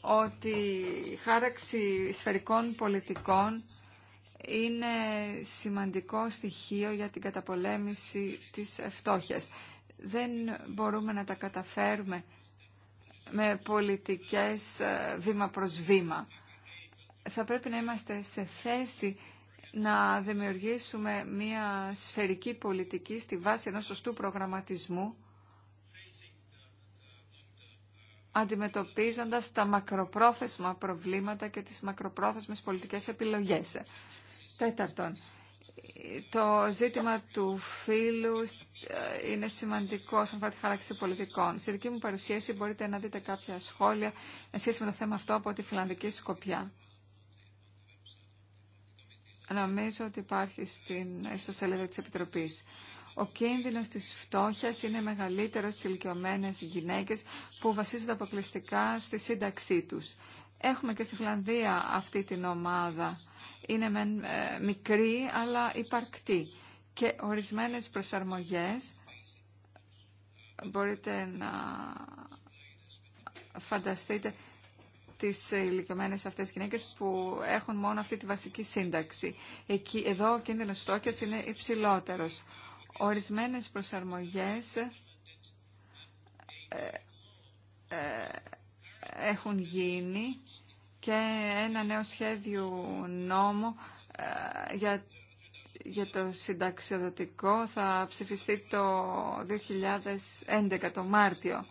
ότι η χάραξη σφαιρικών πολιτικών είναι σημαντικό στοιχείο για την καταπολέμηση της φτώχειας. Δεν μπορούμε να τα καταφέρουμε με πολιτικές ε, βήμα προς βήμα. Θα πρέπει να είμαστε σε θέση να δημιουργήσουμε μια σφαιρική πολιτική στη βάση ενός σωστού προγραμματισμού αντιμετωπίζοντας τα μακροπρόθεσμα προβλήματα και τις μακροπρόθεσμες πολιτικές επιλογές. Τέταρτον, το ζήτημα του φίλου ε, είναι σημαντικό όσον αφορά τη χάραξη πολιτικών. Στη δική μου παρουσίαση μπορείτε να δείτε κάποια σχόλια σε σχέση με το θέμα αυτό από τη Φιλανδική Σκοπιά. Νομίζω ότι υπάρχει στην ιστοσελίδα της Επιτροπής. Ο κίνδυνος της φτώχειας είναι μεγαλύτερος στις ηλικιωμένε γυναίκες που βασίζονται αποκλειστικά στη σύνταξή τους. Έχουμε και στη Φλανδία αυτή την ομάδα. Είναι ε, μικρή αλλά υπαρκτή και ορισμένες προσαρμογές μπορείτε να φανταστείτε τις ηλικιωμένες αυτές γυναίκες που έχουν μόνο αυτή τη βασική σύνταξη. εδώ ο κίνδυνος στόχιας είναι υψηλότερος. Ορισμένες προσαρμογές ε, ε, έχουν γίνει και ένα νέο σχέδιο νόμου ε, για, για το συνταξιοδοτικό θα ψηφιστεί το 2011, το Μάρτιο.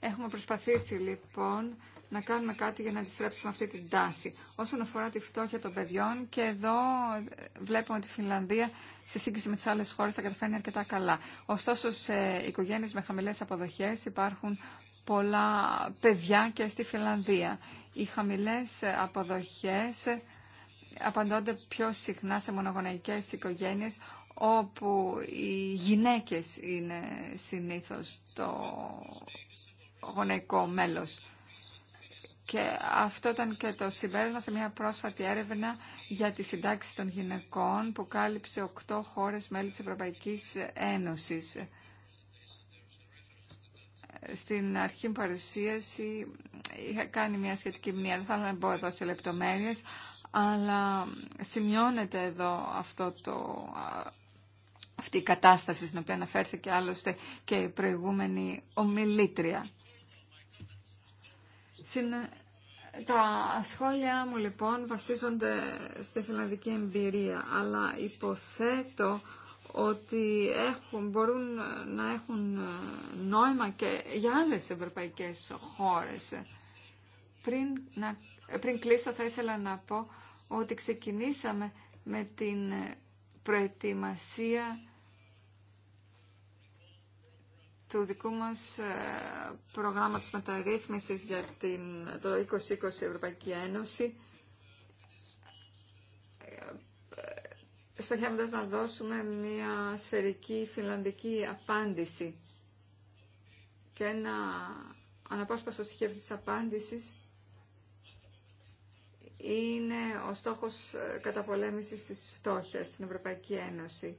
Έχουμε προσπαθήσει λοιπόν να κάνουμε κάτι για να αντιστρέψουμε αυτή την τάση. Όσον αφορά τη φτώχεια των παιδιών, και εδώ βλέπουμε ότι η Φινλανδία σε σύγκριση με τι άλλε χώρε τα καταφέρνει αρκετά καλά. Ωστόσο, σε οικογένειε με χαμηλέ αποδοχέ υπάρχουν πολλά παιδιά και στη Φιλανδία. Οι χαμηλές αποδοχές απαντώνται πιο συχνά σε μονογονεϊκές οικογένειες όπου οι γυναίκες είναι συνήθως το γονεϊκό μέλος. Και αυτό ήταν και το συμπέρασμα σε μια πρόσφατη έρευνα για τη συντάξη των γυναικών που κάλυψε οκτώ χώρες μέλη της Ευρωπαϊκής Ένωσης. Στην αρχή παρουσίαση είχα κάνει μια σχετική μία, δεν θα να μπω εδώ σε λεπτομέρειες, αλλά σημειώνεται εδώ αυτό το, αυτή η κατάσταση στην οποία αναφέρθηκε άλλωστε και η προηγούμενη ομιλήτρια. Τα σχόλια μου λοιπόν βασίζονται στη φιλανδική εμπειρία, αλλά υποθέτω ότι έχουν, μπορούν να έχουν νόημα και για άλλες ευρωπαϊκές χώρες. Πριν, πριν κλείσω θα ήθελα να πω ότι ξεκινήσαμε με την προετοιμασία του δικού μας ε, προγράμματος μεταρρύθμισης για την, το 2020 Ευρωπαϊκή Ένωση ε, ε, στοχεύοντας να δώσουμε μια σφαιρική φιλανδική απάντηση και ένα αναπόσπαστο στοιχείο αυτής της απάντησης είναι ο στόχος καταπολέμησης της φτώχειας στην Ευρωπαϊκή Ένωση.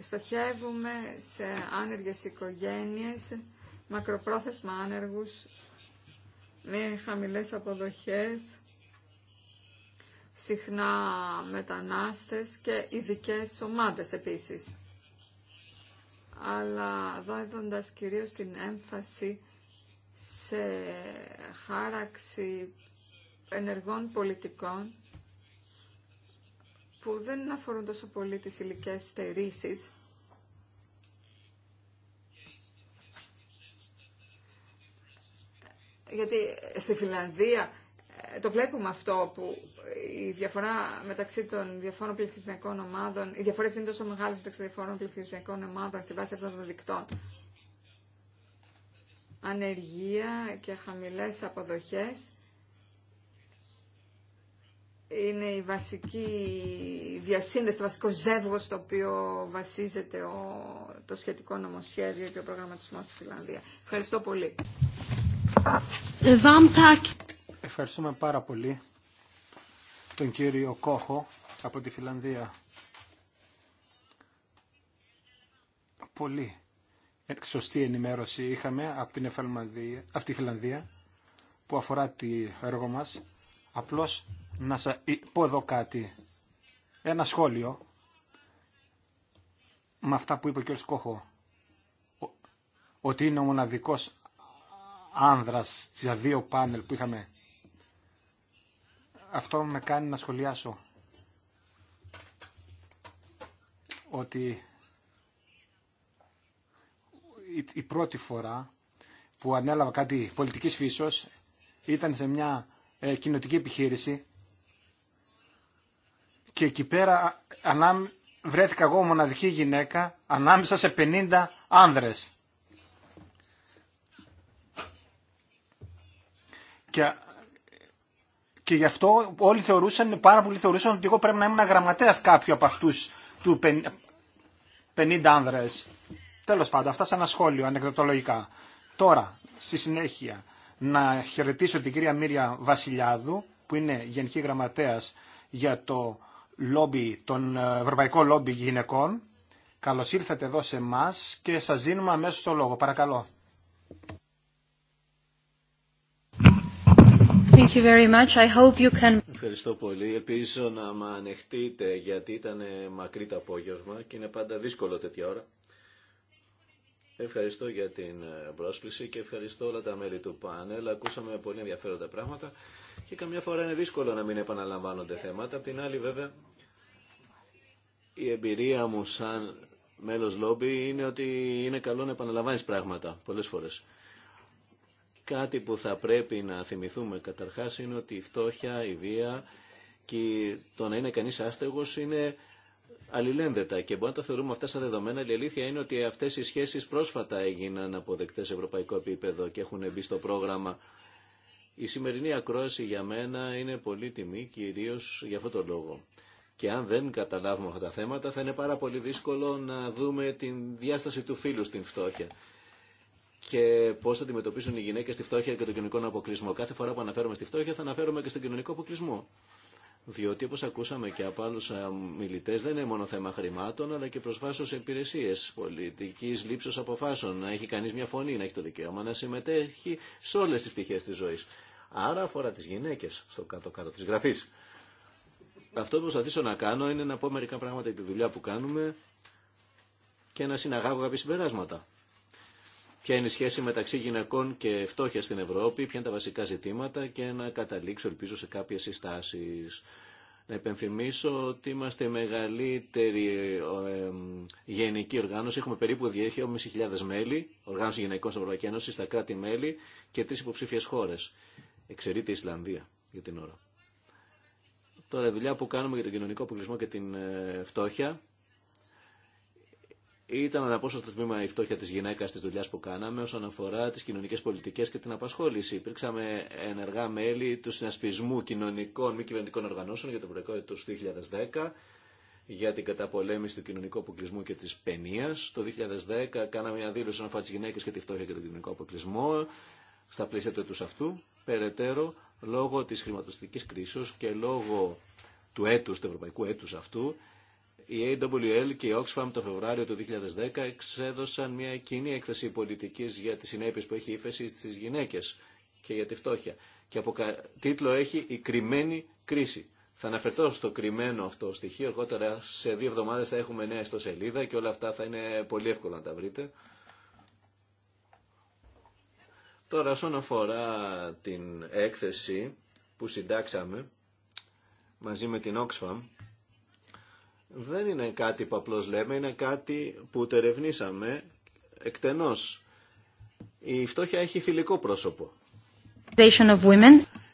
στοχεύουμε σε άνεργες οικογένειες, μακροπρόθεσμα άνεργους, με χαμηλές αποδοχές, συχνά μετανάστες και ειδικέ ομάδες επίσης. Αλλά δάδοντας κυρίως την έμφαση σε χάραξη ενεργών πολιτικών που δεν αφορούν τόσο πολύ τις υλικέ στερήσεις, γιατί στη Φιλανδία ε, το βλέπουμε αυτό που η διαφορά μεταξύ των διαφόρων πληθυσμιακών ομάδων, οι διαφορές είναι τόσο μεγάλες μεταξύ των διαφόρων πληθυσμιακών ομάδων στη βάση αυτών των δικτών. Ανεργία και χαμηλές αποδοχές είναι η βασική διασύνδεση, το βασικό ζεύγος στο οποίο βασίζεται ο, το σχετικό νομοσχέδιο και ο προγραμματισμός στη Φιλανδία. Ευχαριστώ πολύ. Ευχαριστούμε πάρα πολύ τον κύριο Κόχο από τη Φιλανδία. Πολύ σωστή ενημέρωση είχαμε από την τη Φιλανδία που αφορά τη έργο μας. Απλώς να σας πω εδώ κάτι. Ένα σχόλιο με αυτά που είπε ο κ. Κόχο ότι είναι ο μοναδικός άνδρας στις δύο πάνελ που είχαμε. Αυτό με κάνει να σχολιάσω ότι η πρώτη φορά που ανέλαβα κάτι πολιτικής φύσεως ήταν σε μια ε, επιχείρηση και εκεί πέρα βρέθηκα εγώ μοναδική γυναίκα ανάμεσα σε 50 άνδρες. Και, και γι' αυτό όλοι θεωρούσαν, πάρα πολλοί θεωρούσαν ότι εγώ πρέπει να ήμουν γραμματέας κάποιου από αυτούς του 50, 50 άνδρες. Τέλος πάντων, αυτά σαν ένα σχόλιο ανεκδοτολογικά. Τώρα, στη συνέχεια, να χαιρετήσω την κυρία Μύρια Βασιλιάδου, που είναι Γενική Γραμματέας για το λόμπι, τον ε, Ευρωπαϊκό Λόμπι Γυναικών. Καλώς ήρθατε εδώ σε εμά και σας δίνουμε αμέσως το λόγο. Παρακαλώ. Thank you very much. I hope you can... Ευχαριστώ πολύ. Ελπίζω να με ανεχτείτε γιατί ήταν μακρύ το απόγευμα και είναι πάντα δύσκολο τέτοια ώρα. Ευχαριστώ για την ε, πρόσκληση και ευχαριστώ όλα τα μέλη του πάνελ. Ακούσαμε πολύ ενδιαφέροντα πράγματα και καμιά φορά είναι δύσκολο να μην επαναλαμβάνονται θέματα. Απ' την άλλη βέβαια η εμπειρία μου σαν μέλος λόμπι είναι ότι είναι καλό να επαναλαμβάνεις πράγματα πολλές φορές. Κάτι που θα πρέπει να θυμηθούμε καταρχάς είναι ότι η φτώχεια, η βία και το να είναι κανείς άστεγος είναι αλληλένδετα και μπορεί να τα θεωρούμε αυτά σαν δεδομένα, η αλήθεια είναι ότι αυτέ οι σχέσει πρόσφατα έγιναν αποδεκτέ σε ευρωπαϊκό επίπεδο και έχουν μπει στο πρόγραμμα. Η σημερινή ακρόαση για μένα είναι πολύ τιμή, κυρίω για αυτόν τον λόγο. Και αν δεν καταλάβουμε αυτά τα θέματα, θα είναι πάρα πολύ δύσκολο να δούμε την διάσταση του φύλου στην φτώχεια και πώ θα αντιμετωπίσουν οι γυναίκε τη φτώχεια και τον κοινωνικό αποκλεισμό. Κάθε φορά που αναφέρομαι στη φτώχεια, θα αναφέρομαι και στον κοινωνικό αποκλεισμό διότι όπως ακούσαμε και από άλλους ε, μιλητές δεν είναι μόνο θέμα χρημάτων αλλά και προσβάσεως σε υπηρεσίες πολιτικής λήψεως αποφάσεων, να έχει κάνει μια φωνή, να έχει το δικαίωμα να συμμετέχει σε όλες τις πτυχές της ζωής. Άρα αφορά τις γυναίκες στο κάτω-κάτω της γραφής. Αυτό που προσπαθήσω να κάνω είναι να πω μερικά πράγματα για τη δουλειά που κάνουμε και να συναγάγω κάποια συμπεράσματα ποια είναι η σχέση μεταξύ γυναικών και φτώχεια στην Ευρώπη, ποια είναι τα βασικά ζητήματα και να καταλήξω ελπίζω σε κάποιες συστάσεις. Να υπενθυμίσω ότι είμαστε η μεγαλύτερη γενική οργάνωση. Έχουμε περίπου 2.500 μέλη, οργάνωση γυναικών στην Ευρωπαϊκή Ένωση, στα κράτη-μέλη και τρει υποψήφιε χώρε. Εξαιρείται η Ισλανδία για την ώρα. Τώρα, η δουλειά που κάνουμε για τον κοινωνικό αποκλεισμό και την ε, φτώχεια ήταν αναπόσπαστο τμήμα η φτώχεια τη γυναίκα τη δουλειά που κάναμε όσον αφορά τι κοινωνικέ πολιτικέ και την απασχόληση. Υπήρξαμε ενεργά μέλη του συνασπισμού κοινωνικών μη κυβερνητικών οργανώσεων για το ευρωπαϊκό έτο 2010 για την καταπολέμηση του κοινωνικού αποκλεισμού και τη παινία. Το 2010 κάναμε μια δήλωση όσον τι γυναίκε και τη φτώχεια και τον κοινωνικό αποκλεισμό στα πλαίσια του έτου αυτού. Περαιτέρω, λόγω τη χρηματοστική κρίσης και λόγω του του ευρωπαϊκού έτου αυτού, η AWL και η Oxfam το Φεβράριο του 2010 εξέδωσαν μια κοινή έκθεση πολιτικής για τις συνέπειες που έχει η ύφεση στις γυναίκες και για τη φτώχεια. Και από τίτλο έχει «Η κρυμμένη κρίση». Θα αναφερθώ στο κρυμμένο αυτό στοιχείο. Αργότερα σε δύο εβδομάδες θα έχουμε νέα στο σελίδα και όλα αυτά θα είναι πολύ εύκολα να τα βρείτε. Τώρα, όσον αφορά την έκθεση που συντάξαμε μαζί με την Oxfam, δεν είναι κάτι που απλώς λέμε, είναι κάτι που τερευνήσαμε εκτενώς. Η φτώχεια έχει θηλυκό πρόσωπο.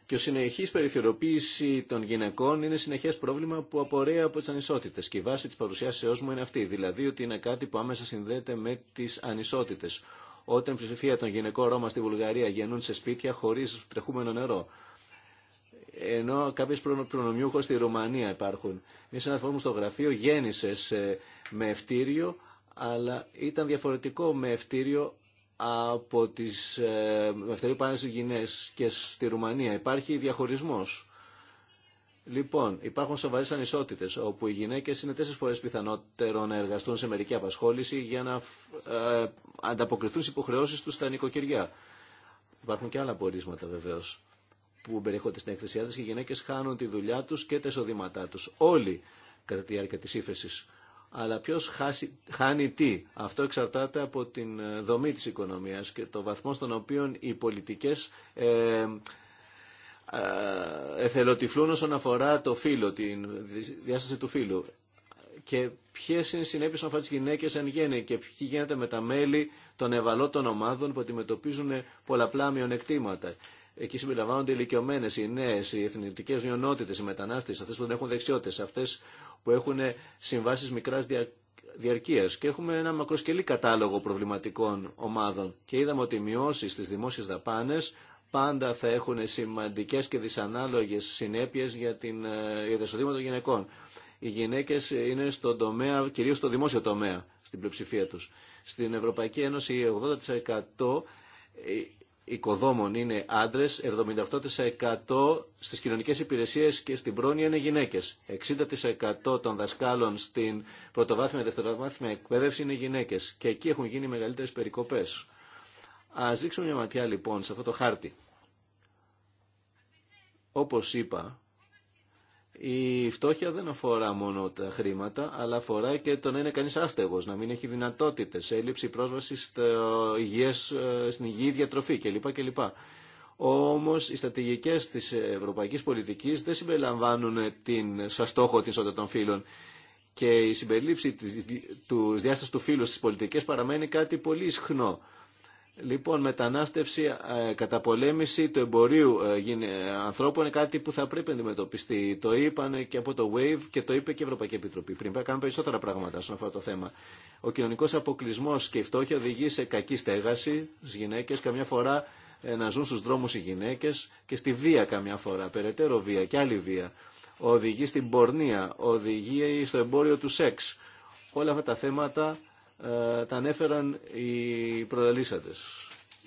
Και ο συνεχής περιθυροποίηση των γυναικών είναι συνεχές πρόβλημα που απορρέει από τις ανισότητες. Και η βάση της παρουσιάσεώς μου είναι αυτή, δηλαδή ότι είναι κάτι που άμεσα συνδέεται με τις ανισότητες. Όταν πλειοψηφία των γυναικών Ρώμα στη Βουλγαρία γεννούν σε σπίτια χωρίς τρεχούμενο νερό ενώ κάποιες προνομιούχο στη Ρουμανία υπάρχουν. Εμεί ένας μου στο γραφείο γέννησε με ευτήριο, αλλά ήταν διαφορετικό με ευτήριο από τις ε, ευτήριο πάνω στις γυναίες και στη Ρουμανία. Υπάρχει διαχωρισμός. Λοιπόν, υπάρχουν σοβαρέ ανισότητες, όπου οι γυναίκες είναι τέσσερις φορές πιθανότερο να εργαστούν σε μερική απασχόληση για να ε, ανταποκριθούν στις υποχρεώσεις του στα νοικοκυριά. Υπάρχουν και άλλα πορίσματα βεβαίω που περιέχονται στην της και οι γυναίκες χάνουν τη δουλειά τους και τα εισοδήματά τους. Όλοι κατά τη διάρκεια της ύφεσης. Αλλά ποιο χάνει τι. Αυτό εξαρτάται από την ε, δομή της οικονομίας και το βαθμό στον οποίο οι πολιτικές ε, ε, εθελοτυφλούν όσον αφορά το φύλλο, τη διάσταση του φύλλου. Και ποιε είναι οι συνέπειε όσον αφορά τι γυναίκε αν γέννη και ποιοι γίνεται με τα μέλη των ευαλώτων ομάδων που αντιμετωπίζουν πολλαπλά μειονεκτήματα. Εκεί συμπεριλαμβάνονται οι ηλικιωμένε, οι νέε, οι εθνικέ μειονότητε, οι μετανάστε, αυτέ που δεν έχουν δεξιότητε, αυτέ που έχουν συμβάσει μικρά δια... διαρκεία. Και έχουμε ένα μακροσκελή κατάλογο προβληματικών ομάδων. Και είδαμε ότι οι μειώσει στι δημόσιε δαπάνε πάντα θα έχουν σημαντικέ και δυσανάλογε συνέπειε για, την... Ε, για των γυναικών. Οι γυναίκε είναι στον τομέα, κυρίω στο δημόσιο τομέα, στην πλειοψηφία του. Στην Ευρωπαϊκή Ένωση 80% οικοδόμων είναι άντρε 78% στις κοινωνικές υπηρεσίες και στην πρόνοια είναι γυναίκες. 60% των δασκάλων στην πρωτοβάθμια και δευτεροβάθμια εκπαίδευση είναι γυναίκες και εκεί έχουν γίνει μεγαλύτερε περικοπές. Ας ρίξουμε μια ματιά λοιπόν σε αυτό το χάρτη. Όπως είπα, η φτώχεια δεν αφορά μόνο τα χρήματα, αλλά αφορά και το να είναι κανεί άστεγος, να μην έχει δυνατότητε, έλλειψη πρόσβαση ε, στην υγιή διατροφή κλπ. κλπ. Όμως οι στρατηγικέ της Ευρωπαϊκή Πολιτική δεν συμπεριλαμβάνουν την, σαν στόχο την ισότητα των φύλων και η συμπερίληψη της, του διάσταση του φύλου στις πολιτικές παραμένει κάτι πολύ ισχνό. Λοιπόν, μετανάστευση, ε, καταπολέμηση του εμπορίου ε, ε, ανθρώπων είναι κάτι που θα πρέπει να αντιμετωπιστεί. Το είπαν και από το WAVE και το είπε και η Ευρωπαϊκή Επιτροπή πριν. Πρέπει να κάνουμε περισσότερα πράγματα σε αυτό το θέμα. Ο κοινωνικό αποκλεισμό και η φτώχεια οδηγεί σε κακή στέγαση στι γυναίκε. Καμιά φορά να ζουν στου δρόμου οι γυναίκε και στη βία καμιά φορά. Περαιτέρω βία και άλλη βία. Οδηγεί στην πορνεία, οδηγεί στο εμπόριο του σεξ. Όλα αυτά τα θέματα ε, τα ανέφεραν οι προελίσσαντες.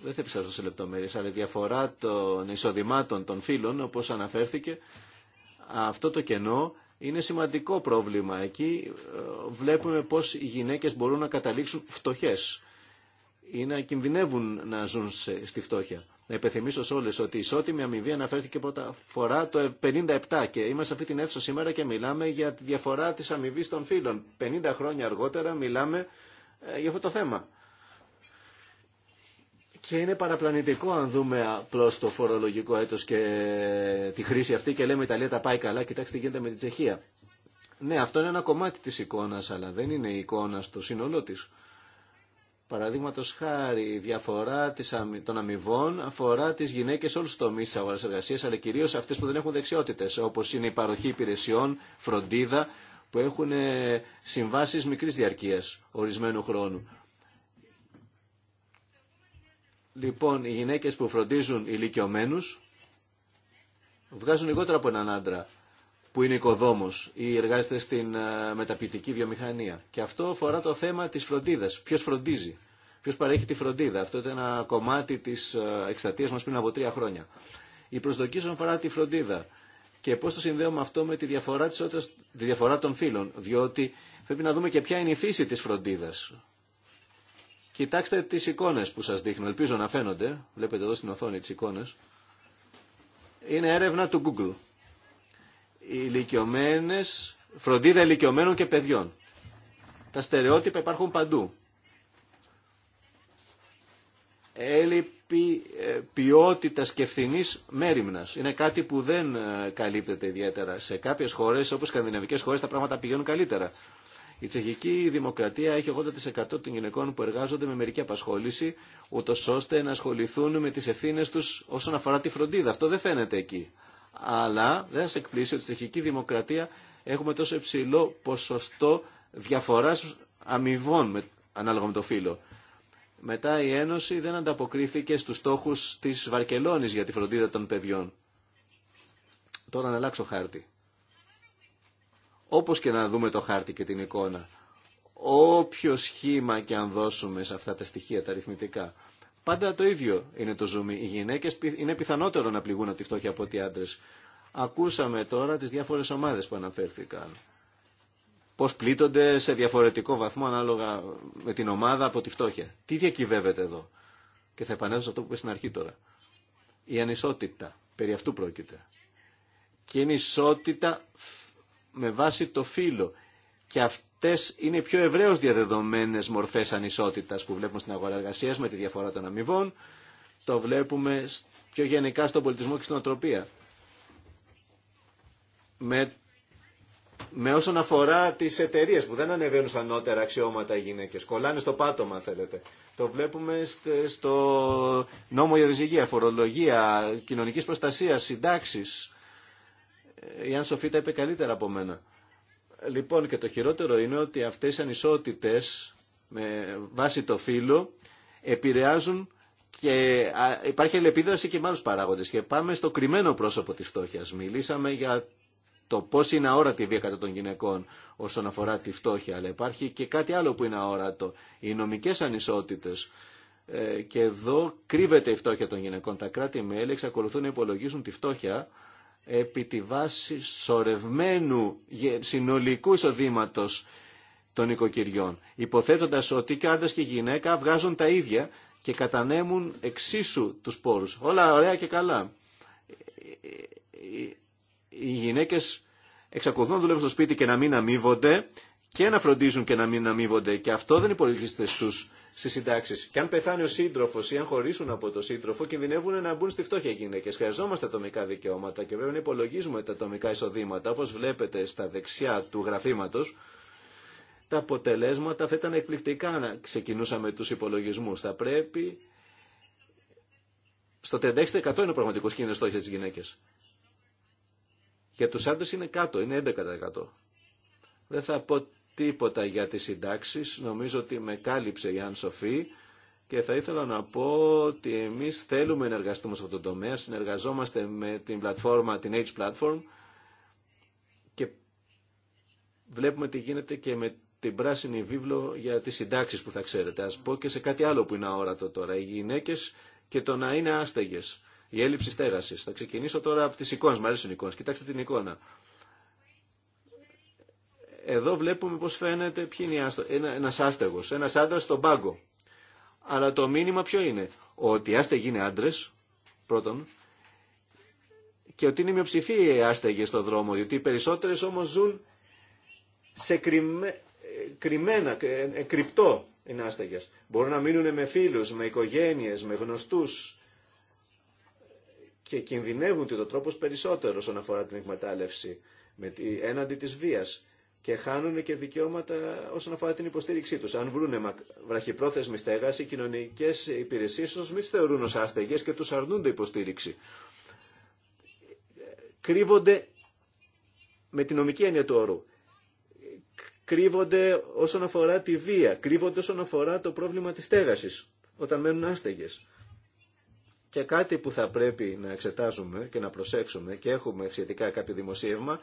Δεν θα επισταθώ σε λεπτομέρειες, αλλά η διαφορά των εισοδημάτων των φύλων, όπως αναφέρθηκε, αυτό το κενό είναι σημαντικό πρόβλημα. Εκεί ε, βλέπουμε πώς οι γυναίκες μπορούν να καταλήξουν φτωχές ή να κινδυνεύουν να ζουν στη φτώχεια. Να υπενθυμίσω σε όλες ότι η ισότιμη αμοιβή αναφέρθηκε πρώτα φορά το 57 και είμαστε αυτή την αίθουσα σήμερα και μιλάμε για τη διαφορά της αμοιβή των φύλων. 50 χρόνια αργότερα μιλάμε ε, για αυτό το θέμα. Και είναι παραπλανητικό αν δούμε απλώ το φορολογικό έτος και τη χρήση αυτή και λέμε η Ιταλία τα πάει καλά, κοιτάξτε τι γίνεται με την Τσεχία. Ναι, αυτό είναι ένα κομμάτι της εικόνας, αλλά δεν είναι η εικόνα στο σύνολό της. Παραδείγματο χάρη, η διαφορά των αμοιβών αφορά τι γυναίκε όλου του τομεί τη αγορά εργασία, αλλά κυρίω αυτέ που δεν έχουν δεξιότητε, όπω είναι η παροχή υπηρεσιών, φροντίδα, που έχουν ε, συμβάσεις μικρής διαρκείας ορισμένου χρόνου. Λοιπόν, οι γυναίκες που φροντίζουν ηλικιωμένου βγάζουν λιγότερο από έναν άντρα που είναι οικοδόμος ή εργάζεται στην ε, μεταποιητική βιομηχανία. Και αυτό αφορά το θέμα της φροντίδας. Ποιος φροντίζει, ποιος παρέχει τη φροντίδα. Αυτό είναι ένα κομμάτι της ε, εκστατείας μας πριν από τρία χρόνια. Η προσδοκία αφορά τη φροντίδα και πώς το συνδέουμε αυτό με τη διαφορά, της τη διαφορά των φύλων. Διότι πρέπει να δούμε και ποια είναι η φύση της φροντίδας. Κοιτάξτε τις εικόνες που σας δείχνω. Ελπίζω να φαίνονται. Βλέπετε εδώ στην οθόνη τις εικόνες. Είναι έρευνα του Google. ηλικιωμένες, φροντίδα ηλικιωμένων και παιδιών. Τα στερεότυπα υπάρχουν παντού. Ε, ποιότητα και ευθυνή μέρημνα. Είναι κάτι που δεν ε, καλύπτεται ιδιαίτερα. Σε κάποιε χώρε, όπω οι σκανδιναβικέ χώρε, τα πράγματα πηγαίνουν καλύτερα. Η τσεχική δημοκρατία έχει 80% των γυναικών που εργάζονται με μερική απασχόληση, ούτω ώστε να ασχοληθούν με τι ευθύνε του όσον αφορά τη φροντίδα. Αυτό δεν φαίνεται εκεί. Αλλά δεν σε εκπλήσει ότι στη τσεχική δημοκρατία έχουμε τόσο υψηλό ποσοστό διαφορά αμοιβών ανάλογα με το φύλλο. Μετά η Ένωση δεν ανταποκρίθηκε στους στόχους της Βαρκελόνης για τη φροντίδα των παιδιών. Τώρα να αλλάξω χάρτη. Όπως και να δούμε το χάρτη και την εικόνα, όποιο σχήμα και αν δώσουμε σε αυτά τα στοιχεία τα αριθμητικά, πάντα το ίδιο είναι το ζουμί. Οι γυναίκες είναι πιθανότερο να πληγούν από τη φτώχεια από ότι άντρες. Ακούσαμε τώρα τις διάφορες ομάδες που αναφέρθηκαν. Πώ πλήττονται σε διαφορετικό βαθμό ανάλογα με την ομάδα από τη φτώχεια. Τι διακυβεύεται εδώ. Και θα επανέλθω σε αυτό που είπα στην αρχή τώρα. Η ανισότητα. Περί αυτού πρόκειται. Και είναι ισότητα με βάση το φύλλο. Και αυτές είναι οι πιο ευρέω διαδεδομένες μορφές ανισότητας που βλέπουμε στην αγορά εργασία με τη διαφορά των αμοιβών. Το βλέπουμε πιο γενικά στον πολιτισμό και στην οτροπία. Με με όσον αφορά τις εταιρείε που δεν ανεβαίνουν στα νότερα αξιώματα οι γυναίκε. κολλάνε στο πάτωμα αν θέλετε. Το βλέπουμε στο νόμο για διζυγία, φορολογία, κοινωνική προστασία, συντάξει. Ε, η Αν Σοφή είπε καλύτερα από μένα. Λοιπόν και το χειρότερο είναι ότι αυτές οι ανισότητες με βάση το φύλλο επηρεάζουν και υπάρχει αλληλεπίδραση και με άλλου παράγοντε. Και πάμε στο κρυμμένο πρόσωπο τη φτώχεια. Μιλήσαμε για το πώ είναι αόρατη η βία κατά των γυναικών όσον αφορά τη φτώχεια, αλλά υπάρχει και κάτι άλλο που είναι αόρατο, οι νομικές ανισότητες. Ε, και εδώ κρύβεται η φτώχεια των γυναικών. Τα κράτη-μέλη εξακολουθούν να υπολογίζουν τη φτώχεια επί τη βάση σορευμένου συνολικού εισοδήματο των οικοκυριών, Υποθέτοντα ότι και και γυναίκα βγάζουν τα ίδια και κατανέμουν εξίσου του πόρου. Όλα ωραία και καλά ε, ε, ε, οι γυναίκε εξακολουθούν να δουλεύουν στο σπίτι και να μην αμείβονται και να φροντίζουν και να μην αμείβονται. Και αυτό δεν υπολογίζεται στου στι συντάξει. Και αν πεθάνει ο σύντροφο ή αν χωρίσουν από τον σύντροφο, κινδυνεύουν να μπουν στη φτώχεια οι γυναίκε. Χρειαζόμαστε ατομικά δικαιώματα και πρέπει να υπολογίζουμε τα ατομικά εισοδήματα. Όπω βλέπετε στα δεξιά του γραφήματο, τα αποτελέσματα θα ήταν εκπληκτικά να ξεκινούσαμε του υπολογισμού. Θα πρέπει. Στο 36% είναι ο πραγματικό κίνδυνο για τη γυναίκε. Για τους άντρες είναι κάτω, είναι 11%. Δεν θα πω τίποτα για τις συντάξει, νομίζω ότι με κάλυψε η Αν Σοφή και θα ήθελα να πω ότι εμείς θέλουμε να εργαστούμε σε αυτό το τομέα, συνεργαζόμαστε με την πλατφόρμα, την H Platform και βλέπουμε τι γίνεται και με την πράσινη βίβλο για τις συντάξει που θα ξέρετε. Ας πω και σε κάτι άλλο που είναι αόρατο τώρα. Οι γυναίκες και το να είναι άστεγες η έλλειψη στέγαση. Θα ξεκινήσω τώρα από τις εικόνες, Μ' αρέσουν οι εικόνε. Κοιτάξτε την εικόνα. Εδώ βλέπουμε πώ φαίνεται ποιο είναι ένα, ένας άστεγος, ένας στον πάγκο. Αλλά το μήνυμα ποιο είναι, ότι οι άστεγοι είναι άντρε, πρώτον, και ότι είναι μειοψηφία οι άστεγοι στον δρόμο, διότι οι περισσότερε όμω ζουν σε κρυμμένα, ε, ε, κρυπτό είναι άστεγες. Μπορούν να μείνουν με φίλους, με οικογένειες, με γνωστούς, και κινδυνεύουν το τρόπος περισσότερο όσον αφορά την εκμετάλλευση με τη, έναντι της βίας και χάνουν και δικαιώματα όσον αφορά την υποστήριξή τους. Αν βρούνε βραχυπρόθεσμη στέγαση, οι κοινωνικές υπηρεσίες τους μη θεωρούν ως άστεγες και τους αρνούνται υποστήριξη. Κρύβονται με την νομική έννοια του όρου. Κρύβονται όσον αφορά τη βία, κρύβονται όσον αφορά το πρόβλημα της στέγασης, όταν μένουν άστεγες. Και κάτι που θα πρέπει να εξετάζουμε και να προσέξουμε και έχουμε σχετικά κάποιο δημοσίευμα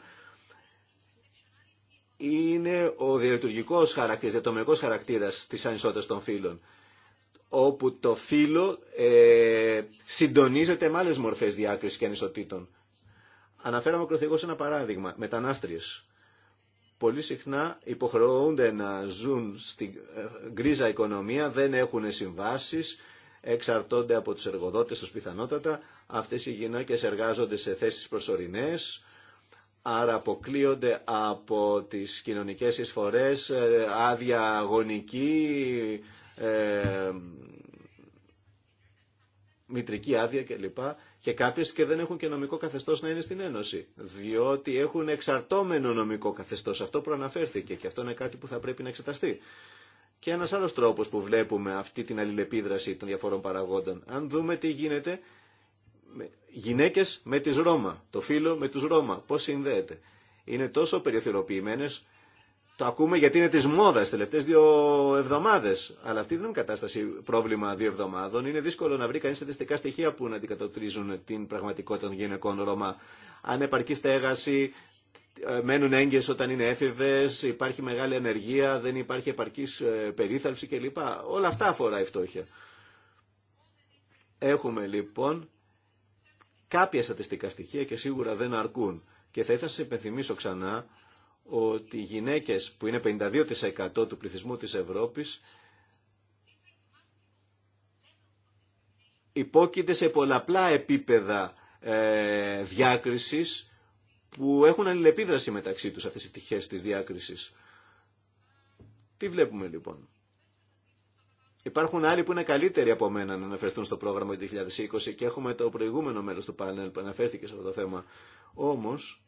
είναι ο διαλειτουργικός χαρακτήρας, διατομικός χαρακτήρας της ανισότητας των φύλων όπου το φύλλο ε, συντονίζεται με άλλες μορφές διάκρισης και ανισοτήτων. Αναφέραμε Κροθυγό ένα παράδειγμα, μετανάστριες. Πολύ συχνά υποχρεούνται να ζουν στην ε, γκρίζα οικονομία, δεν έχουν συμβάσεις, εξαρτώνται από τους εργοδότες τους πιθανότατα. Αυτές οι γυναίκες εργάζονται σε θέσεις προσωρινές, άρα αποκλείονται από τις κοινωνικές εισφορές, ε, άδεια αγωνική, ε, μητρική άδεια κλπ. Και κάποιες και δεν έχουν και νομικό καθεστώς να είναι στην Ένωση, διότι έχουν εξαρτώμενο νομικό καθεστώς. Αυτό προαναφέρθηκε και αυτό είναι κάτι που θα πρέπει να εξεταστεί. Και ένας άλλος τρόπος που βλέπουμε αυτή την αλληλεπίδραση των διαφορών παραγόντων. Αν δούμε τι γίνεται, γυναίκες με τις Ρώμα, το φίλο με τους Ρώμα, πώς συνδέεται. Είναι τόσο περιοθυροποιημένες, το ακούμε γιατί είναι της μόδας τελευταίες δύο εβδομάδες. Αλλά αυτή δεν είναι κατάσταση πρόβλημα δύο εβδομάδων. Είναι δύσκολο να βρει κανείς στατιστικά στοιχεία που να αντικατοπτρίζουν την πραγματικότητα των γυναικών Ρώμα. Αν επαρκεί στέγαση, ε, μένουν έγκυες όταν είναι έφηβες, υπάρχει μεγάλη ανεργία, δεν υπάρχει επαρκής ε, περίθαλψη κλπ. Όλα αυτά αφορά η φτώχεια. Έχουμε λοιπόν κάποια στατιστικά στοιχεία και σίγουρα δεν αρκούν. Και θα ήθελα να σας υπενθυμίσω ξανά ότι οι γυναίκες που είναι 52% του πληθυσμού της Ευρώπης υπόκειται σε πολλαπλά επίπεδα ε, διάκρισης που έχουν αλληλεπίδραση μεταξύ τους αυτές οι πτυχές της διάκρισης. Τι βλέπουμε λοιπόν. Υπάρχουν άλλοι που είναι καλύτεροι από μένα να αναφερθούν στο πρόγραμμα του 2020 και έχουμε το προηγούμενο μέλος του πάνελ που αναφέρθηκε σε αυτό το θέμα. Όμως,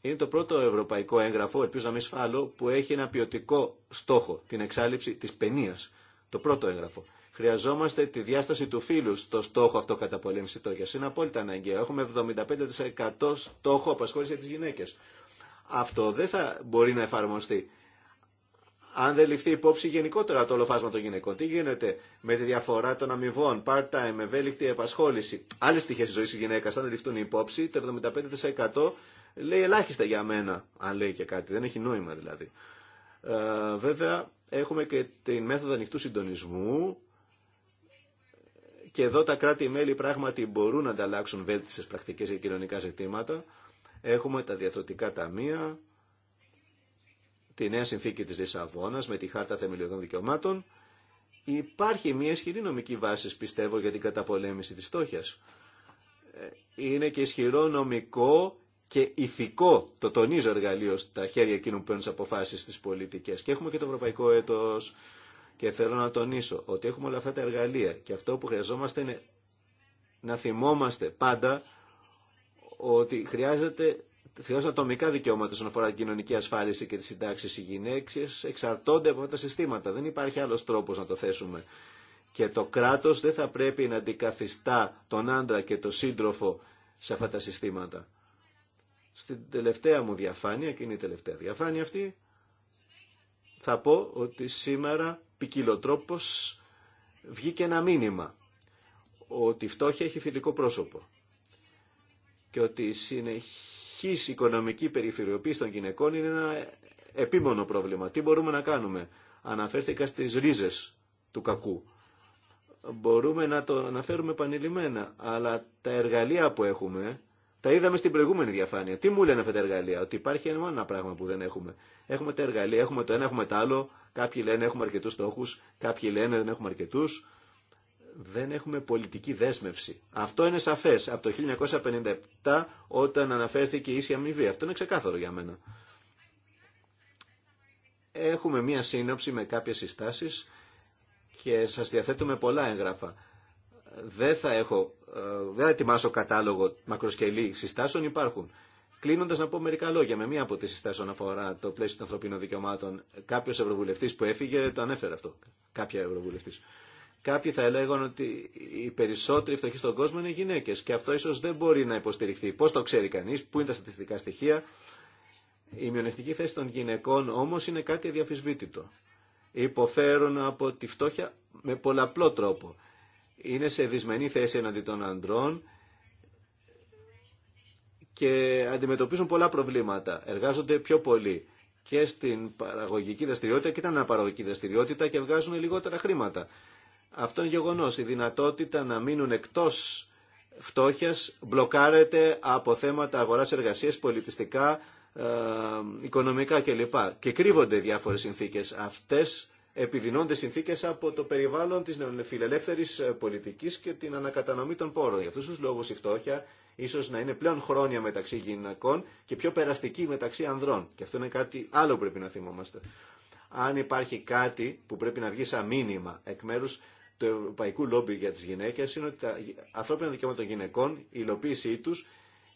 είναι το πρώτο ευρωπαϊκό έγγραφο, ελπίζω να μην σφάλω, που έχει ένα ποιοτικό στόχο, την εξάλληψη της παινίας. Το πρώτο έγγραφο. Χρειαζόμαστε τη διάσταση του φύλου στο στόχο αυτό κατά πολέμηση Είναι απόλυτα αναγκαίο. Έχουμε 75% στόχο απασχόληση για τι γυναίκε. Αυτό δεν θα μπορεί να εφαρμοστεί αν δεν ληφθεί υπόψη γενικότερα το όλο φάσμα των γυναικών. Τι γίνεται με τη διαφορά των αμοιβών, part-time, ευέλικτη επασχόληση, άλλε στοιχείε τη ζωή τη γυναίκα, αν δεν ληφθούν υπόψη, το 75% λέει ελάχιστα για μένα, αν λέει και κάτι. Δεν έχει νόημα δηλαδή. Ε, βέβαια, έχουμε και την μέθοδο ανοιχτού συντονισμού και εδώ τα κράτη-μέλη πράγματι μπορούν να ανταλλάξουν βέλτιστες πρακτικές για κοινωνικά ζητήματα. Έχουμε τα διαθροτικά ταμεία, τη νέα συνθήκη της Λισαβόνας με τη Χάρτα Θεμελιωδών Δικαιωμάτων. Υπάρχει μια ισχυρή νομική βάση, πιστεύω, για την καταπολέμηση της στόχιας. Ε, είναι και ισχυρό νομικό και ηθικό, το τονίζω εργαλείο στα χέρια εκείνων που παίρνουν τι αποφάσει στι πολιτικέ. Και έχουμε και το Ευρωπαϊκό Έτο και θέλω να τονίσω ότι έχουμε όλα αυτά τα εργαλεία και αυτό που χρειαζόμαστε είναι να θυμόμαστε πάντα ότι χρειάζεται ατομικά δικαιώματα όσον αφορά την κοινωνική ασφάλιση και τι συντάξει. Οι γυναίκε εξαρτώνται από αυτά τα συστήματα. Δεν υπάρχει άλλο τρόπο να το θέσουμε. Και το κράτο δεν θα πρέπει να αντικαθιστά τον άντρα και τον σύντροφο σε αυτά τα συστήματα. Στην τελευταία μου διαφάνεια, και είναι η τελευταία διαφάνεια αυτή, θα πω ότι σήμερα τρόπο βγήκε ένα μήνυμα ότι η φτώχεια έχει θηλυκό πρόσωπο και ότι η συνεχής οικονομική περιφερειοποίηση των γυναικών είναι ένα επίμονο πρόβλημα. Τι μπορούμε να κάνουμε. Αναφέρθηκα στις ρίζες του κακού. Μπορούμε να το αναφέρουμε επανειλημμένα, αλλά τα εργαλεία που έχουμε, τα είδαμε στην προηγούμενη διαφάνεια. Τι μου λένε αυτά τα εργαλεία, ότι υπάρχει ένα πράγμα που δεν έχουμε. Έχουμε τα εργαλεία, έχουμε το ένα, έχουμε το άλλο, Κάποιοι λένε έχουμε αρκετούς στόχους, κάποιοι λένε δεν έχουμε αρκετούς. Δεν έχουμε πολιτική δέσμευση. Αυτό είναι σαφές από το 1957 όταν αναφέρθηκε η ίση αμοιβή. Αυτό είναι ξεκάθαρο για μένα. Έχουμε μία σύνοψη με κάποιες συστάσεις και σας διαθέτουμε πολλά έγγραφα. Δεν θα έχω, ε, δεν θα ετοιμάσω κατάλογο μακροσκελή συστάσεων, υπάρχουν. Κλείνοντα, να πω μερικά λόγια με μία από τι συστάσει όσον αφορά το πλαίσιο των ανθρωπίνων δικαιωμάτων. Κάποιο ευρωβουλευτή που έφυγε το ανέφερε αυτό. Κάποια ευρωβουλευτή. Κάποιοι θα έλεγαν ότι οι περισσότεροι φτωχοί στον κόσμο είναι γυναίκε και αυτό ίσω δεν μπορεί να υποστηριχθεί. Πώ το ξέρει κανεί, πού είναι τα στατιστικά στοιχεία. Η μειονεκτική θέση των γυναικών όμω είναι κάτι αδιαφυσβήτητο. Υποφέρουν από τη φτώχεια με πολλαπλό τρόπο. Είναι σε δυσμενή θέση εναντί των ανδρών και αντιμετωπίζουν πολλά προβλήματα. Εργάζονται πιο πολύ και στην παραγωγική δραστηριότητα και την αναπαραγωγική δραστηριότητα και βγάζουν λιγότερα χρήματα. Αυτό είναι γεγονό. Η δυνατότητα να μείνουν εκτό φτώχεια μπλοκάρεται από θέματα αγορά-εργασία, πολιτιστικά, ε, οικονομικά κλπ. Και κρύβονται διάφορε συνθήκε. Αυτέ επιδεινώνται συνθήκε από το περιβάλλον τη νεοφιλελεύθερη πολιτική και την ανακατανομή των πόρων. Για αυτού του λόγου η φτώχεια ίσω να είναι πλέον χρόνια μεταξύ γυναικών και πιο περαστική μεταξύ ανδρών. Και αυτό είναι κάτι άλλο που πρέπει να θυμόμαστε. Αν υπάρχει κάτι που πρέπει να βγει σαν μήνυμα εκ μέρου του Ευρωπαϊκού Λόμπι για τις γυναίκε, είναι ότι τα ανθρώπινα δικαιώματα των γυναικών, η υλοποίησή του,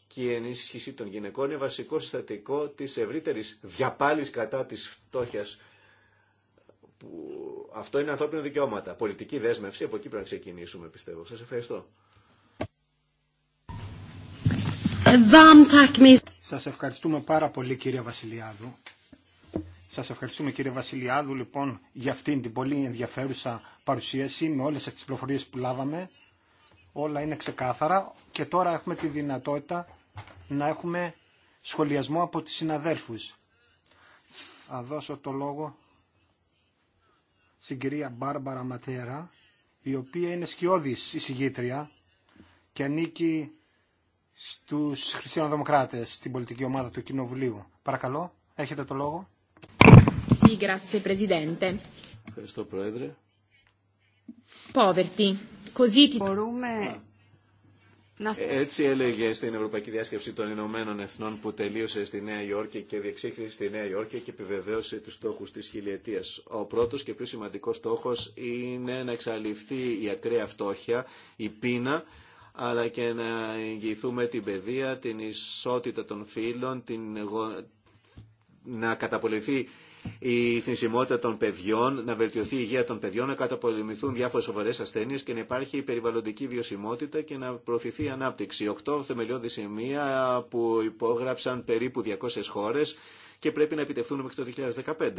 και η ενίσχυση των γυναικών είναι βασικό συστατικό τη ευρύτερη διαπάλης κατά τη φτώχεια. Αυτό είναι ανθρώπινα δικαιώματα. Πολιτική δέσμευση, από εκεί πρέπει να ξεκινήσουμε πιστεύω. Σα ευχαριστώ. Σας ευχαριστούμε πάρα πολύ κύριε Βασιλιάδου. Σας ευχαριστούμε κύριε Βασιλιάδου λοιπόν για αυτήν την πολύ ενδιαφέρουσα παρουσίαση με όλες τις πληροφορίες που λάβαμε. Όλα είναι ξεκάθαρα και τώρα έχουμε τη δυνατότητα να έχουμε σχολιασμό από τις συναδέρφους. Θα δώσω το λόγο στην κυρία Μπάρμπαρα Ματέρα, η οποία είναι σκιώδης εισηγήτρια και ανήκει Στου χριστιανοδημοκράτε, στην πολιτική ομάδα του Κοινοβουλίου. Παρακαλώ, έχετε το λόγο. Ευχαριστώ, Πρόεδρε. Ε, έτσι έλεγε στην Ευρωπαϊκή Διάσκεψη των Ηνωμένων Εθνών που τελείωσε στη Νέα Υόρκη και διεξήχθη στη Νέα Υόρκη και επιβεβαίωσε τους στόχους της χιλιετίας. Ο πρώτος και πιο σημαντικός στόχος είναι να εξαλειφθεί η ακραία φτώχεια, η πείνα αλλά και να εγγυηθούμε την παιδεία, την ισότητα των φίλων, την... να καταπολεμηθεί η θνησιμότητα των παιδιών, να βελτιωθεί η υγεία των παιδιών, να καταπολεμηθούν διάφορε σοβαρέ ασθένειε και να υπάρχει περιβαλλοντική βιωσιμότητα και να προωθηθεί η ανάπτυξη. Οκτώ θεμελιώδη σημεία που υπόγραψαν περίπου 200 χώρε και πρέπει να επιτευχθούν μέχρι το 2015.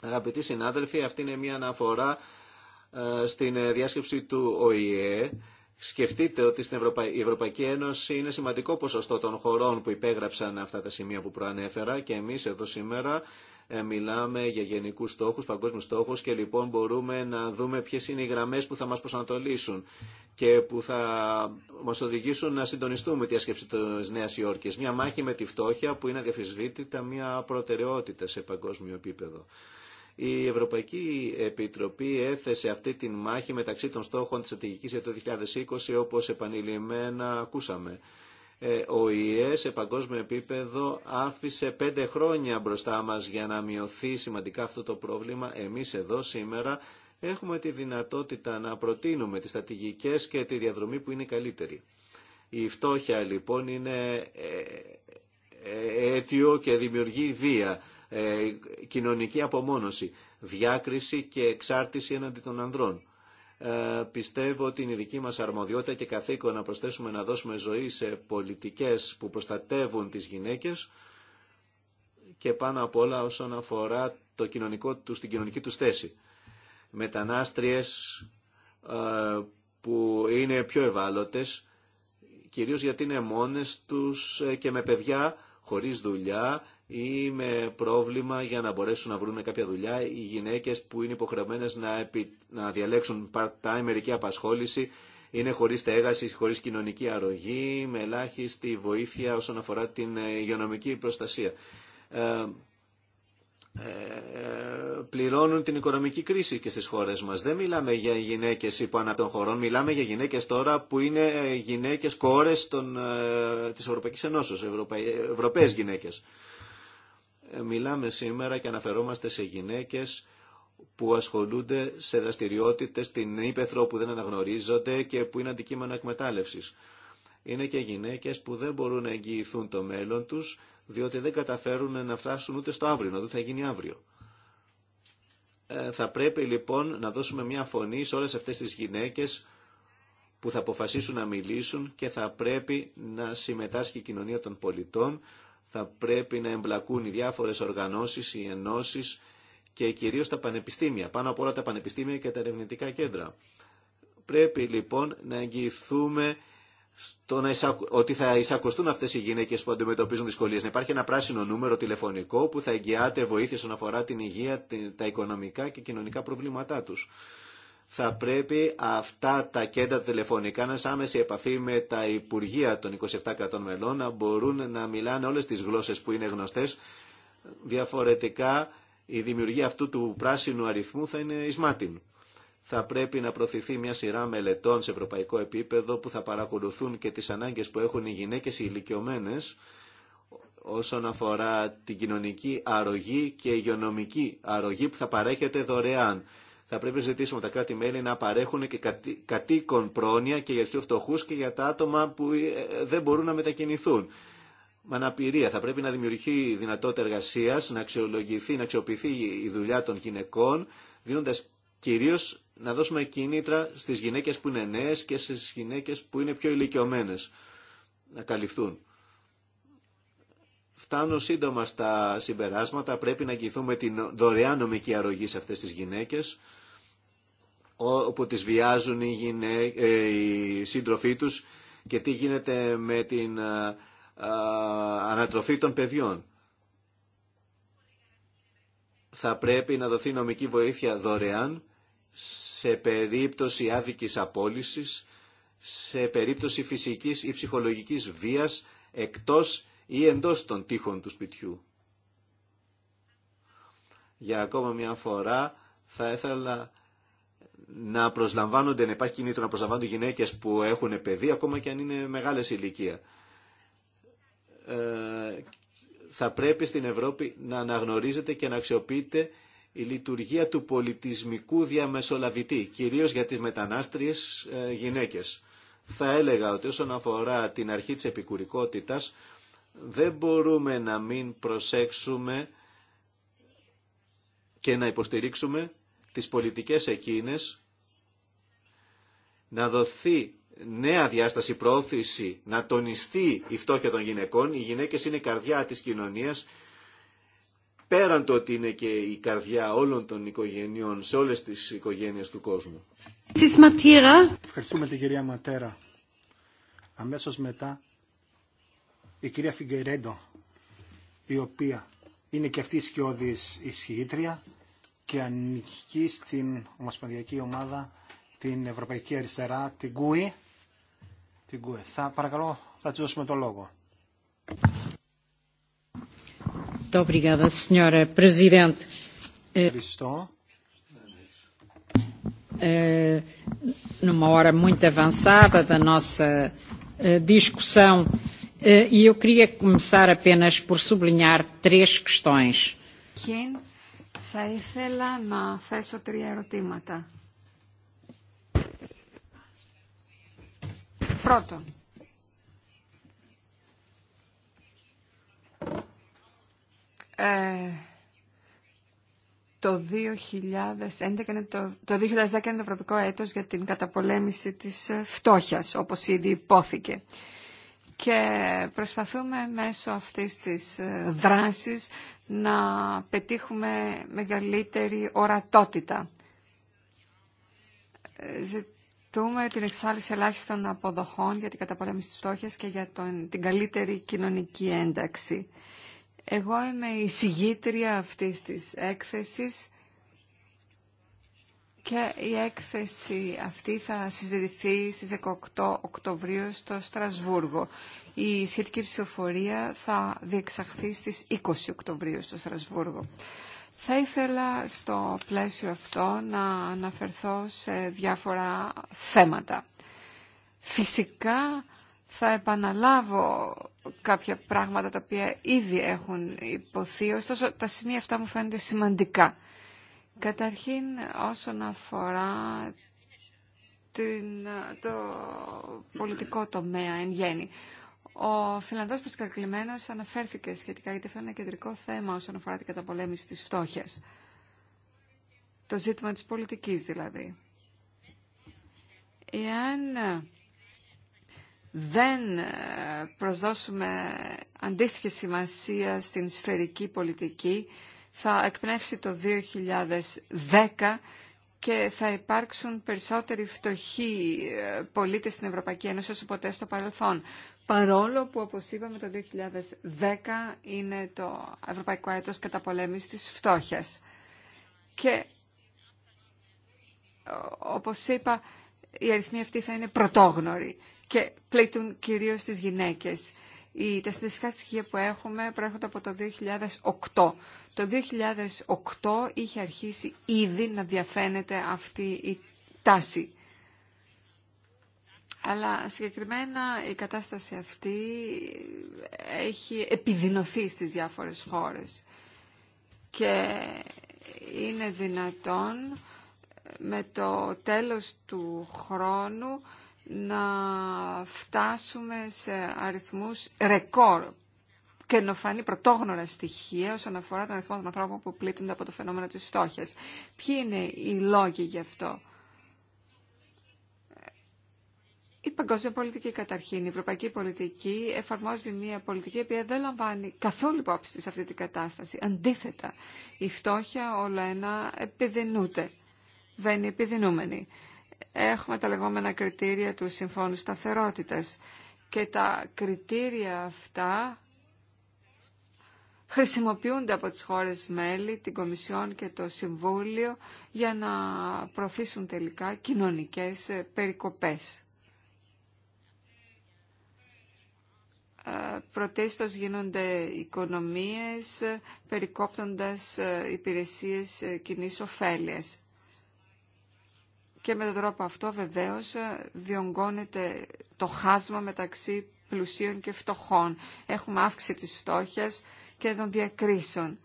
Αγαπητοί συνάδελφοι, αυτή είναι μια αναφορά ε, στην ε, διάσκεψη του ΟΗΕ Σκεφτείτε ότι στην η Ευρωπαϊκή Ένωση είναι σημαντικό ποσοστό των χωρών που υπέγραψαν αυτά τα σημεία που προανέφερα και εμείς εδώ σήμερα ε, μιλάμε για γενικούς στόχους, παγκόσμιους στόχους και λοιπόν μπορούμε να δούμε ποιες είναι οι γραμμές που θα μας προσανατολίσουν και που θα μας οδηγήσουν να συντονιστούμε τη άσκεψη της Νέας Υόρκης. Μια μάχη με τη φτώχεια που είναι αδιαφυσβήτητα μια προτεραιότητα σε παγκόσμιο επίπεδο. Η Ευρωπαϊκή Επιτροπή έθεσε αυτή τη μάχη μεταξύ των στόχων της στρατηγικής για το 2020 όπως επανειλημμένα ακούσαμε. Ε, ο ΙΕ σε παγκόσμιο επίπεδο άφησε πέντε χρόνια μπροστά μας για να μειωθεί σημαντικά αυτό το πρόβλημα. Εμείς εδώ σήμερα έχουμε τη δυνατότητα να προτείνουμε τις στρατηγικές και τη διαδρομή που είναι καλύτερη. Η φτώχεια λοιπόν είναι ε, ε, αίτιο και δημιουργεί βία. Ε, κοινωνική απομόνωση, διάκριση και εξάρτηση έναντι των ανδρών. Ε, πιστεύω ότι είναι η δική μας αρμοδιότητα και καθήκον να προσθέσουμε να δώσουμε ζωή σε πολιτικές που προστατεύουν τις γυναίκες και πάνω απ' όλα όσον αφορά το κοινωνικό τους, την κοινωνική τους θέση. Μετανάστριες ε, που είναι πιο ευάλωτες, κυρίως γιατί είναι μόνες τους και με παιδιά, χωρίς δουλειά ή με πρόβλημα για να μπορέσουν να βρουν κάποια δουλειά οι γυναίκες που είναι υποχρεωμένες να, επι... να διαλέξουν part-time μερική απασχόληση είναι χωρίς στέγαση, χωρίς κοινωνική αρρωγή, με ελάχιστη βοήθεια όσον αφορά την ε, υγειονομική προστασία. Ε, ε, πληρώνουν την οικονομική κρίση και στις χώρες μας. Δεν μιλάμε για γυναίκες υπό ανά των χωρών, μιλάμε για γυναίκες τώρα που είναι ε, γυναίκες κόρες των, της Ευρωπαϊκής Ενώσεως, Ευρωπαί, Ευρωπαίες γυναίκες μιλάμε σήμερα και αναφερόμαστε σε γυναίκες που ασχολούνται σε δραστηριότητες στην Ήπεθρο που δεν αναγνωρίζονται και που είναι αντικείμενα εκμετάλλευσης. Είναι και γυναίκες που δεν μπορούν να εγγυηθούν το μέλλον τους, διότι δεν καταφέρουν να φτάσουν ούτε στο αύριο, να δουν θα γίνει αύριο. Ε, θα πρέπει λοιπόν να δώσουμε μια φωνή σε όλες αυτές τις γυναίκες που θα αποφασίσουν να μιλήσουν και θα πρέπει να συμμετάσχει η κοινωνία των πολιτών θα πρέπει να εμπλακούν οι διάφορες οργανώσεις, οι ενώσεις και κυρίως τα πανεπιστήμια, πάνω από όλα τα πανεπιστήμια και τα ερευνητικά κέντρα. Πρέπει λοιπόν να εγγυηθούμε στο να ότι θα εισακωστούν αυτές οι γυναίκες που αντιμετωπίζουν δυσκολίε. Να υπάρχει ένα πράσινο νούμερο τηλεφωνικό που θα εγγυάται βοήθεια όσον αφορά την υγεία, τα οικονομικά και κοινωνικά προβλήματά τους θα πρέπει αυτά τα κέντρα τηλεφωνικά να είναι άμεση επαφή με τα Υπουργεία των 27 κρατών μελών, να μπορούν να μιλάνε όλες τις γλώσσες που είναι γνωστές. Διαφορετικά η δημιουργία αυτού του πράσινου αριθμού θα είναι εισμάτιν. Θα πρέπει να προωθηθεί μια σειρά μελετών σε ευρωπαϊκό επίπεδο που θα παρακολουθούν και τις ανάγκες που έχουν οι γυναίκες οι ηλικιωμένες όσον αφορά την κοινωνική αρρωγή και υγειονομική αρρωγή που θα παρέχεται δωρεάν θα πρέπει να ζητήσουμε τα κράτη-μέλη να παρέχουν και κατοίκον πρόνοια και για του φτωχού και για τα άτομα που ε, δεν μπορούν να μετακινηθούν. Με αναπηρία θα πρέπει να δημιουργηθεί δυνατότητα εργασία, να αξιολογηθεί, να αξιοποιηθεί η δουλειά των γυναικών, δίνοντα κυρίω να δώσουμε κίνητρα στι γυναίκε που είναι νέε και στι γυναίκε που είναι πιο ηλικιωμένε να καλυφθούν. Φτάνω σύντομα στα συμπεράσματα. Πρέπει να αγγιθούμε την δωρεάν νομική αρρωγή σε αυτές τις γυναίκες όπου τις βιάζουν οι, γυναί... Ε, οι σύντροφοί τους και τι γίνεται με την ε, ε, ανατροφή των παιδιών. Θα πρέπει να δοθεί νομική βοήθεια δωρεάν σε περίπτωση άδικης απόλυσης, σε περίπτωση φυσικής ή ψυχολογικής βίας εκτός ή εντός των τείχων του σπιτιού. Για ακόμα μια φορά θα ήθελα να προσλαμβάνονται, να υπάρχει κινήτρο να προσλαμβάνονται γυναίκες που έχουν παιδί ακόμα και αν είναι μεγάλες ηλικία. Ε, θα πρέπει στην Ευρώπη να αναγνωρίζεται και να αξιοποιείται η λειτουργία του πολιτισμικού διαμεσολαβητή, κυρίως για τις μετανάστριες ε, γυναίκες. Θα έλεγα ότι όσον αφορά την αρχή της επικουρικότητας, δεν μπορούμε να μην προσέξουμε και να υποστηρίξουμε τις πολιτικές εκείνες να δοθεί νέα διάσταση πρόθεση, να τονιστεί η φτώχεια των γυναικών. Οι γυναίκες είναι η καρδιά της κοινωνίας, πέραν το ότι είναι και η καρδιά όλων των οικογενειών, σε όλες τις οικογένειες του κόσμου. Ευχαριστούμε την κυρία Ματέρα. Αμέσως μετά η κυρία Φιγκερέντο, η οποία είναι και αυτή η σκιώδης ισχυήτρια και ανήκει στην ομοσπονδιακή ομάδα την Ευρωπαϊκή Αριστερά, την ΚΟΥΗ. Την ΚΟΥΗ. Θα παρακαλώ, θα τη δώσουμε το λόγο. Ε, Ευχαριστώ. Ε, numa hora muito avançada da nossa ε, discussão, e eu queria começar apenas por sublinhar três questões. Θα ήθελα να θέσω τρία ερωτήματα. Πρώτον, ε, το 2011 το, το 2010 είναι το ευρωπαϊκό έτος για την καταπολέμηση της ε, φτώχειας, όπως ήδη υπόθηκε και προσπαθούμε μέσω αυτής της ε, δράσης να πετύχουμε μεγαλύτερη ορατότητα. Ε, ζητούμε την εξάλληση ελάχιστων αποδοχών για την καταπολέμηση της φτώχειας και για τον, την καλύτερη κοινωνική ένταξη. Εγώ είμαι η συγγήτρια αυτής της έκθεσης και η έκθεση αυτή θα συζητηθεί στις 18 Οκτωβρίου στο Στρασβούργο. Η σχετική ψηφοφορία θα διεξαχθεί στις 20 Οκτωβρίου στο Στρασβούργο. Θα ήθελα στο πλαίσιο αυτό να αναφερθώ σε διάφορα θέματα. Φυσικά θα επαναλάβω κάποια πράγματα τα οποία ήδη έχουν υποθεί, ωστόσο τα σημεία αυτά μου φαίνονται σημαντικά. Καταρχήν όσον αφορά την, το πολιτικό τομέα εν γέννη. Ο Φιλανδός Προσκακλημένος αναφέρθηκε σχετικά γιατί αυτό είναι ένα κεντρικό θέμα όσον αφορά την καταπολέμηση της φτώχειας. Το ζήτημα της πολιτικής δηλαδή. Εάν δεν προσδώσουμε αντίστοιχη σημασία στην σφαιρική πολιτική, θα εκπνεύσει το 2010 και θα υπάρξουν περισσότεροι φτωχοί ε, πολίτες στην Ευρωπαϊκή Ένωση όσο ποτέ στο παρελθόν. Παρόλο που, όπως είπαμε, το 2010 είναι το Ευρωπαϊκό Έτος Καταπολέμησης της Φτώχειας. Και, όπως είπα, οι αριθμοί αυτοί θα είναι πρωτόγνωροι και πλήττουν κυρίως τις γυναίκες. Οι, τα στοιχεία που έχουμε προέρχονται από το 2008. Το 2008 είχε αρχίσει ήδη να διαφαίνεται αυτή η τάση. Αλλά συγκεκριμένα η κατάσταση αυτή έχει επιδεινωθεί στις διάφορες χώρες και είναι δυνατόν με το τέλος του χρόνου να φτάσουμε σε αριθμούς ρεκόρ και φανεί πρωτόγνωρα στοιχεία όσον αφορά τον αριθμό των ανθρώπων που πλήττονται από το φαινόμενο της φτώχειας. Ποιοι είναι οι λόγοι γι' αυτό. Η παγκόσμια πολιτική καταρχήν, η ευρωπαϊκή πολιτική εφαρμόζει μια πολιτική η οποία δεν λαμβάνει καθόλου υπόψη σε αυτή την κατάσταση. Αντίθετα, η φτώχεια όλο ένα επιδεινούται, βαίνει επιδεινούμενη έχουμε τα λεγόμενα κριτήρια του Συμφώνου Σταθερότητας και τα κριτήρια αυτά χρησιμοποιούνται από τις χώρες μέλη, την Κομισιόν και το Συμβούλιο για να προωθήσουν τελικά κοινωνικές περικοπές. Ε, πρωτίστως γίνονται οικονομίες περικόπτοντας ε, υπηρεσίες ε, κοινής ωφέλειας και με τον τρόπο αυτό βεβαίως διονγκώνεται το χάσμα μεταξύ πλουσίων και φτωχών. Έχουμε αύξηση της φτώχειας και των διακρίσεων.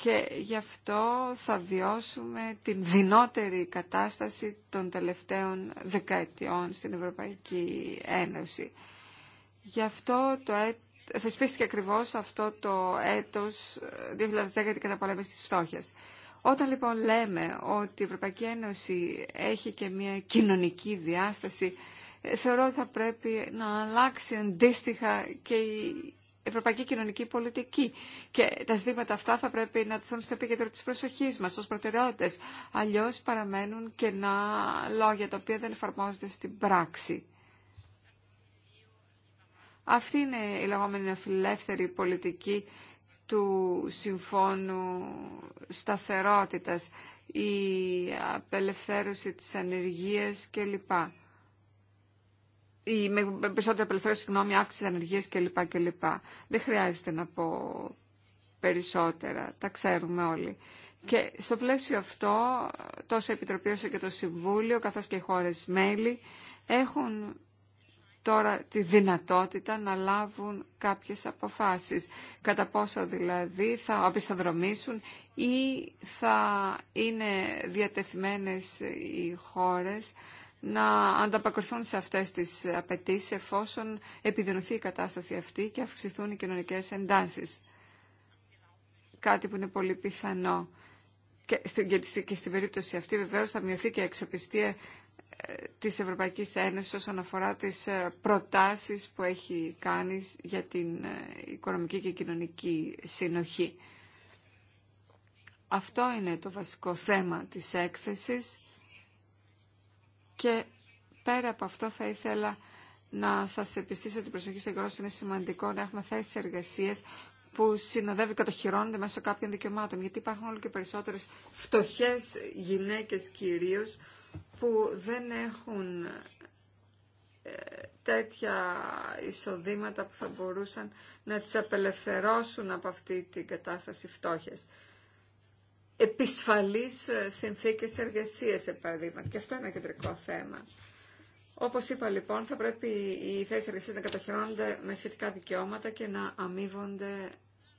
Και γι' αυτό θα βιώσουμε την δυνότερη κατάσταση των τελευταίων δεκαετιών στην Ευρωπαϊκή Ένωση. Γι' αυτό το θεσπίστηκε ακριβώς αυτό το έτος 2010 ε, την καταπολέμηση της φτώχειας. Όταν λοιπόν λέμε ότι η Ευρωπαϊκή Ένωση έχει και μια κοινωνική διάσταση, ε, θεωρώ ότι θα πρέπει να αλλάξει αντίστοιχα και η ευρωπαϊκή κοινωνική πολιτική. Και τα ζητήματα αυτά θα πρέπει να τεθούν στο επίκεντρο τη προσοχή μα ω προτεραιότητε. Αλλιώ παραμένουν κενά λόγια τα οποία δεν εφαρμόζονται στην πράξη. Αυτή είναι η λεγόμενη αφιλεύθερη πολιτική του Συμφώνου Σταθερότητας, η απελευθέρωση της ανεργίας κλπ. Η με περισσότερη απελευθέρωση, συγγνώμη, αύξηση της ανεργίας κλπ. Δεν χρειάζεται να πω περισσότερα, τα ξέρουμε όλοι. Και στο πλαίσιο αυτό, τόσο η Επιτροπή όσο και το Συμβούλιο, καθώς και οι χώρες μέλη, έχουν τώρα τη δυνατότητα να λάβουν κάποιες αποφάσεις. Κατά πόσο δηλαδή θα απεσταδρομήσουν ή θα είναι διατεθειμένες οι χώρες να ανταπακριθούν σε αυτές τις απαιτήσεις εφόσον επιδεινωθεί η κατάσταση αυτή και αυξηθούν οι κοινωνικές εντάσεις. Κάτι που είναι πολύ πιθανό. Και στην περίπτωση αυτή βεβαίως θα μειωθεί και η εξοπιστία της Ευρωπαϊκής Ένωσης όσον αφορά τις ε, προτάσεις που έχει κάνει για την ε, οικονομική και κοινωνική συνοχή. Αυτό είναι το βασικό θέμα της έκθεσης και πέρα από αυτό θα ήθελα να σας επιστήσω την προσοχή στο γεγονός είναι σημαντικό να έχουμε θέσεις εργασίες που συνοδεύει, κατοχυρώνονται μέσω κάποιων δικαιωμάτων, γιατί υπάρχουν όλο και περισσότερες φτωχές γυναίκες κυρίως, που δεν έχουν ε, τέτοια εισοδήματα που θα μπορούσαν να τις απελευθερώσουν από αυτή την κατάσταση φτώχειας. Επισφαλείς ε, συνθήκες εργασίας, επαραδείγματι. Και αυτό είναι ένα κεντρικό θέμα. Όπως είπα λοιπόν, θα πρέπει οι θέσεις εργασίας να κατοχυρώνονται με σχετικά δικαιώματα και να αμείβονται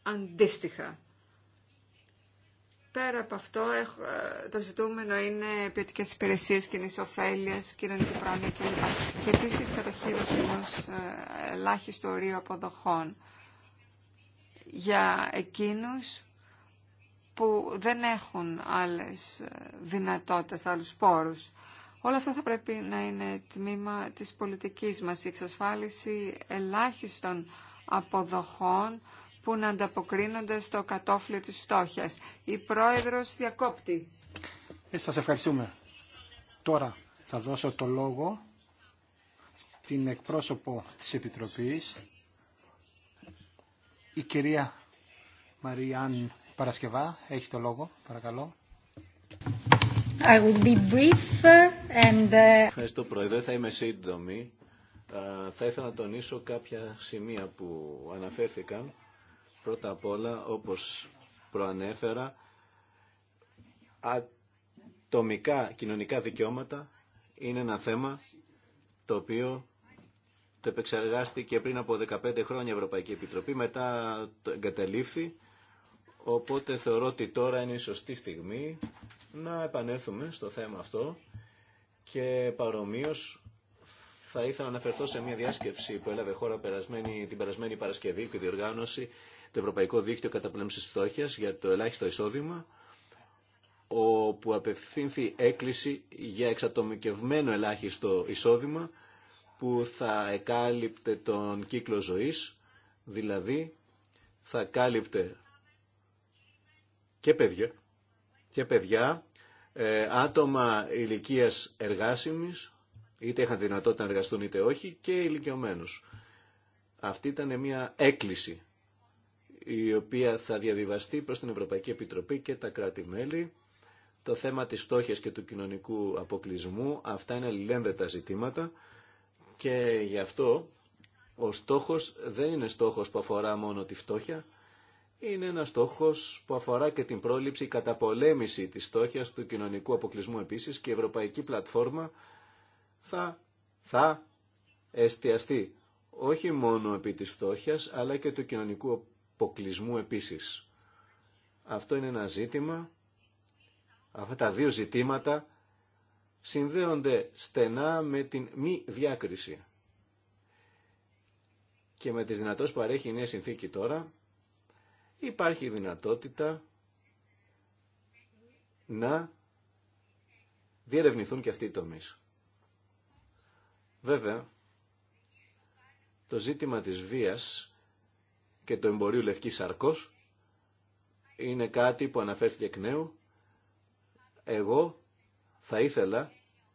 αντίστοιχα. Πέρα από αυτό, ε, το ζητούμενο είναι ποιοτικέ υπηρεσίε, κοινή ωφέλεια, κοινωνική πρόνοια κλπ. Και επίση κατοχήρωση ενό ε, ελάχιστου ορίου αποδοχών για εκείνους που δεν έχουν άλλες ε, δυνατότητε, άλλου πόρους. Όλα αυτά θα πρέπει να είναι τμήμα της πολιτικής μας. Η εξασφάλιση ελάχιστων αποδοχών που να ανταποκρίνονται στο κατόφλιο της φτώχειας. Η πρόεδρος διακόπτη. Ε, σας ευχαριστούμε. Τώρα θα δώσω το λόγο στην εκπρόσωπο της Επιτροπής, η κυρία Μαριάν Παρασκευά. Έχει το λόγο, παρακαλώ. I will uh, Ευχαριστώ, Πρόεδρε. Θα είμαι σύντομη. Ε, θα ήθελα να τονίσω κάποια σημεία που αναφέρθηκαν Πρώτα απ' όλα, όπως προανέφερα, ατομικά κοινωνικά δικαιώματα είναι ένα θέμα το οποίο το επεξεργάστηκε πριν από 15 χρόνια η Ευρωπαϊκή Επιτροπή, μετά το εγκαταλείφθη, οπότε θεωρώ ότι τώρα είναι η σωστή στιγμή να επανέλθουμε στο θέμα αυτό και παρομοίως θα ήθελα να αναφερθώ σε μια διάσκεψη που έλαβε χώρα περασμένη, την περασμένη Παρασκευή και διοργάνωση το Ευρωπαϊκό Δίκτυο Καταπολέμησης Φτώχειας για το ελάχιστο εισόδημα, όπου απευθύνθη έκκληση για εξατομικευμένο ελάχιστο εισόδημα που θα εκάλυπτε τον κύκλο ζωής, δηλαδή θα κάλυπτε και παιδιά, και παιδιά ε, άτομα ηλικίας εργάσιμης, είτε είχαν δυνατότητα να εργαστούν είτε όχι, και ηλικιωμένους. Αυτή ήταν μια έκκληση η οποία θα διαβιβαστεί προς την Ευρωπαϊκή Επιτροπή και τα κράτη-μέλη. Το θέμα της φτώχειας και του κοινωνικού αποκλεισμού, αυτά είναι αλληλένδετα ζητήματα και γι' αυτό ο στόχος δεν είναι στόχος που αφορά μόνο τη φτώχεια, είναι ένας στόχος που αφορά και την πρόληψη, η καταπολέμηση της στόχιας του κοινωνικού αποκλεισμού επίσης και η Ευρωπαϊκή Πλατφόρμα θα, θα εστιαστεί όχι μόνο επί της φτώχειας αλλά και του κοινωνικού αποκλεισμού επίσης. Αυτό είναι ένα ζήτημα. Αυτά τα δύο ζητήματα συνδέονται στενά με την μη διάκριση. Και με τις δυνατότητες που παρέχει η νέα συνθήκη τώρα, υπάρχει δυνατότητα να διερευνηθούν και αυτοί οι τομείς. Βέβαια, το ζήτημα της βίας και το εμπορίο λευκής σαρκός είναι κάτι που αναφέρθηκε εκ νέου. Εγώ θα ήθελα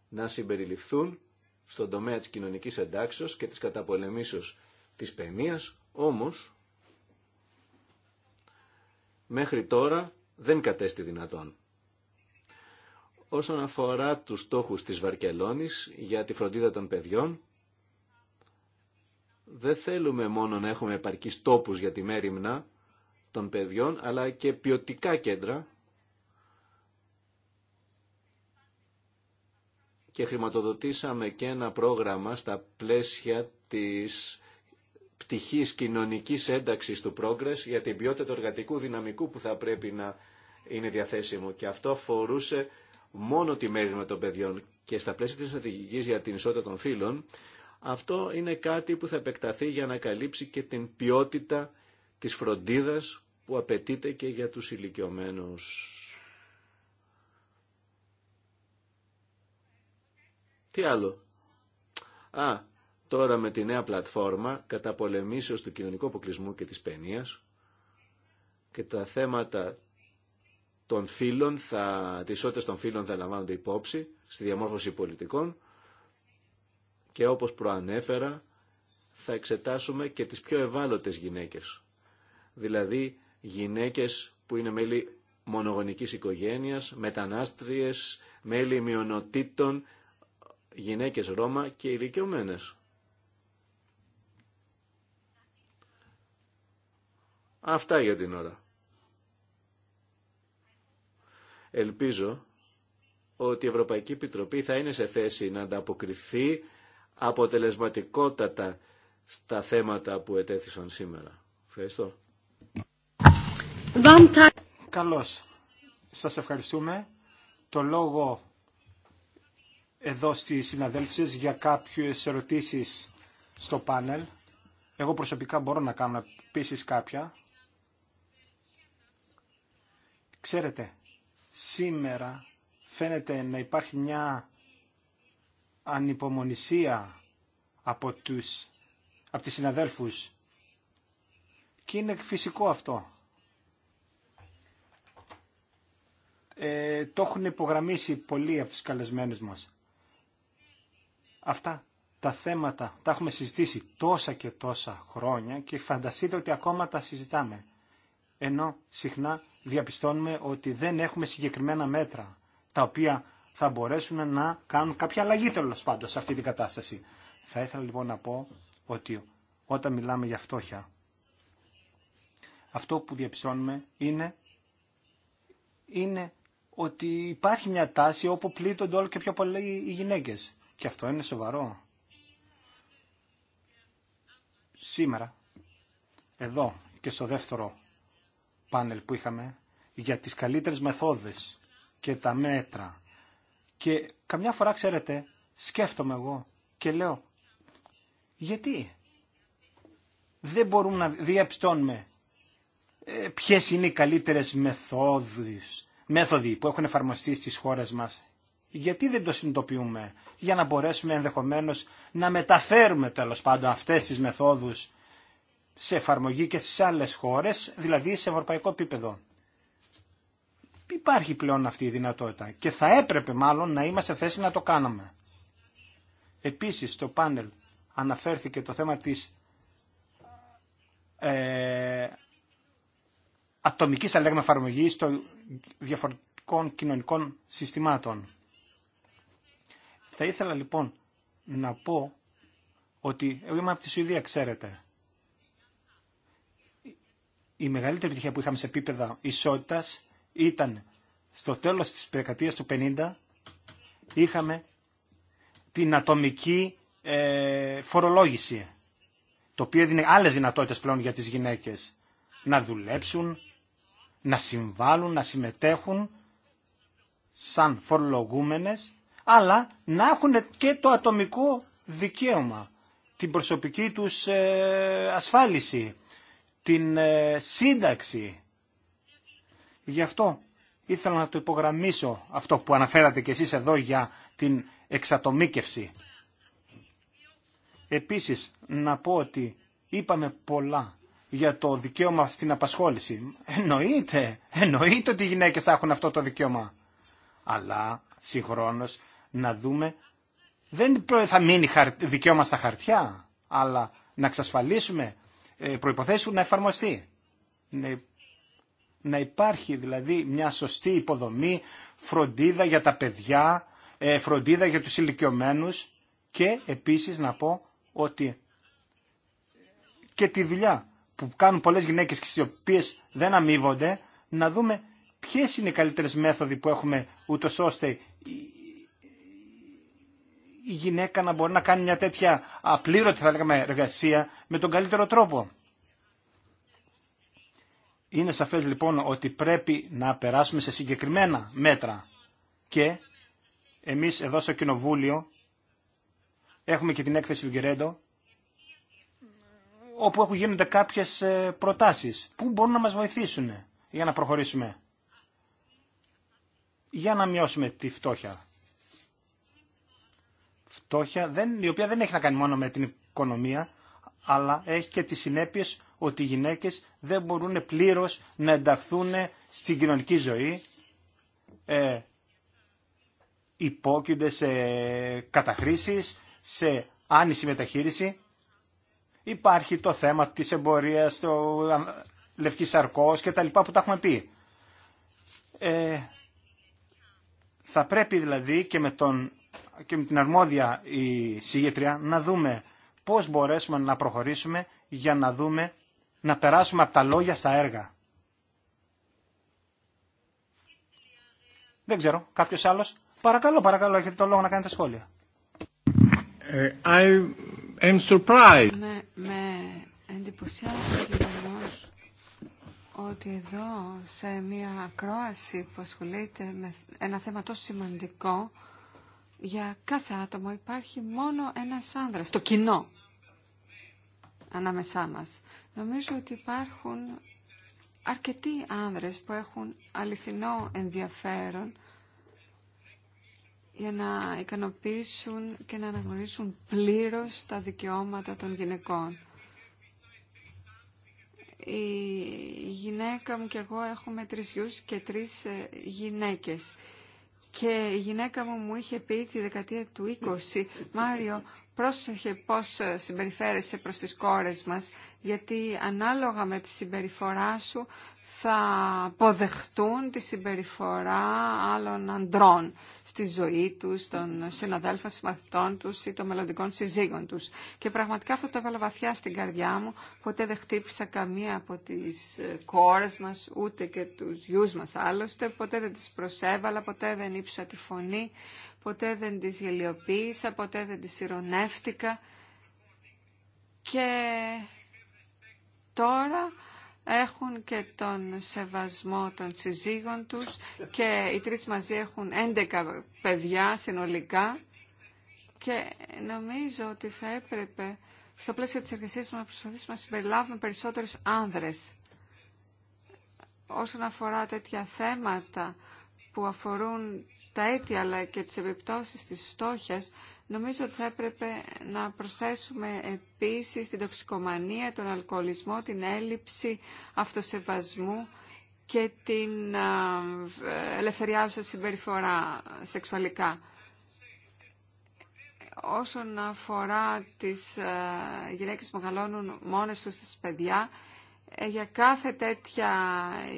να συμπεριληφθούν στον τομέα της κοινωνικής εντάξεως και της καταπολεμήσεως της παινίας, όμως μέχρι τώρα δεν κατέστη δυνατόν. Όσον αφορά τους στόχους της Βαρκελόνης για τη φροντίδα των παιδιών, δεν θέλουμε μόνο να έχουμε επαρκείς τόπους για τη μέρημνα των παιδιών, αλλά και ποιοτικά κέντρα και χρηματοδοτήσαμε και ένα πρόγραμμα στα πλαίσια της πτυχής κοινωνικής ένταξης του Progress για την ποιότητα του εργατικού δυναμικού που θα πρέπει να είναι διαθέσιμο. Και αυτό αφορούσε μόνο τη μέρημνα των παιδιών. Και στα πλαίσια της στρατηγικής για την ισότητα των φύλων, αυτό είναι κάτι που θα επεκταθεί για να καλύψει και την ποιότητα της φροντίδας που απαιτείται και για τους ηλικιωμένους. Τι άλλο. Α, τώρα με τη νέα πλατφόρμα κατά πολεμήσεως του κοινωνικού αποκλεισμού και της παινίας και τα θέματα των φίλων θα, των φίλων θα λαμβάνονται υπόψη στη διαμόρφωση πολιτικών και όπως προανέφερα θα εξετάσουμε και τις πιο ευάλωτες γυναίκες. Δηλαδή γυναίκες που είναι μέλη μονογονικής οικογένειας, μετανάστριες, μέλη μειονοτήτων, γυναίκες Ρώμα και ηλικιωμένε. Αυτά για την ώρα. Ελπίζω ότι η Ευρωπαϊκή Επιτροπή θα είναι σε θέση να ανταποκριθεί αποτελεσματικότατα στα θέματα που ετέθησαν σήμερα. Ευχαριστώ. Καλώς. Σας ευχαριστούμε. Το λόγο εδώ στις συναδέλφες για κάποιες ερωτήσεις στο πάνελ. Εγώ προσωπικά μπορώ να κάνω επίσης κάποια. Ξέρετε, σήμερα φαίνεται να υπάρχει μια ανυπομονησία από τους από τις συναδέλφους και είναι φυσικό αυτό. Ε, το έχουν υπογραμμίσει πολλοί από τους καλεσμένους μας. Αυτά τα θέματα τα έχουμε συζητήσει τόσα και τόσα χρόνια και φανταστείτε ότι ακόμα τα συζητάμε. Ενώ συχνά διαπιστώνουμε ότι δεν έχουμε συγκεκριμένα μέτρα τα οποία θα μπορέσουν να κάνουν κάποια αλλαγή τέλο πάντων σε αυτή την κατάσταση. Θα ήθελα λοιπόν να πω ότι όταν μιλάμε για φτώχεια, αυτό που διαπιστώνουμε είναι, είναι ότι υπάρχει μια τάση όπου πλήττονται όλο και πιο πολλοί οι γυναίκες. Και αυτό είναι σοβαρό. Σήμερα, εδώ και στο δεύτερο πάνελ που είχαμε, για τις καλύτερες μεθόδες και τα μέτρα και καμιά φορά, ξέρετε, σκέφτομαι εγώ και λέω, γιατί δεν μπορούμε να διαπιστώνουμε ε, ποιες είναι οι καλύτερες μεθόδους, μέθοδοι που έχουν εφαρμοστεί στις χώρες μας. Γιατί δεν το συνειδητοποιούμε, για να μπορέσουμε ενδεχομένως να μεταφέρουμε τέλος πάντων αυτές τις μεθόδους σε εφαρμογή και στις άλλες χώρες, δηλαδή σε ευρωπαϊκό επίπεδο. Υπάρχει πλέον αυτή η δυνατότητα και θα έπρεπε μάλλον να είμαστε θέση να το κάναμε. Επίσης στο πάνελ αναφέρθηκε το θέμα της ε, ατομικής αλέγμα εφαρμογή των διαφορετικών κοινωνικών συστημάτων. Θα ήθελα λοιπόν να πω ότι εγώ είμαι από τη Σουηδία, ξέρετε. Η μεγαλύτερη επιτυχία που είχαμε σε επίπεδα ισότητας ήταν στο τέλος της περκατίας του 50 είχαμε την ατομική ε, φορολόγηση το οποίο έδινε άλλες δυνατότητες πλέον για τις γυναίκες να δουλέψουν, να συμβάλλουν, να συμμετέχουν σαν φορολογούμενες αλλά να έχουν και το ατομικό δικαίωμα, την προσωπική τους ε, ασφάλιση, την ε, σύνταξη Γι' αυτό ήθελα να το υπογραμμίσω αυτό που αναφέρατε κι εσείς εδώ για την εξατομίκευση. Επίσης, να πω ότι είπαμε πολλά για το δικαίωμα στην απασχόληση. Εννοείται, εννοείται ότι οι γυναίκες θα έχουν αυτό το δικαίωμα. Αλλά, συγχρόνως, να δούμε, δεν θα μείνει δικαίωμα στα χαρτιά, αλλά να εξασφαλίσουμε ε, προϋποθέσεις να εφαρμοστεί να υπάρχει δηλαδή μια σωστή υποδομή, φροντίδα για τα παιδιά, ε, φροντίδα για τους ηλικιωμένους και επίσης να πω ότι και τη δουλειά που κάνουν πολλές γυναίκες και στις οποίες δεν αμείβονται, να δούμε ποιες είναι οι καλύτερες μέθοδοι που έχουμε ούτω ώστε η γυναίκα να μπορεί να κάνει μια τέτοια απλήρωτη θα λέγαμε εργασία με τον καλύτερο τρόπο. Είναι σαφές λοιπόν ότι πρέπει να περάσουμε σε συγκεκριμένα μέτρα και εμείς εδώ στο Κοινοβούλιο έχουμε και την έκθεση Βιγκερέντο όπου έχουν γίνονται κάποιες ε, προτάσεις που μπορούν να μας βοηθήσουν για να προχωρήσουμε για να μειώσουμε τη φτώχεια. Φτώχεια δεν, η οποία δεν έχει να κάνει μόνο με την οικονομία αλλά έχει και τις συνέπειες ότι οι γυναίκες δεν μπορούν πλήρως να ενταχθούν στην κοινωνική ζωή, ε, υπόκεινται σε καταχρήσεις, σε άνηση μεταχείριση. Υπάρχει το θέμα της εμπορίας, το λευκής σαρκός και τα λοιπά που τα έχουμε πει. Ε, θα πρέπει δηλαδή και με, τον, και με την αρμόδια η συγγετρία να δούμε πώς μπορέσουμε να προχωρήσουμε για να δούμε, να περάσουμε από τα λόγια στα έργα. Δεν ξέρω, κάποιος άλλος. Παρακαλώ, παρακαλώ, έχετε το λόγο να κάνετε σχόλια. Ε, I am surprised. Με, εντυπωσιάζει ότι εδώ σε μια ακρόαση που ασχολείται με ένα θέμα τόσο σημαντικό για κάθε άτομο υπάρχει μόνο ένας άνδρας, το κοινό, ανάμεσά μας. Νομίζω ότι υπάρχουν αρκετοί άνδρες που έχουν αληθινό ενδιαφέρον για να ικανοποιήσουν και να αναγνωρίσουν πλήρως τα δικαιώματα των γυναικών. Η γυναίκα μου και εγώ έχουμε τρεις γιους και τρεις ε, γυναίκες. Και η γυναίκα μου μου είχε πει τη δεκαετία του 20, Μάριο, πρόσεχε πώς ε, συμπεριφέρεσαι προς τις κόρες μας, γιατί ανάλογα με τη συμπεριφορά σου θα αποδεχτούν τη συμπεριφορά άλλων αντρών στη ζωή τους, των συναδέλφων, συμμαθητών τους ή των μελλοντικών συζύγων τους. Και πραγματικά αυτό το έβαλα βαθιά στην καρδιά μου. Ποτέ δεν χτύπησα καμία από τις ε, κόρες μας, ούτε και τους γιους μας άλλωστε. Ποτέ δεν τις προσέβαλα, ποτέ δεν ύψα τη φωνή ποτέ δεν τις γελιοποίησα, ποτέ δεν τις ηρωνεύτηκα και τώρα έχουν και τον σεβασμό των συζύγων τους και οι τρεις μαζί έχουν 11 παιδιά συνολικά και νομίζω ότι θα έπρεπε στο πλαίσιο της εργασίας μας να προσπαθήσουμε να συμπεριλάβουμε περισσότερους άνδρες όσον αφορά τέτοια θέματα που αφορούν τα αίτια αλλά και τις επιπτώσεις της φτώχειας, νομίζω ότι θα έπρεπε να προσθέσουμε επίσης την τοξικομανία, τον αλκοολισμό, την έλλειψη αυτοσεβασμού και την ε, ελευθεριάζουσα συμπεριφορά σεξουαλικά. Όσον αφορά τις ε, γυναίκες που μεγαλώνουν μόνες τους τις παιδιά, ε, για κάθε τέτοια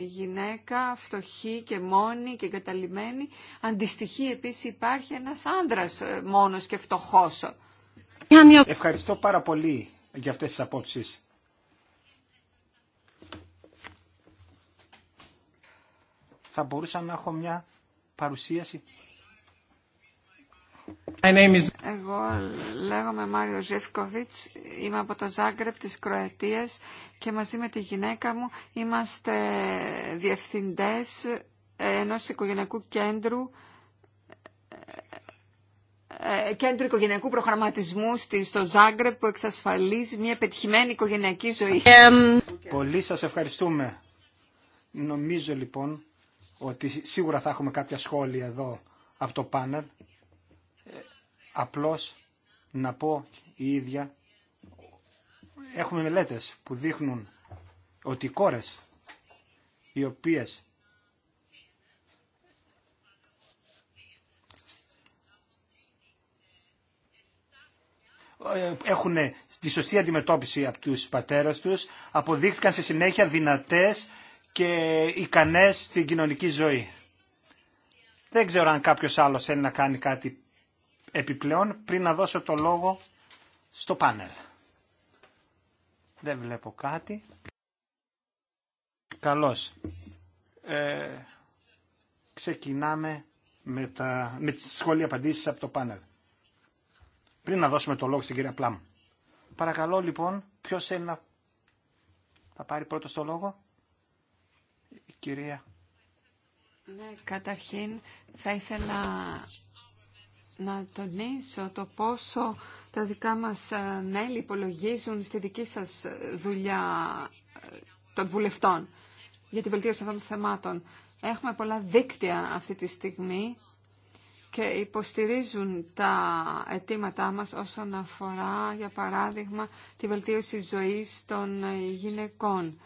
γυναίκα, φτωχή και μόνη και εγκαταλειμμένη, αντιστοιχεί επίσης υπάρχει ένας άντρας ε, μόνος και φτωχός. Ευχαριστώ πάρα πολύ για αυτές τις απόψεις. Θα μπορούσα να έχω μια παρουσίαση εγώ λέγομαι Μάριο Ζέφκοβιτ. είμαι από το Ζάγκρεπ της Κροατίας και μαζί με τη γυναίκα μου είμαστε διευθυντές ενός οικογενειακού κέντρου ε, ε, κέντρου οικογενειακού προγραμματισμού στο Ζάγκρεπ που εξασφαλίζει μια πετυχημένη οικογενειακή ζωή. Πολύ σας ευχαριστούμε. Νομίζω λοιπόν ότι σίγουρα θα έχουμε κάποια σχόλια εδώ από το πάνελ Απλώς να πω η ίδια, έχουμε μελέτες που δείχνουν ότι οι κόρες οι οποίες έχουν τη σωστή αντιμετώπιση από τους πατέρες τους, αποδείχθηκαν σε συνέχεια δυνατές και ικανές στην κοινωνική ζωή. Δεν ξέρω αν κάποιος άλλος θέλει να κάνει κάτι επιπλέον πριν να δώσω το λόγο στο πάνελ. Δεν βλέπω κάτι. Καλώς. Ε, ξεκινάμε με, τα, με τις σχόλια απαντήσεις από το πάνελ. Πριν να δώσουμε το λόγο στην κυρία Πλάμ. Παρακαλώ λοιπόν, ποιος θέλει να θα πάρει πρώτο το λόγο. Η κυρία. Ναι, καταρχήν θα ήθελα να τονίσω το πόσο τα δικά μας ε, μέλη υπολογίζουν στη δική σας ε, δουλειά ε, των βουλευτών για τη βελτίωση αυτών των θεμάτων. Έχουμε πολλά δίκτυα αυτή τη στιγμή και υποστηρίζουν τα αιτήματά μας όσον αφορά, για παράδειγμα, τη βελτίωση ζωής των γυναικών.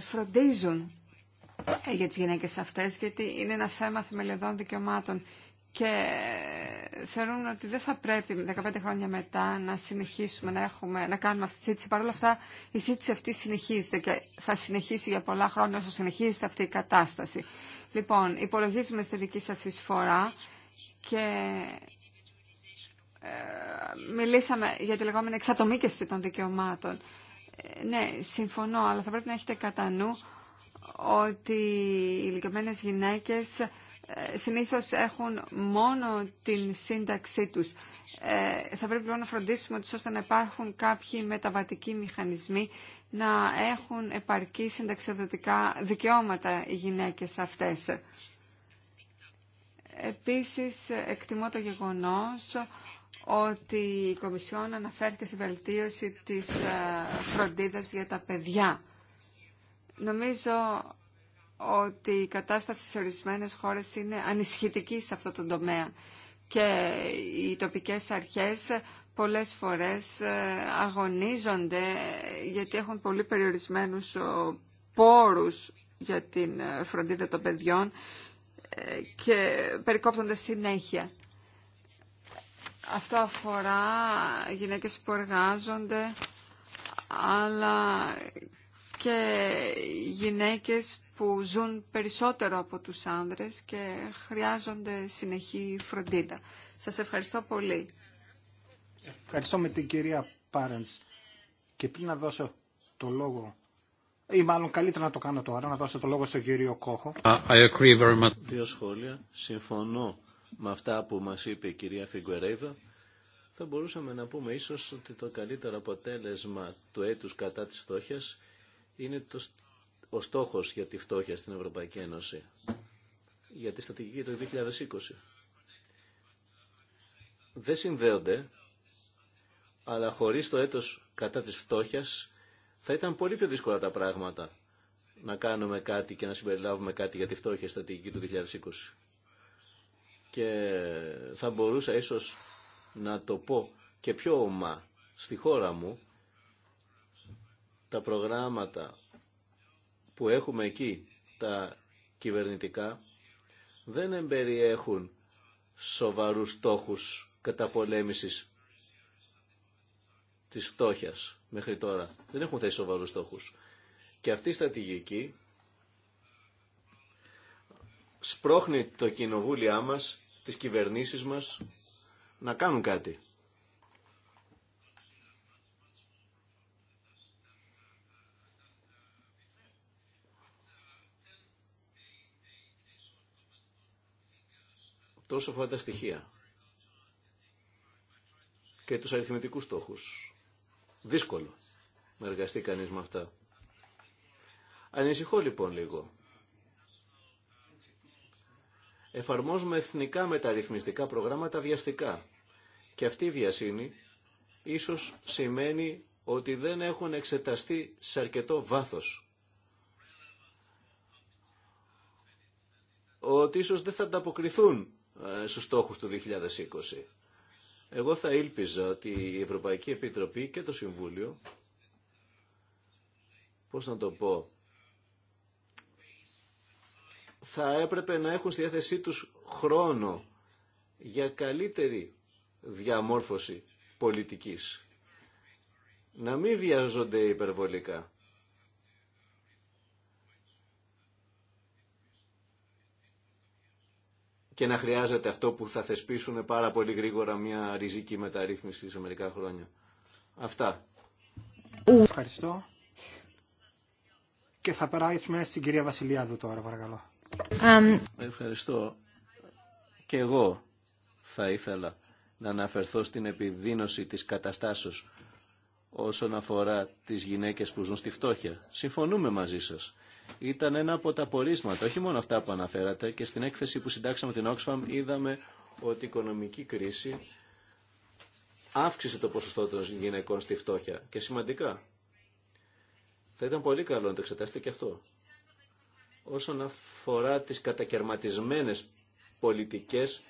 φροντίζουν για τις γυναίκες αυτές, γιατί είναι ένα θέμα θεμελιωδών δικαιωμάτων και θεωρούν ότι δεν θα πρέπει 15 χρόνια μετά να συνεχίσουμε να, έχουμε, να κάνουμε αυτή τη συζήτηση. Παρ' όλα αυτά η συζήτηση αυτή συνεχίζεται και θα συνεχίσει για πολλά χρόνια όσο συνεχίζεται αυτή η κατάσταση. Λοιπόν, υπολογίζουμε στη δική σας εισφορά και ε, μιλήσαμε για τη λεγόμενη εξατομίκευση των δικαιωμάτων. Ε, ναι, συμφωνώ, αλλά θα πρέπει να έχετε κατά νου ότι οι ηλικιωμένες γυναίκες συνήθως έχουν μόνο την σύνταξή τους. Ε, θα πρέπει λοιπόν να φροντίσουμε τους ώστε να υπάρχουν κάποιοι μεταβατικοί μηχανισμοί να έχουν επαρκή συνταξιοδοτικά δικαιώματα οι γυναίκες αυτές. Επίσης, εκτιμώ το γεγονός ότι η Κομισιόν αναφέρθηκε στη βελτίωση της ε, φροντίδας για τα παιδιά. Νομίζω ότι η κατάσταση σε ορισμένες χώρες είναι ανισχυτική σε αυτό το τομέα και οι τοπικές αρχές πολλές φορές ε, αγωνίζονται γιατί έχουν πολύ περιορισμένους πόρους για την ε, φροντίδα των παιδιών ε, και περικόπτονται συνέχεια. Αυτό αφορά γυναίκες που εργάζονται αλλά και γυναίκες που ζουν περισσότερο από τους άνδρες και χρειάζονται συνεχή φροντίδα. Σας ευχαριστώ πολύ. Ευχαριστώ με την κυρία Πάρενς. Και πριν να δώσω το λόγο, ή μάλλον καλύτερα να το κάνω τώρα, να δώσω το λόγο στον κύριο Κόχο. I agree very much. Δύο σχόλια. Συμφωνώ με αυτά που μας είπε η κυρία Φιγκουερέιδο. Θα μπορούσαμε να πούμε ίσως ότι το καλύτερο αποτέλεσμα του έτους κατά της φτώχειας είναι το ο στόχος για τη φτώχεια στην Ευρωπαϊκή Ένωση, για τη στρατηγική του 2020. Δεν συνδέονται, αλλά χωρίς το έτος κατά της φτώχειας θα ήταν πολύ πιο δύσκολα τα πράγματα να κάνουμε κάτι και να συμπεριλάβουμε κάτι για τη φτώχεια στρατηγική του 2020. Και θα μπορούσα ίσως να το πω και πιο ομά στη χώρα μου, τα προγράμματα που έχουμε εκεί τα κυβερνητικά δεν εμπεριέχουν σοβαρούς στόχους καταπολέμησης της φτώχειας μέχρι τώρα. Δεν έχουν θέσει σοβαρούς στόχους. Και αυτή η στρατηγική σπρώχνει το κοινοβούλια μας, τις κυβερνήσεις μας να κάνουν κάτι. τόσο αφορά και τους αριθμητικούς στόχους. Δύσκολο να εργαστεί κανείς με αυτά. Ανησυχώ λοιπόν λίγο. Εφαρμόζουμε εθνικά μεταρρυθμιστικά προγράμματα βιαστικά. Και αυτή η βιασύνη ίσως σημαίνει ότι δεν έχουν εξεταστεί σε αρκετό βάθος. Ότι ίσως δεν θα ανταποκριθούν ε, στους στόχους του 2020. Εγώ θα ήλπιζα ότι η Ευρωπαϊκή Επιτροπή και το Συμβούλιο, πώς να το πω, θα έπρεπε να έχουν στη διάθεσή τους χρόνο για καλύτερη διαμόρφωση πολιτικής. Να μην βιαζονται υπερβολικά. και να χρειάζεται αυτό που θα θεσπίσουν πάρα πολύ γρήγορα μια ριζική μεταρρύθμιση σε μερικά χρόνια. Αυτά. Ευχαριστώ. Και θα περάσουμε στην κυρία Βασιλιάδου τώρα, παρακαλώ. Ευχαριστώ. Και εγώ θα ήθελα να αναφερθώ στην επιδείνωση της καταστάσεως όσον αφορά τις γυναίκες που ζουν στη φτώχεια. Συμφωνούμε μαζί σας ήταν ένα από τα πορίσματα, όχι μόνο αυτά που αναφέρατε, και στην έκθεση που συντάξαμε την Oxfam είδαμε ότι η οικονομική κρίση αύξησε το ποσοστό των γυναικών στη φτώχεια και σημαντικά. Θα ήταν πολύ καλό να το εξετάσετε και αυτό. Όσον αφορά τις κατακαιρματισμένες πολιτικές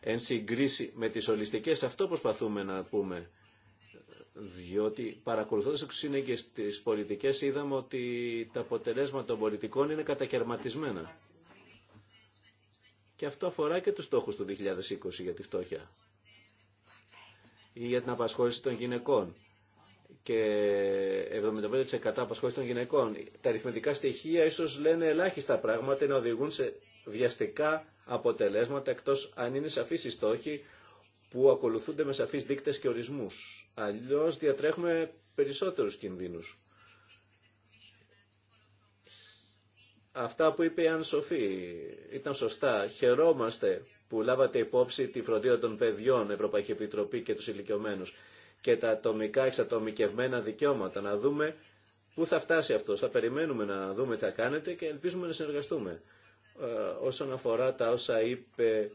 εν συγκρίση με τις ολιστικές, αυτό προσπαθούμε να πούμε διότι παρακολουθώντας εξουσύνεγγες τις πολιτικές είδαμε ότι τα αποτελέσματα των πολιτικών είναι κατακαιρματισμένα. Και αυτό αφορά και τους στόχους του 2020 για τη φτώχεια ή για την απασχόληση των γυναικών και 75% απασχόληση των γυναικών. Τα αριθμητικά στοιχεία ίσως λένε ελάχιστα πράγματα να οδηγούν σε βιαστικά αποτελέσματα εκτός αν είναι σαφείς οι στόχοι που ακολουθούνται με σαφείς δείκτες και ορισμούς. Αλλιώς διατρέχουμε περισσότερους κινδύνους. Αυτά που είπε η Αν Σοφή ήταν σωστά. Χαιρόμαστε που λάβατε υπόψη τη φροντίδα των παιδιών, Ευρωπαϊκή Επιτροπή και τους ηλικιωμένου και τα ατομικά εξατομικευμένα δικαιώματα. Να δούμε πού θα φτάσει αυτό. Θα περιμένουμε να δούμε τι θα κάνετε και ελπίζουμε να συνεργαστούμε. Ε, όσον αφορά τα όσα είπε,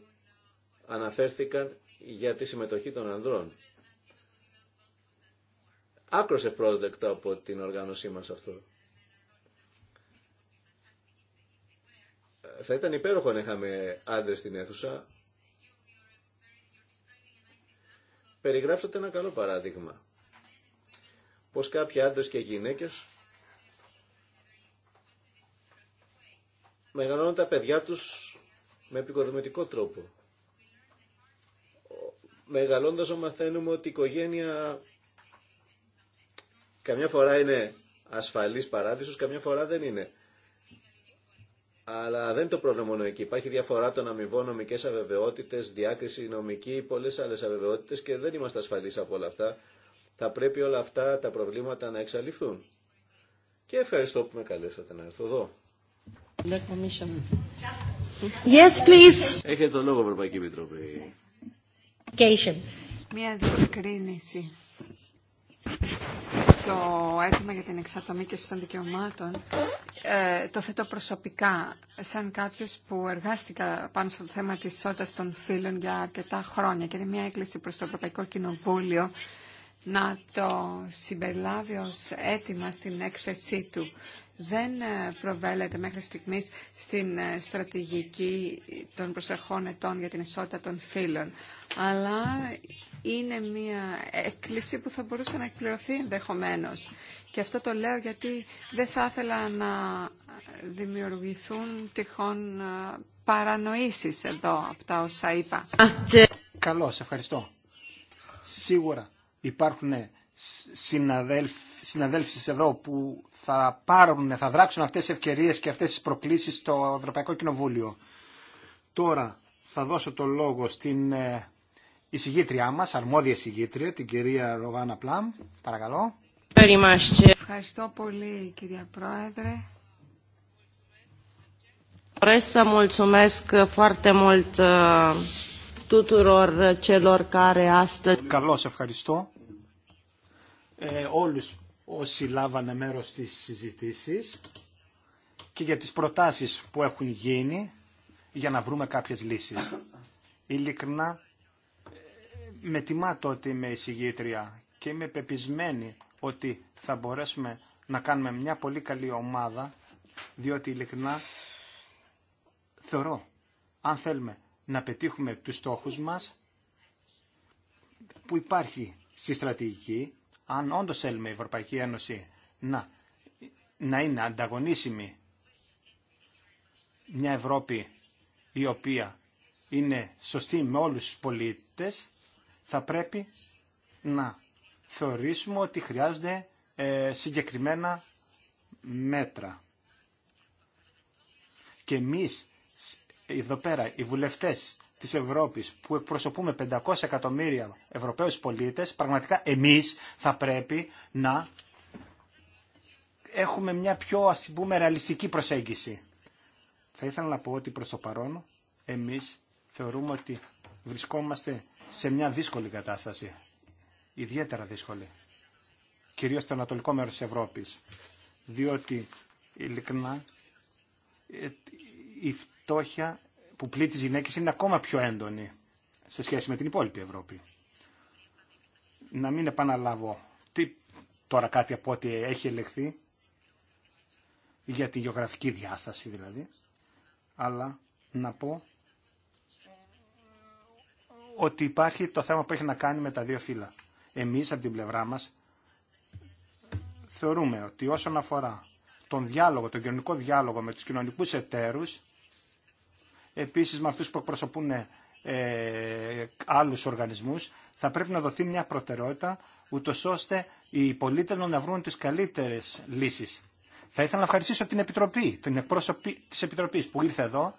αναφέρθηκαν για τη συμμετοχή των ανδρών. Άκρος ευπρόσδεκτο από την οργάνωσή μας αυτό. Θα ήταν υπέροχο να είχαμε άντρες στην αίθουσα. Περιγράψατε ένα καλό παράδειγμα. Πως κάποιοι άντρες και γυναίκες μεγαλώνουν τα παιδιά τους με επικοδομητικό τρόπο μεγαλώντας μαθαίνουμε ότι η οικογένεια καμιά φορά είναι ασφαλής παράδεισος, καμιά φορά δεν είναι. Αλλά δεν είναι το πρόβλημα μόνο εκεί. Υπάρχει διαφορά των αμοιβών, νομικές αβεβαιότητες, διάκριση νομική, πολλές άλλες αβεβαιότητες και δεν είμαστε ασφαλείς από όλα αυτά. Θα πρέπει όλα αυτά τα προβλήματα να εξαλειφθούν. Και ευχαριστώ που με καλέσατε να έρθω εδώ. Yes, please. Έχετε τον λόγο, Ευρωπαϊκή Επιτροπή. Μία διευκρίνηση. Το αίτημα για την εξατομίκευση των δικαιωμάτων ε, το θέτω προσωπικά σαν κάποιος που εργάστηκα πάνω στο θέμα της ισότητας των φίλων για αρκετά χρόνια και είναι μια έκκληση προς το Ευρωπαϊκό Κοινοβούλιο να το συμπεριλάβει ως αίτημα στην έκθεσή του δεν ε, προβάλλεται μέχρι στιγμής στην ε, στρατηγική των προσεχών ετών για την ισότητα των φύλων. Αλλά είναι μια έκκληση που θα μπορούσε να εκπληρωθεί ενδεχομένω. Και αυτό το λέω γιατί δεν θα ήθελα να δημιουργηθούν τυχόν ε, παρανοήσεις εδώ από τα όσα είπα. Καλώς, ευχαριστώ. Σίγουρα υπάρχουν συναδέλφ, συναδέλφεις εδώ που θα πάρουν, θα δράξουν αυτές τις ευκαιρίες και αυτές τις προκλήσεις στο Ευρωπαϊκό Κοινοβούλιο. Τώρα θα δώσω το λόγο στην ε, εισηγήτριά μας, αρμόδια εισηγήτρια, την κυρία Ροβάνα Πλάμ. Παρακαλώ. Ευχαριστώ πολύ κυρία Πρόεδρε. Doresc să mulțumesc foarte mult ε, tuturor celor care Καλώς ευχαριστώ ε, όλους όσοι λάβανε μέρος στις συζητήσεις και για τις προτάσεις που έχουν γίνει για να βρούμε κάποιες λύσεις. Ειλικρινά με τιμά το ότι είμαι εισηγήτρια και είμαι πεπισμένη ότι θα μπορέσουμε να κάνουμε μια πολύ καλή ομάδα διότι ειλικρινά θεωρώ αν θέλουμε να πετύχουμε τους στόχους μας που υπάρχει στη στρατηγική αν όντω θέλουμε η Ευρωπαϊκή Ένωση να, να είναι ανταγωνίσιμη μια Ευρώπη η οποία είναι σωστή με όλους τους πολίτες, θα πρέπει να θεωρήσουμε ότι χρειάζονται ε, συγκεκριμένα μέτρα. Και εμείς εδώ πέρα, οι βουλευτές της Ευρώπης που εκπροσωπούμε 500 εκατομμύρια Ευρωπαίους πολίτες, πραγματικά εμείς θα πρέπει να έχουμε μια πιο ας πούμε ρεαλιστική προσέγγιση. Θα ήθελα να πω ότι προς το παρόν εμείς θεωρούμε ότι βρισκόμαστε σε μια δύσκολη κατάσταση. Ιδιαίτερα δύσκολη. Κυρίως στο ανατολικό μέρος της Ευρώπης. Διότι ειλικρινά ε, η φτώχεια που πλήττει τις γυναίκες είναι ακόμα πιο έντονη σε σχέση με την υπόλοιπη Ευρώπη. Να μην επαναλάβω τι, τώρα κάτι από ό,τι έχει ελεγχθεί για τη γεωγραφική διάσταση δηλαδή, αλλά να πω ότι υπάρχει το θέμα που έχει να κάνει με τα δύο φύλλα. Εμείς από την πλευρά μας θεωρούμε ότι όσον αφορά τον διάλογο, τον κοινωνικό διάλογο με τους κοινωνικούς εταίρους, επίσης με αυτούς που εκπροσωπούν ε, άλλους οργανισμούς, θα πρέπει να δοθεί μια προτεραιότητα, ούτω ώστε οι πολίτες να βρουν τις καλύτερες λύσεις. Θα ήθελα να ευχαριστήσω την Επιτροπή, την εκπρόσωπη της Επιτροπής που ήρθε εδώ,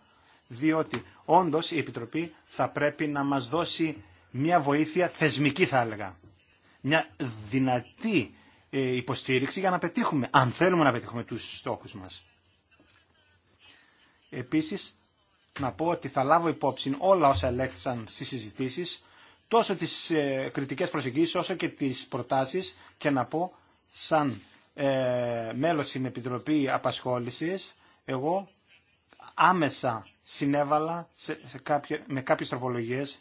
διότι όντως η Επιτροπή θα πρέπει να μας δώσει μια βοήθεια θεσμική θα έλεγα. Μια δυνατή ε, υποστήριξη για να πετύχουμε, αν θέλουμε να πετύχουμε τους στόχους μας. Επίσης, να πω ότι θα λάβω υπόψη όλα όσα ελέγχθησαν στι συζητήσεις, τόσο τις ε, κριτικές προσεγγίσεις όσο και τις προτάσεις και να πω σαν ε, μέλος στην Επιτροπή Απασχόλησης, εγώ άμεσα συνέβαλα σε, με κάποιες τροπολογίες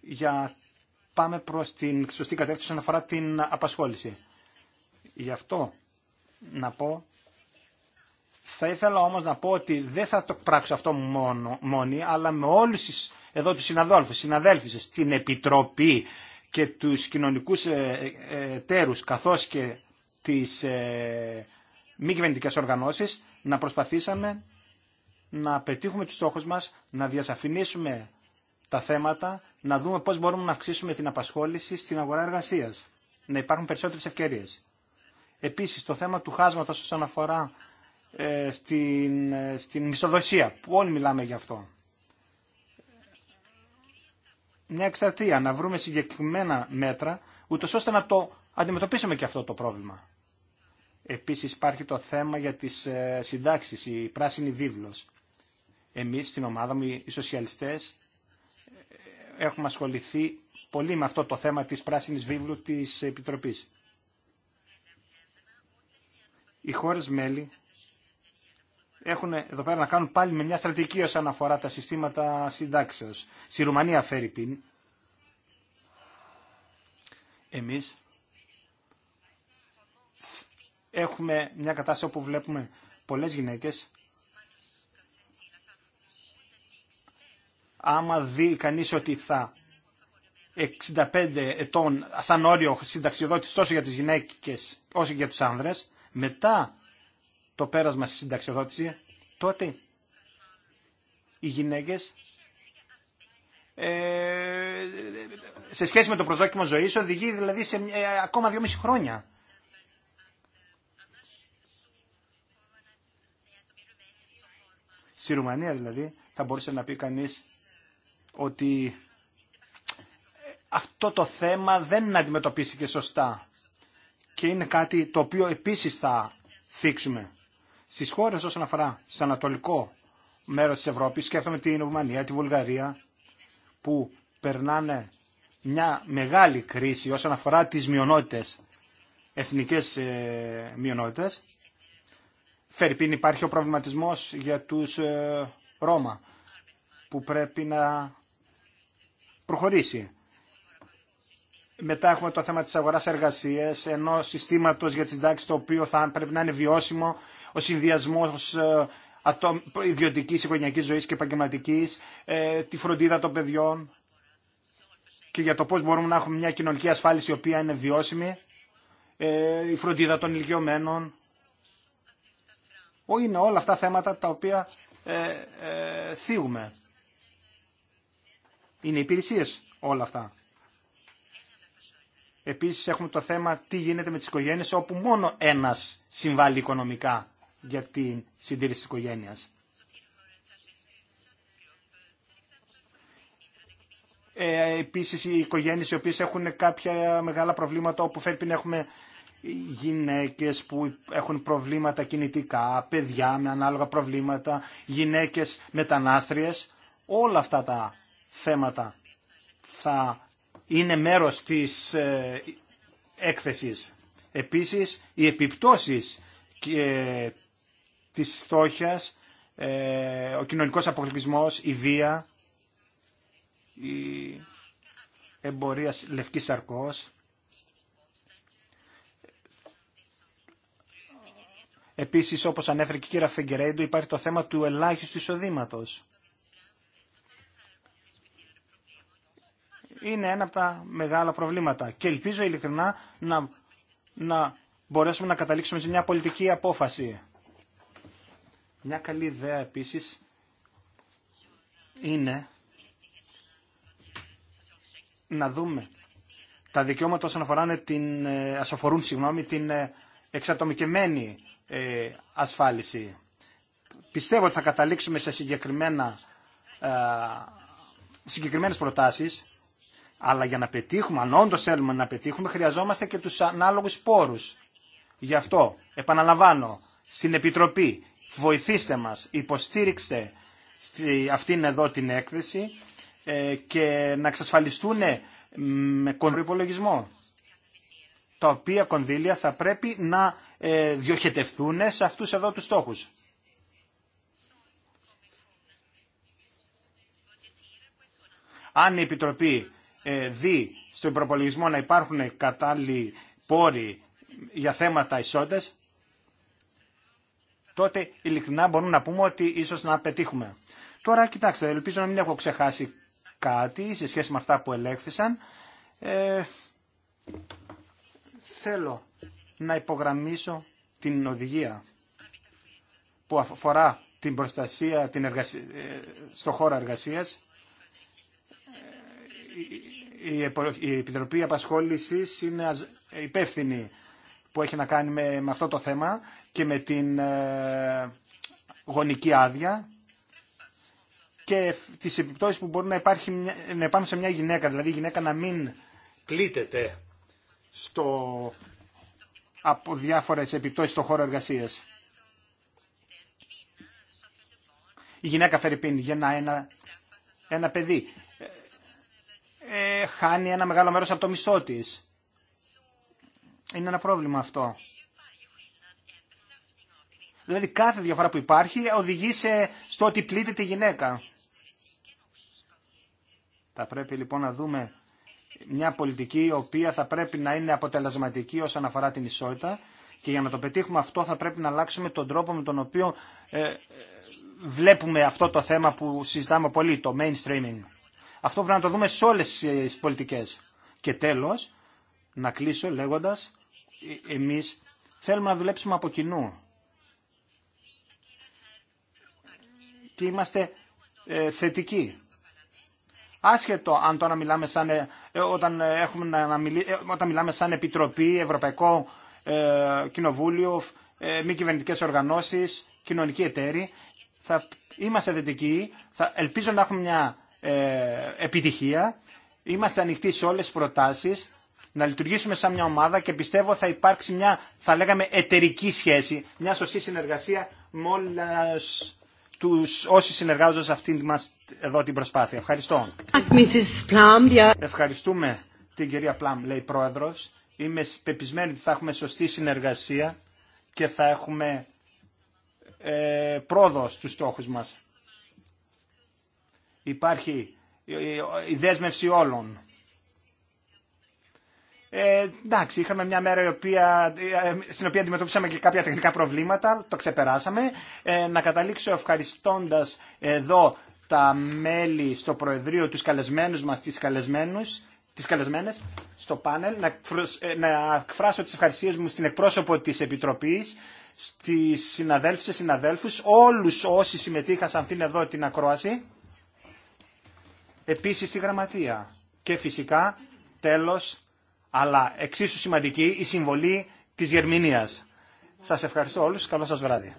για πάμε προς την σωστή κατεύθυνση όσον αφορά την απασχόληση. Γι' αυτό να πω θα ήθελα όμως να πω ότι δεν θα το πράξω αυτό μόνο, μόνοι, αλλά με όλους εδώ τους συναδόλφους, συναδέλφους, στην Επιτροπή και τους κοινωνικούς ε, ε, τέρους, καθώς και τις ε, μη κυβερνητικέ οργανώσεις, να προσπαθήσαμε να πετύχουμε τους στόχους μας, να διασαφηνίσουμε τα θέματα, να δούμε πώς μπορούμε να αυξήσουμε την απασχόληση στην αγορά εργασίας, να υπάρχουν περισσότερες ευκαιρίες. Επίσης, το θέμα του χάσματος όσον αφορά ε, στην, ε, στην μισοδοσία, που όλοι μιλάμε γι' αυτό. Μια εξαρτία, να βρούμε συγκεκριμένα μέτρα, ούτως ώστε να το αντιμετωπίσουμε και αυτό το πρόβλημα. Επίσης υπάρχει το θέμα για τις ε, συντάξεις, η πράσινη βίβλος. Εμείς στην ομάδα μου, οι σοσιαλιστές, έχουμε ασχοληθεί πολύ με αυτό το θέμα της πράσινης βίβλου της Επιτροπής. Οι χώρες μέλη έχουν εδώ πέρα να κάνουν πάλι με μια στρατηγική όσον αφορά τα συστήματα συντάξεως. Στη Ρουμανία φέρει πίν. Εμείς έχουμε μια κατάσταση όπου βλέπουμε πολλές γυναίκες άμα δει κανείς ότι θα 65 ετών σαν όριο συνταξιοδότης τόσο για τις γυναίκες όσο και για τους άνδρες μετά το πέρασμα στη συνταξιοδότηση, τότε οι γυναίκες ε, σε σχέση με το προσδόκιμο ζωής οδηγεί δηλαδή σε ε, ακόμα μισή χρόνια. Στη Ρουμανία δηλαδή θα μπορούσε να πει κανείς ότι ε, αυτό το θέμα δεν αντιμετωπίστηκε σωστά και είναι κάτι το οποίο επίσης θα θίξουμε. Στι χώρε όσον αφορά στο ανατολικό μέρος της Ευρώπης, σκέφτομαι την Ρουμανία, τη Βουλγαρία, που περνάνε μια μεγάλη κρίση όσον αφορά τις μειονότητε, εθνικές ε, Φέρει Φερρυπίν υπάρχει ο προβληματισμός για τους ε, Ρώμα, που πρέπει να προχωρήσει. Μετά έχουμε το θέμα της αγοράς εργασία, ενό συστήματο για τι συντάξει το οποίο θα πρέπει να είναι βιώσιμο, ο συνδυασμός ε, ιδιωτική οικογενειακής ζωής και επαγγελματική, ε, τη φροντίδα των παιδιών και για το πώς μπορούμε να έχουμε μια κοινωνική ασφάλιση η οποία είναι βιώσιμη, ε, η φροντίδα των ηλικιωμένων. Είναι όλα αυτά θέματα τα οποία θίγουμε. Είναι υπηρεσίε όλα αυτά. Επίσης έχουμε το θέμα τι γίνεται με τις οικογένειε, όπου μόνο ένας συμβάλλει οικονομικά για την συντήρηση τη οικογένειας. Ε, επίσης οι οικογένειες οι οποίες έχουν κάποια μεγάλα προβλήματα όπου φέρνει να έχουμε γυναίκες που έχουν προβλήματα κινητικά, παιδιά με ανάλογα προβλήματα, γυναίκες μετανάστριες. Όλα αυτά τα θέματα θα είναι μέρος της ε, έκθεσης. Επίσης, οι επιπτώσεις ε, της φτώχειας, ε, ο κοινωνικός αποκλεισμός, η βία, η εμπορία λευκής σαρκός. Επίσης, όπως ανέφερε και η κυρία υπάρχει το θέμα του ελάχιστου εισοδήματος. είναι ένα από τα μεγάλα προβλήματα. Και ελπίζω ειλικρινά να, να μπορέσουμε να καταλήξουμε σε μια πολιτική απόφαση. Μια καλή ιδέα επίσης είναι να δούμε τα δικαιώματα όσον αφορά την, ε, ας αφορούν την ε, εξατομικεμένη ε, ασφάλιση. Πιστεύω ότι θα καταλήξουμε σε συγκεκριμένα, συγκεκριμένες προτάσεις αλλά για να πετύχουμε, αν όντω θέλουμε να πετύχουμε, χρειαζόμαστε και τους ανάλογους πόρους. Γι' αυτό, επαναλαμβάνω, στην Επιτροπή, βοηθήστε μας, υποστήριξτε στη, αυτήν εδώ την έκθεση ε, και να εξασφαλιστούν ε, με υπολογισμό Τα οποία κονδύλια θα πρέπει να ε, σε αυτούς εδώ τους στόχους. Αν η Επιτροπή ε, δει στον προπολογισμό να υπάρχουν κατάλληλοι πόροι για θέματα ισότητας, τότε ειλικρινά μπορούμε να πούμε ότι ίσως να πετύχουμε. Τώρα κοιτάξτε, ελπίζω να μην έχω ξεχάσει κάτι σε σχέση με αυτά που ελέγχθησαν. Ε, θέλω να υπογραμμίσω την οδηγία που αφορά την προστασία την εργασία, ε, στο χώρο εργασίας η Επιτροπή Απασχόλησης είναι υπεύθυνη που έχει να κάνει με, αυτό το θέμα και με την ε, γονική άδεια και τις επιπτώσεις που μπορεί να, υπάρχει, να υπάρχουν σε μια γυναίκα. Δηλαδή η γυναίκα να μην πλήτεται στο, από διάφορες επιπτώσεις στο χώρο εργασίας. Η γυναίκα φέρει πίνη, για ένα, ένα παιδί. Ε, χάνει ένα μεγάλο μέρος από το μισό της. Είναι ένα πρόβλημα αυτό. Δηλαδή κάθε διαφορά που υπάρχει οδηγεί σε, στο ότι πλήττεται η γυναίκα. Θα πρέπει λοιπόν να δούμε μια πολιτική η οποία θα πρέπει να είναι αποτελεσματική όσον αφορά την ισότητα και για να το πετύχουμε αυτό θα πρέπει να αλλάξουμε τον τρόπο με τον οποίο ε, ε, βλέπουμε αυτό το θέμα που συζητάμε πολύ, το mainstreaming. Αυτό πρέπει να το δούμε σε όλε τι πολιτικές. Και τέλος, να κλείσω λέγοντας, ε, εμείς θέλουμε να δουλέψουμε από κοινού. Και είμαστε ε, θετικοί. Άσχετο αν τώρα μιλάμε σαν, ε, όταν, έχουμε να μιλάμε σαν Επιτροπή, Ευρωπαϊκό Κοινοβούλιο, μη κυβερνητικέ οργανώσεις, κοινωνική εταίροι, θα είμαστε θετικοί, θα ελπίζω να έχουμε μια ε, επιτυχία. Είμαστε ανοιχτοί σε όλες τις προτάσεις, να λειτουργήσουμε σαν μια ομάδα και πιστεύω θα υπάρξει μια, θα λέγαμε, εταιρική σχέση, μια σωστή συνεργασία με όλες τους όσοι συνεργάζονται σε αυτήν μας εδώ την προσπάθεια. Ευχαριστώ. Ευχαριστούμε την κυρία Πλάμ, λέει πρόεδρος. Είμαι πεπισμένη ότι θα έχουμε σωστή συνεργασία και θα έχουμε ε, πρόοδο στους στόχους μας υπάρχει ε, ε, η δέσμευση όλων. Ε, εντάξει, είχαμε μια μέρα η οποία, ε, στην οποία αντιμετωπίσαμε και κάποια τεχνικά προβλήματα, το ξεπεράσαμε. να καταλήξω ευχαριστώντας εδώ τα μέλη στο Προεδρείο, τους καλεσμένους μας, τις καλεσμένους, τις καλεσμένες στο πάνελ, να, να εκφράσω τις ευχαρισίες μου στην εκπρόσωπο της Επιτροπής, στις συναδέλφους και συναδέλφους, όλους όσοι συμμετείχαν σε αυτήν εδώ την ακρόαση επίσης στη γραμματεία. Και φυσικά, τέλος, αλλά εξίσου σημαντική, η συμβολή της Γερμηνίας. Σας ευχαριστώ όλους. Καλό σας βράδυ.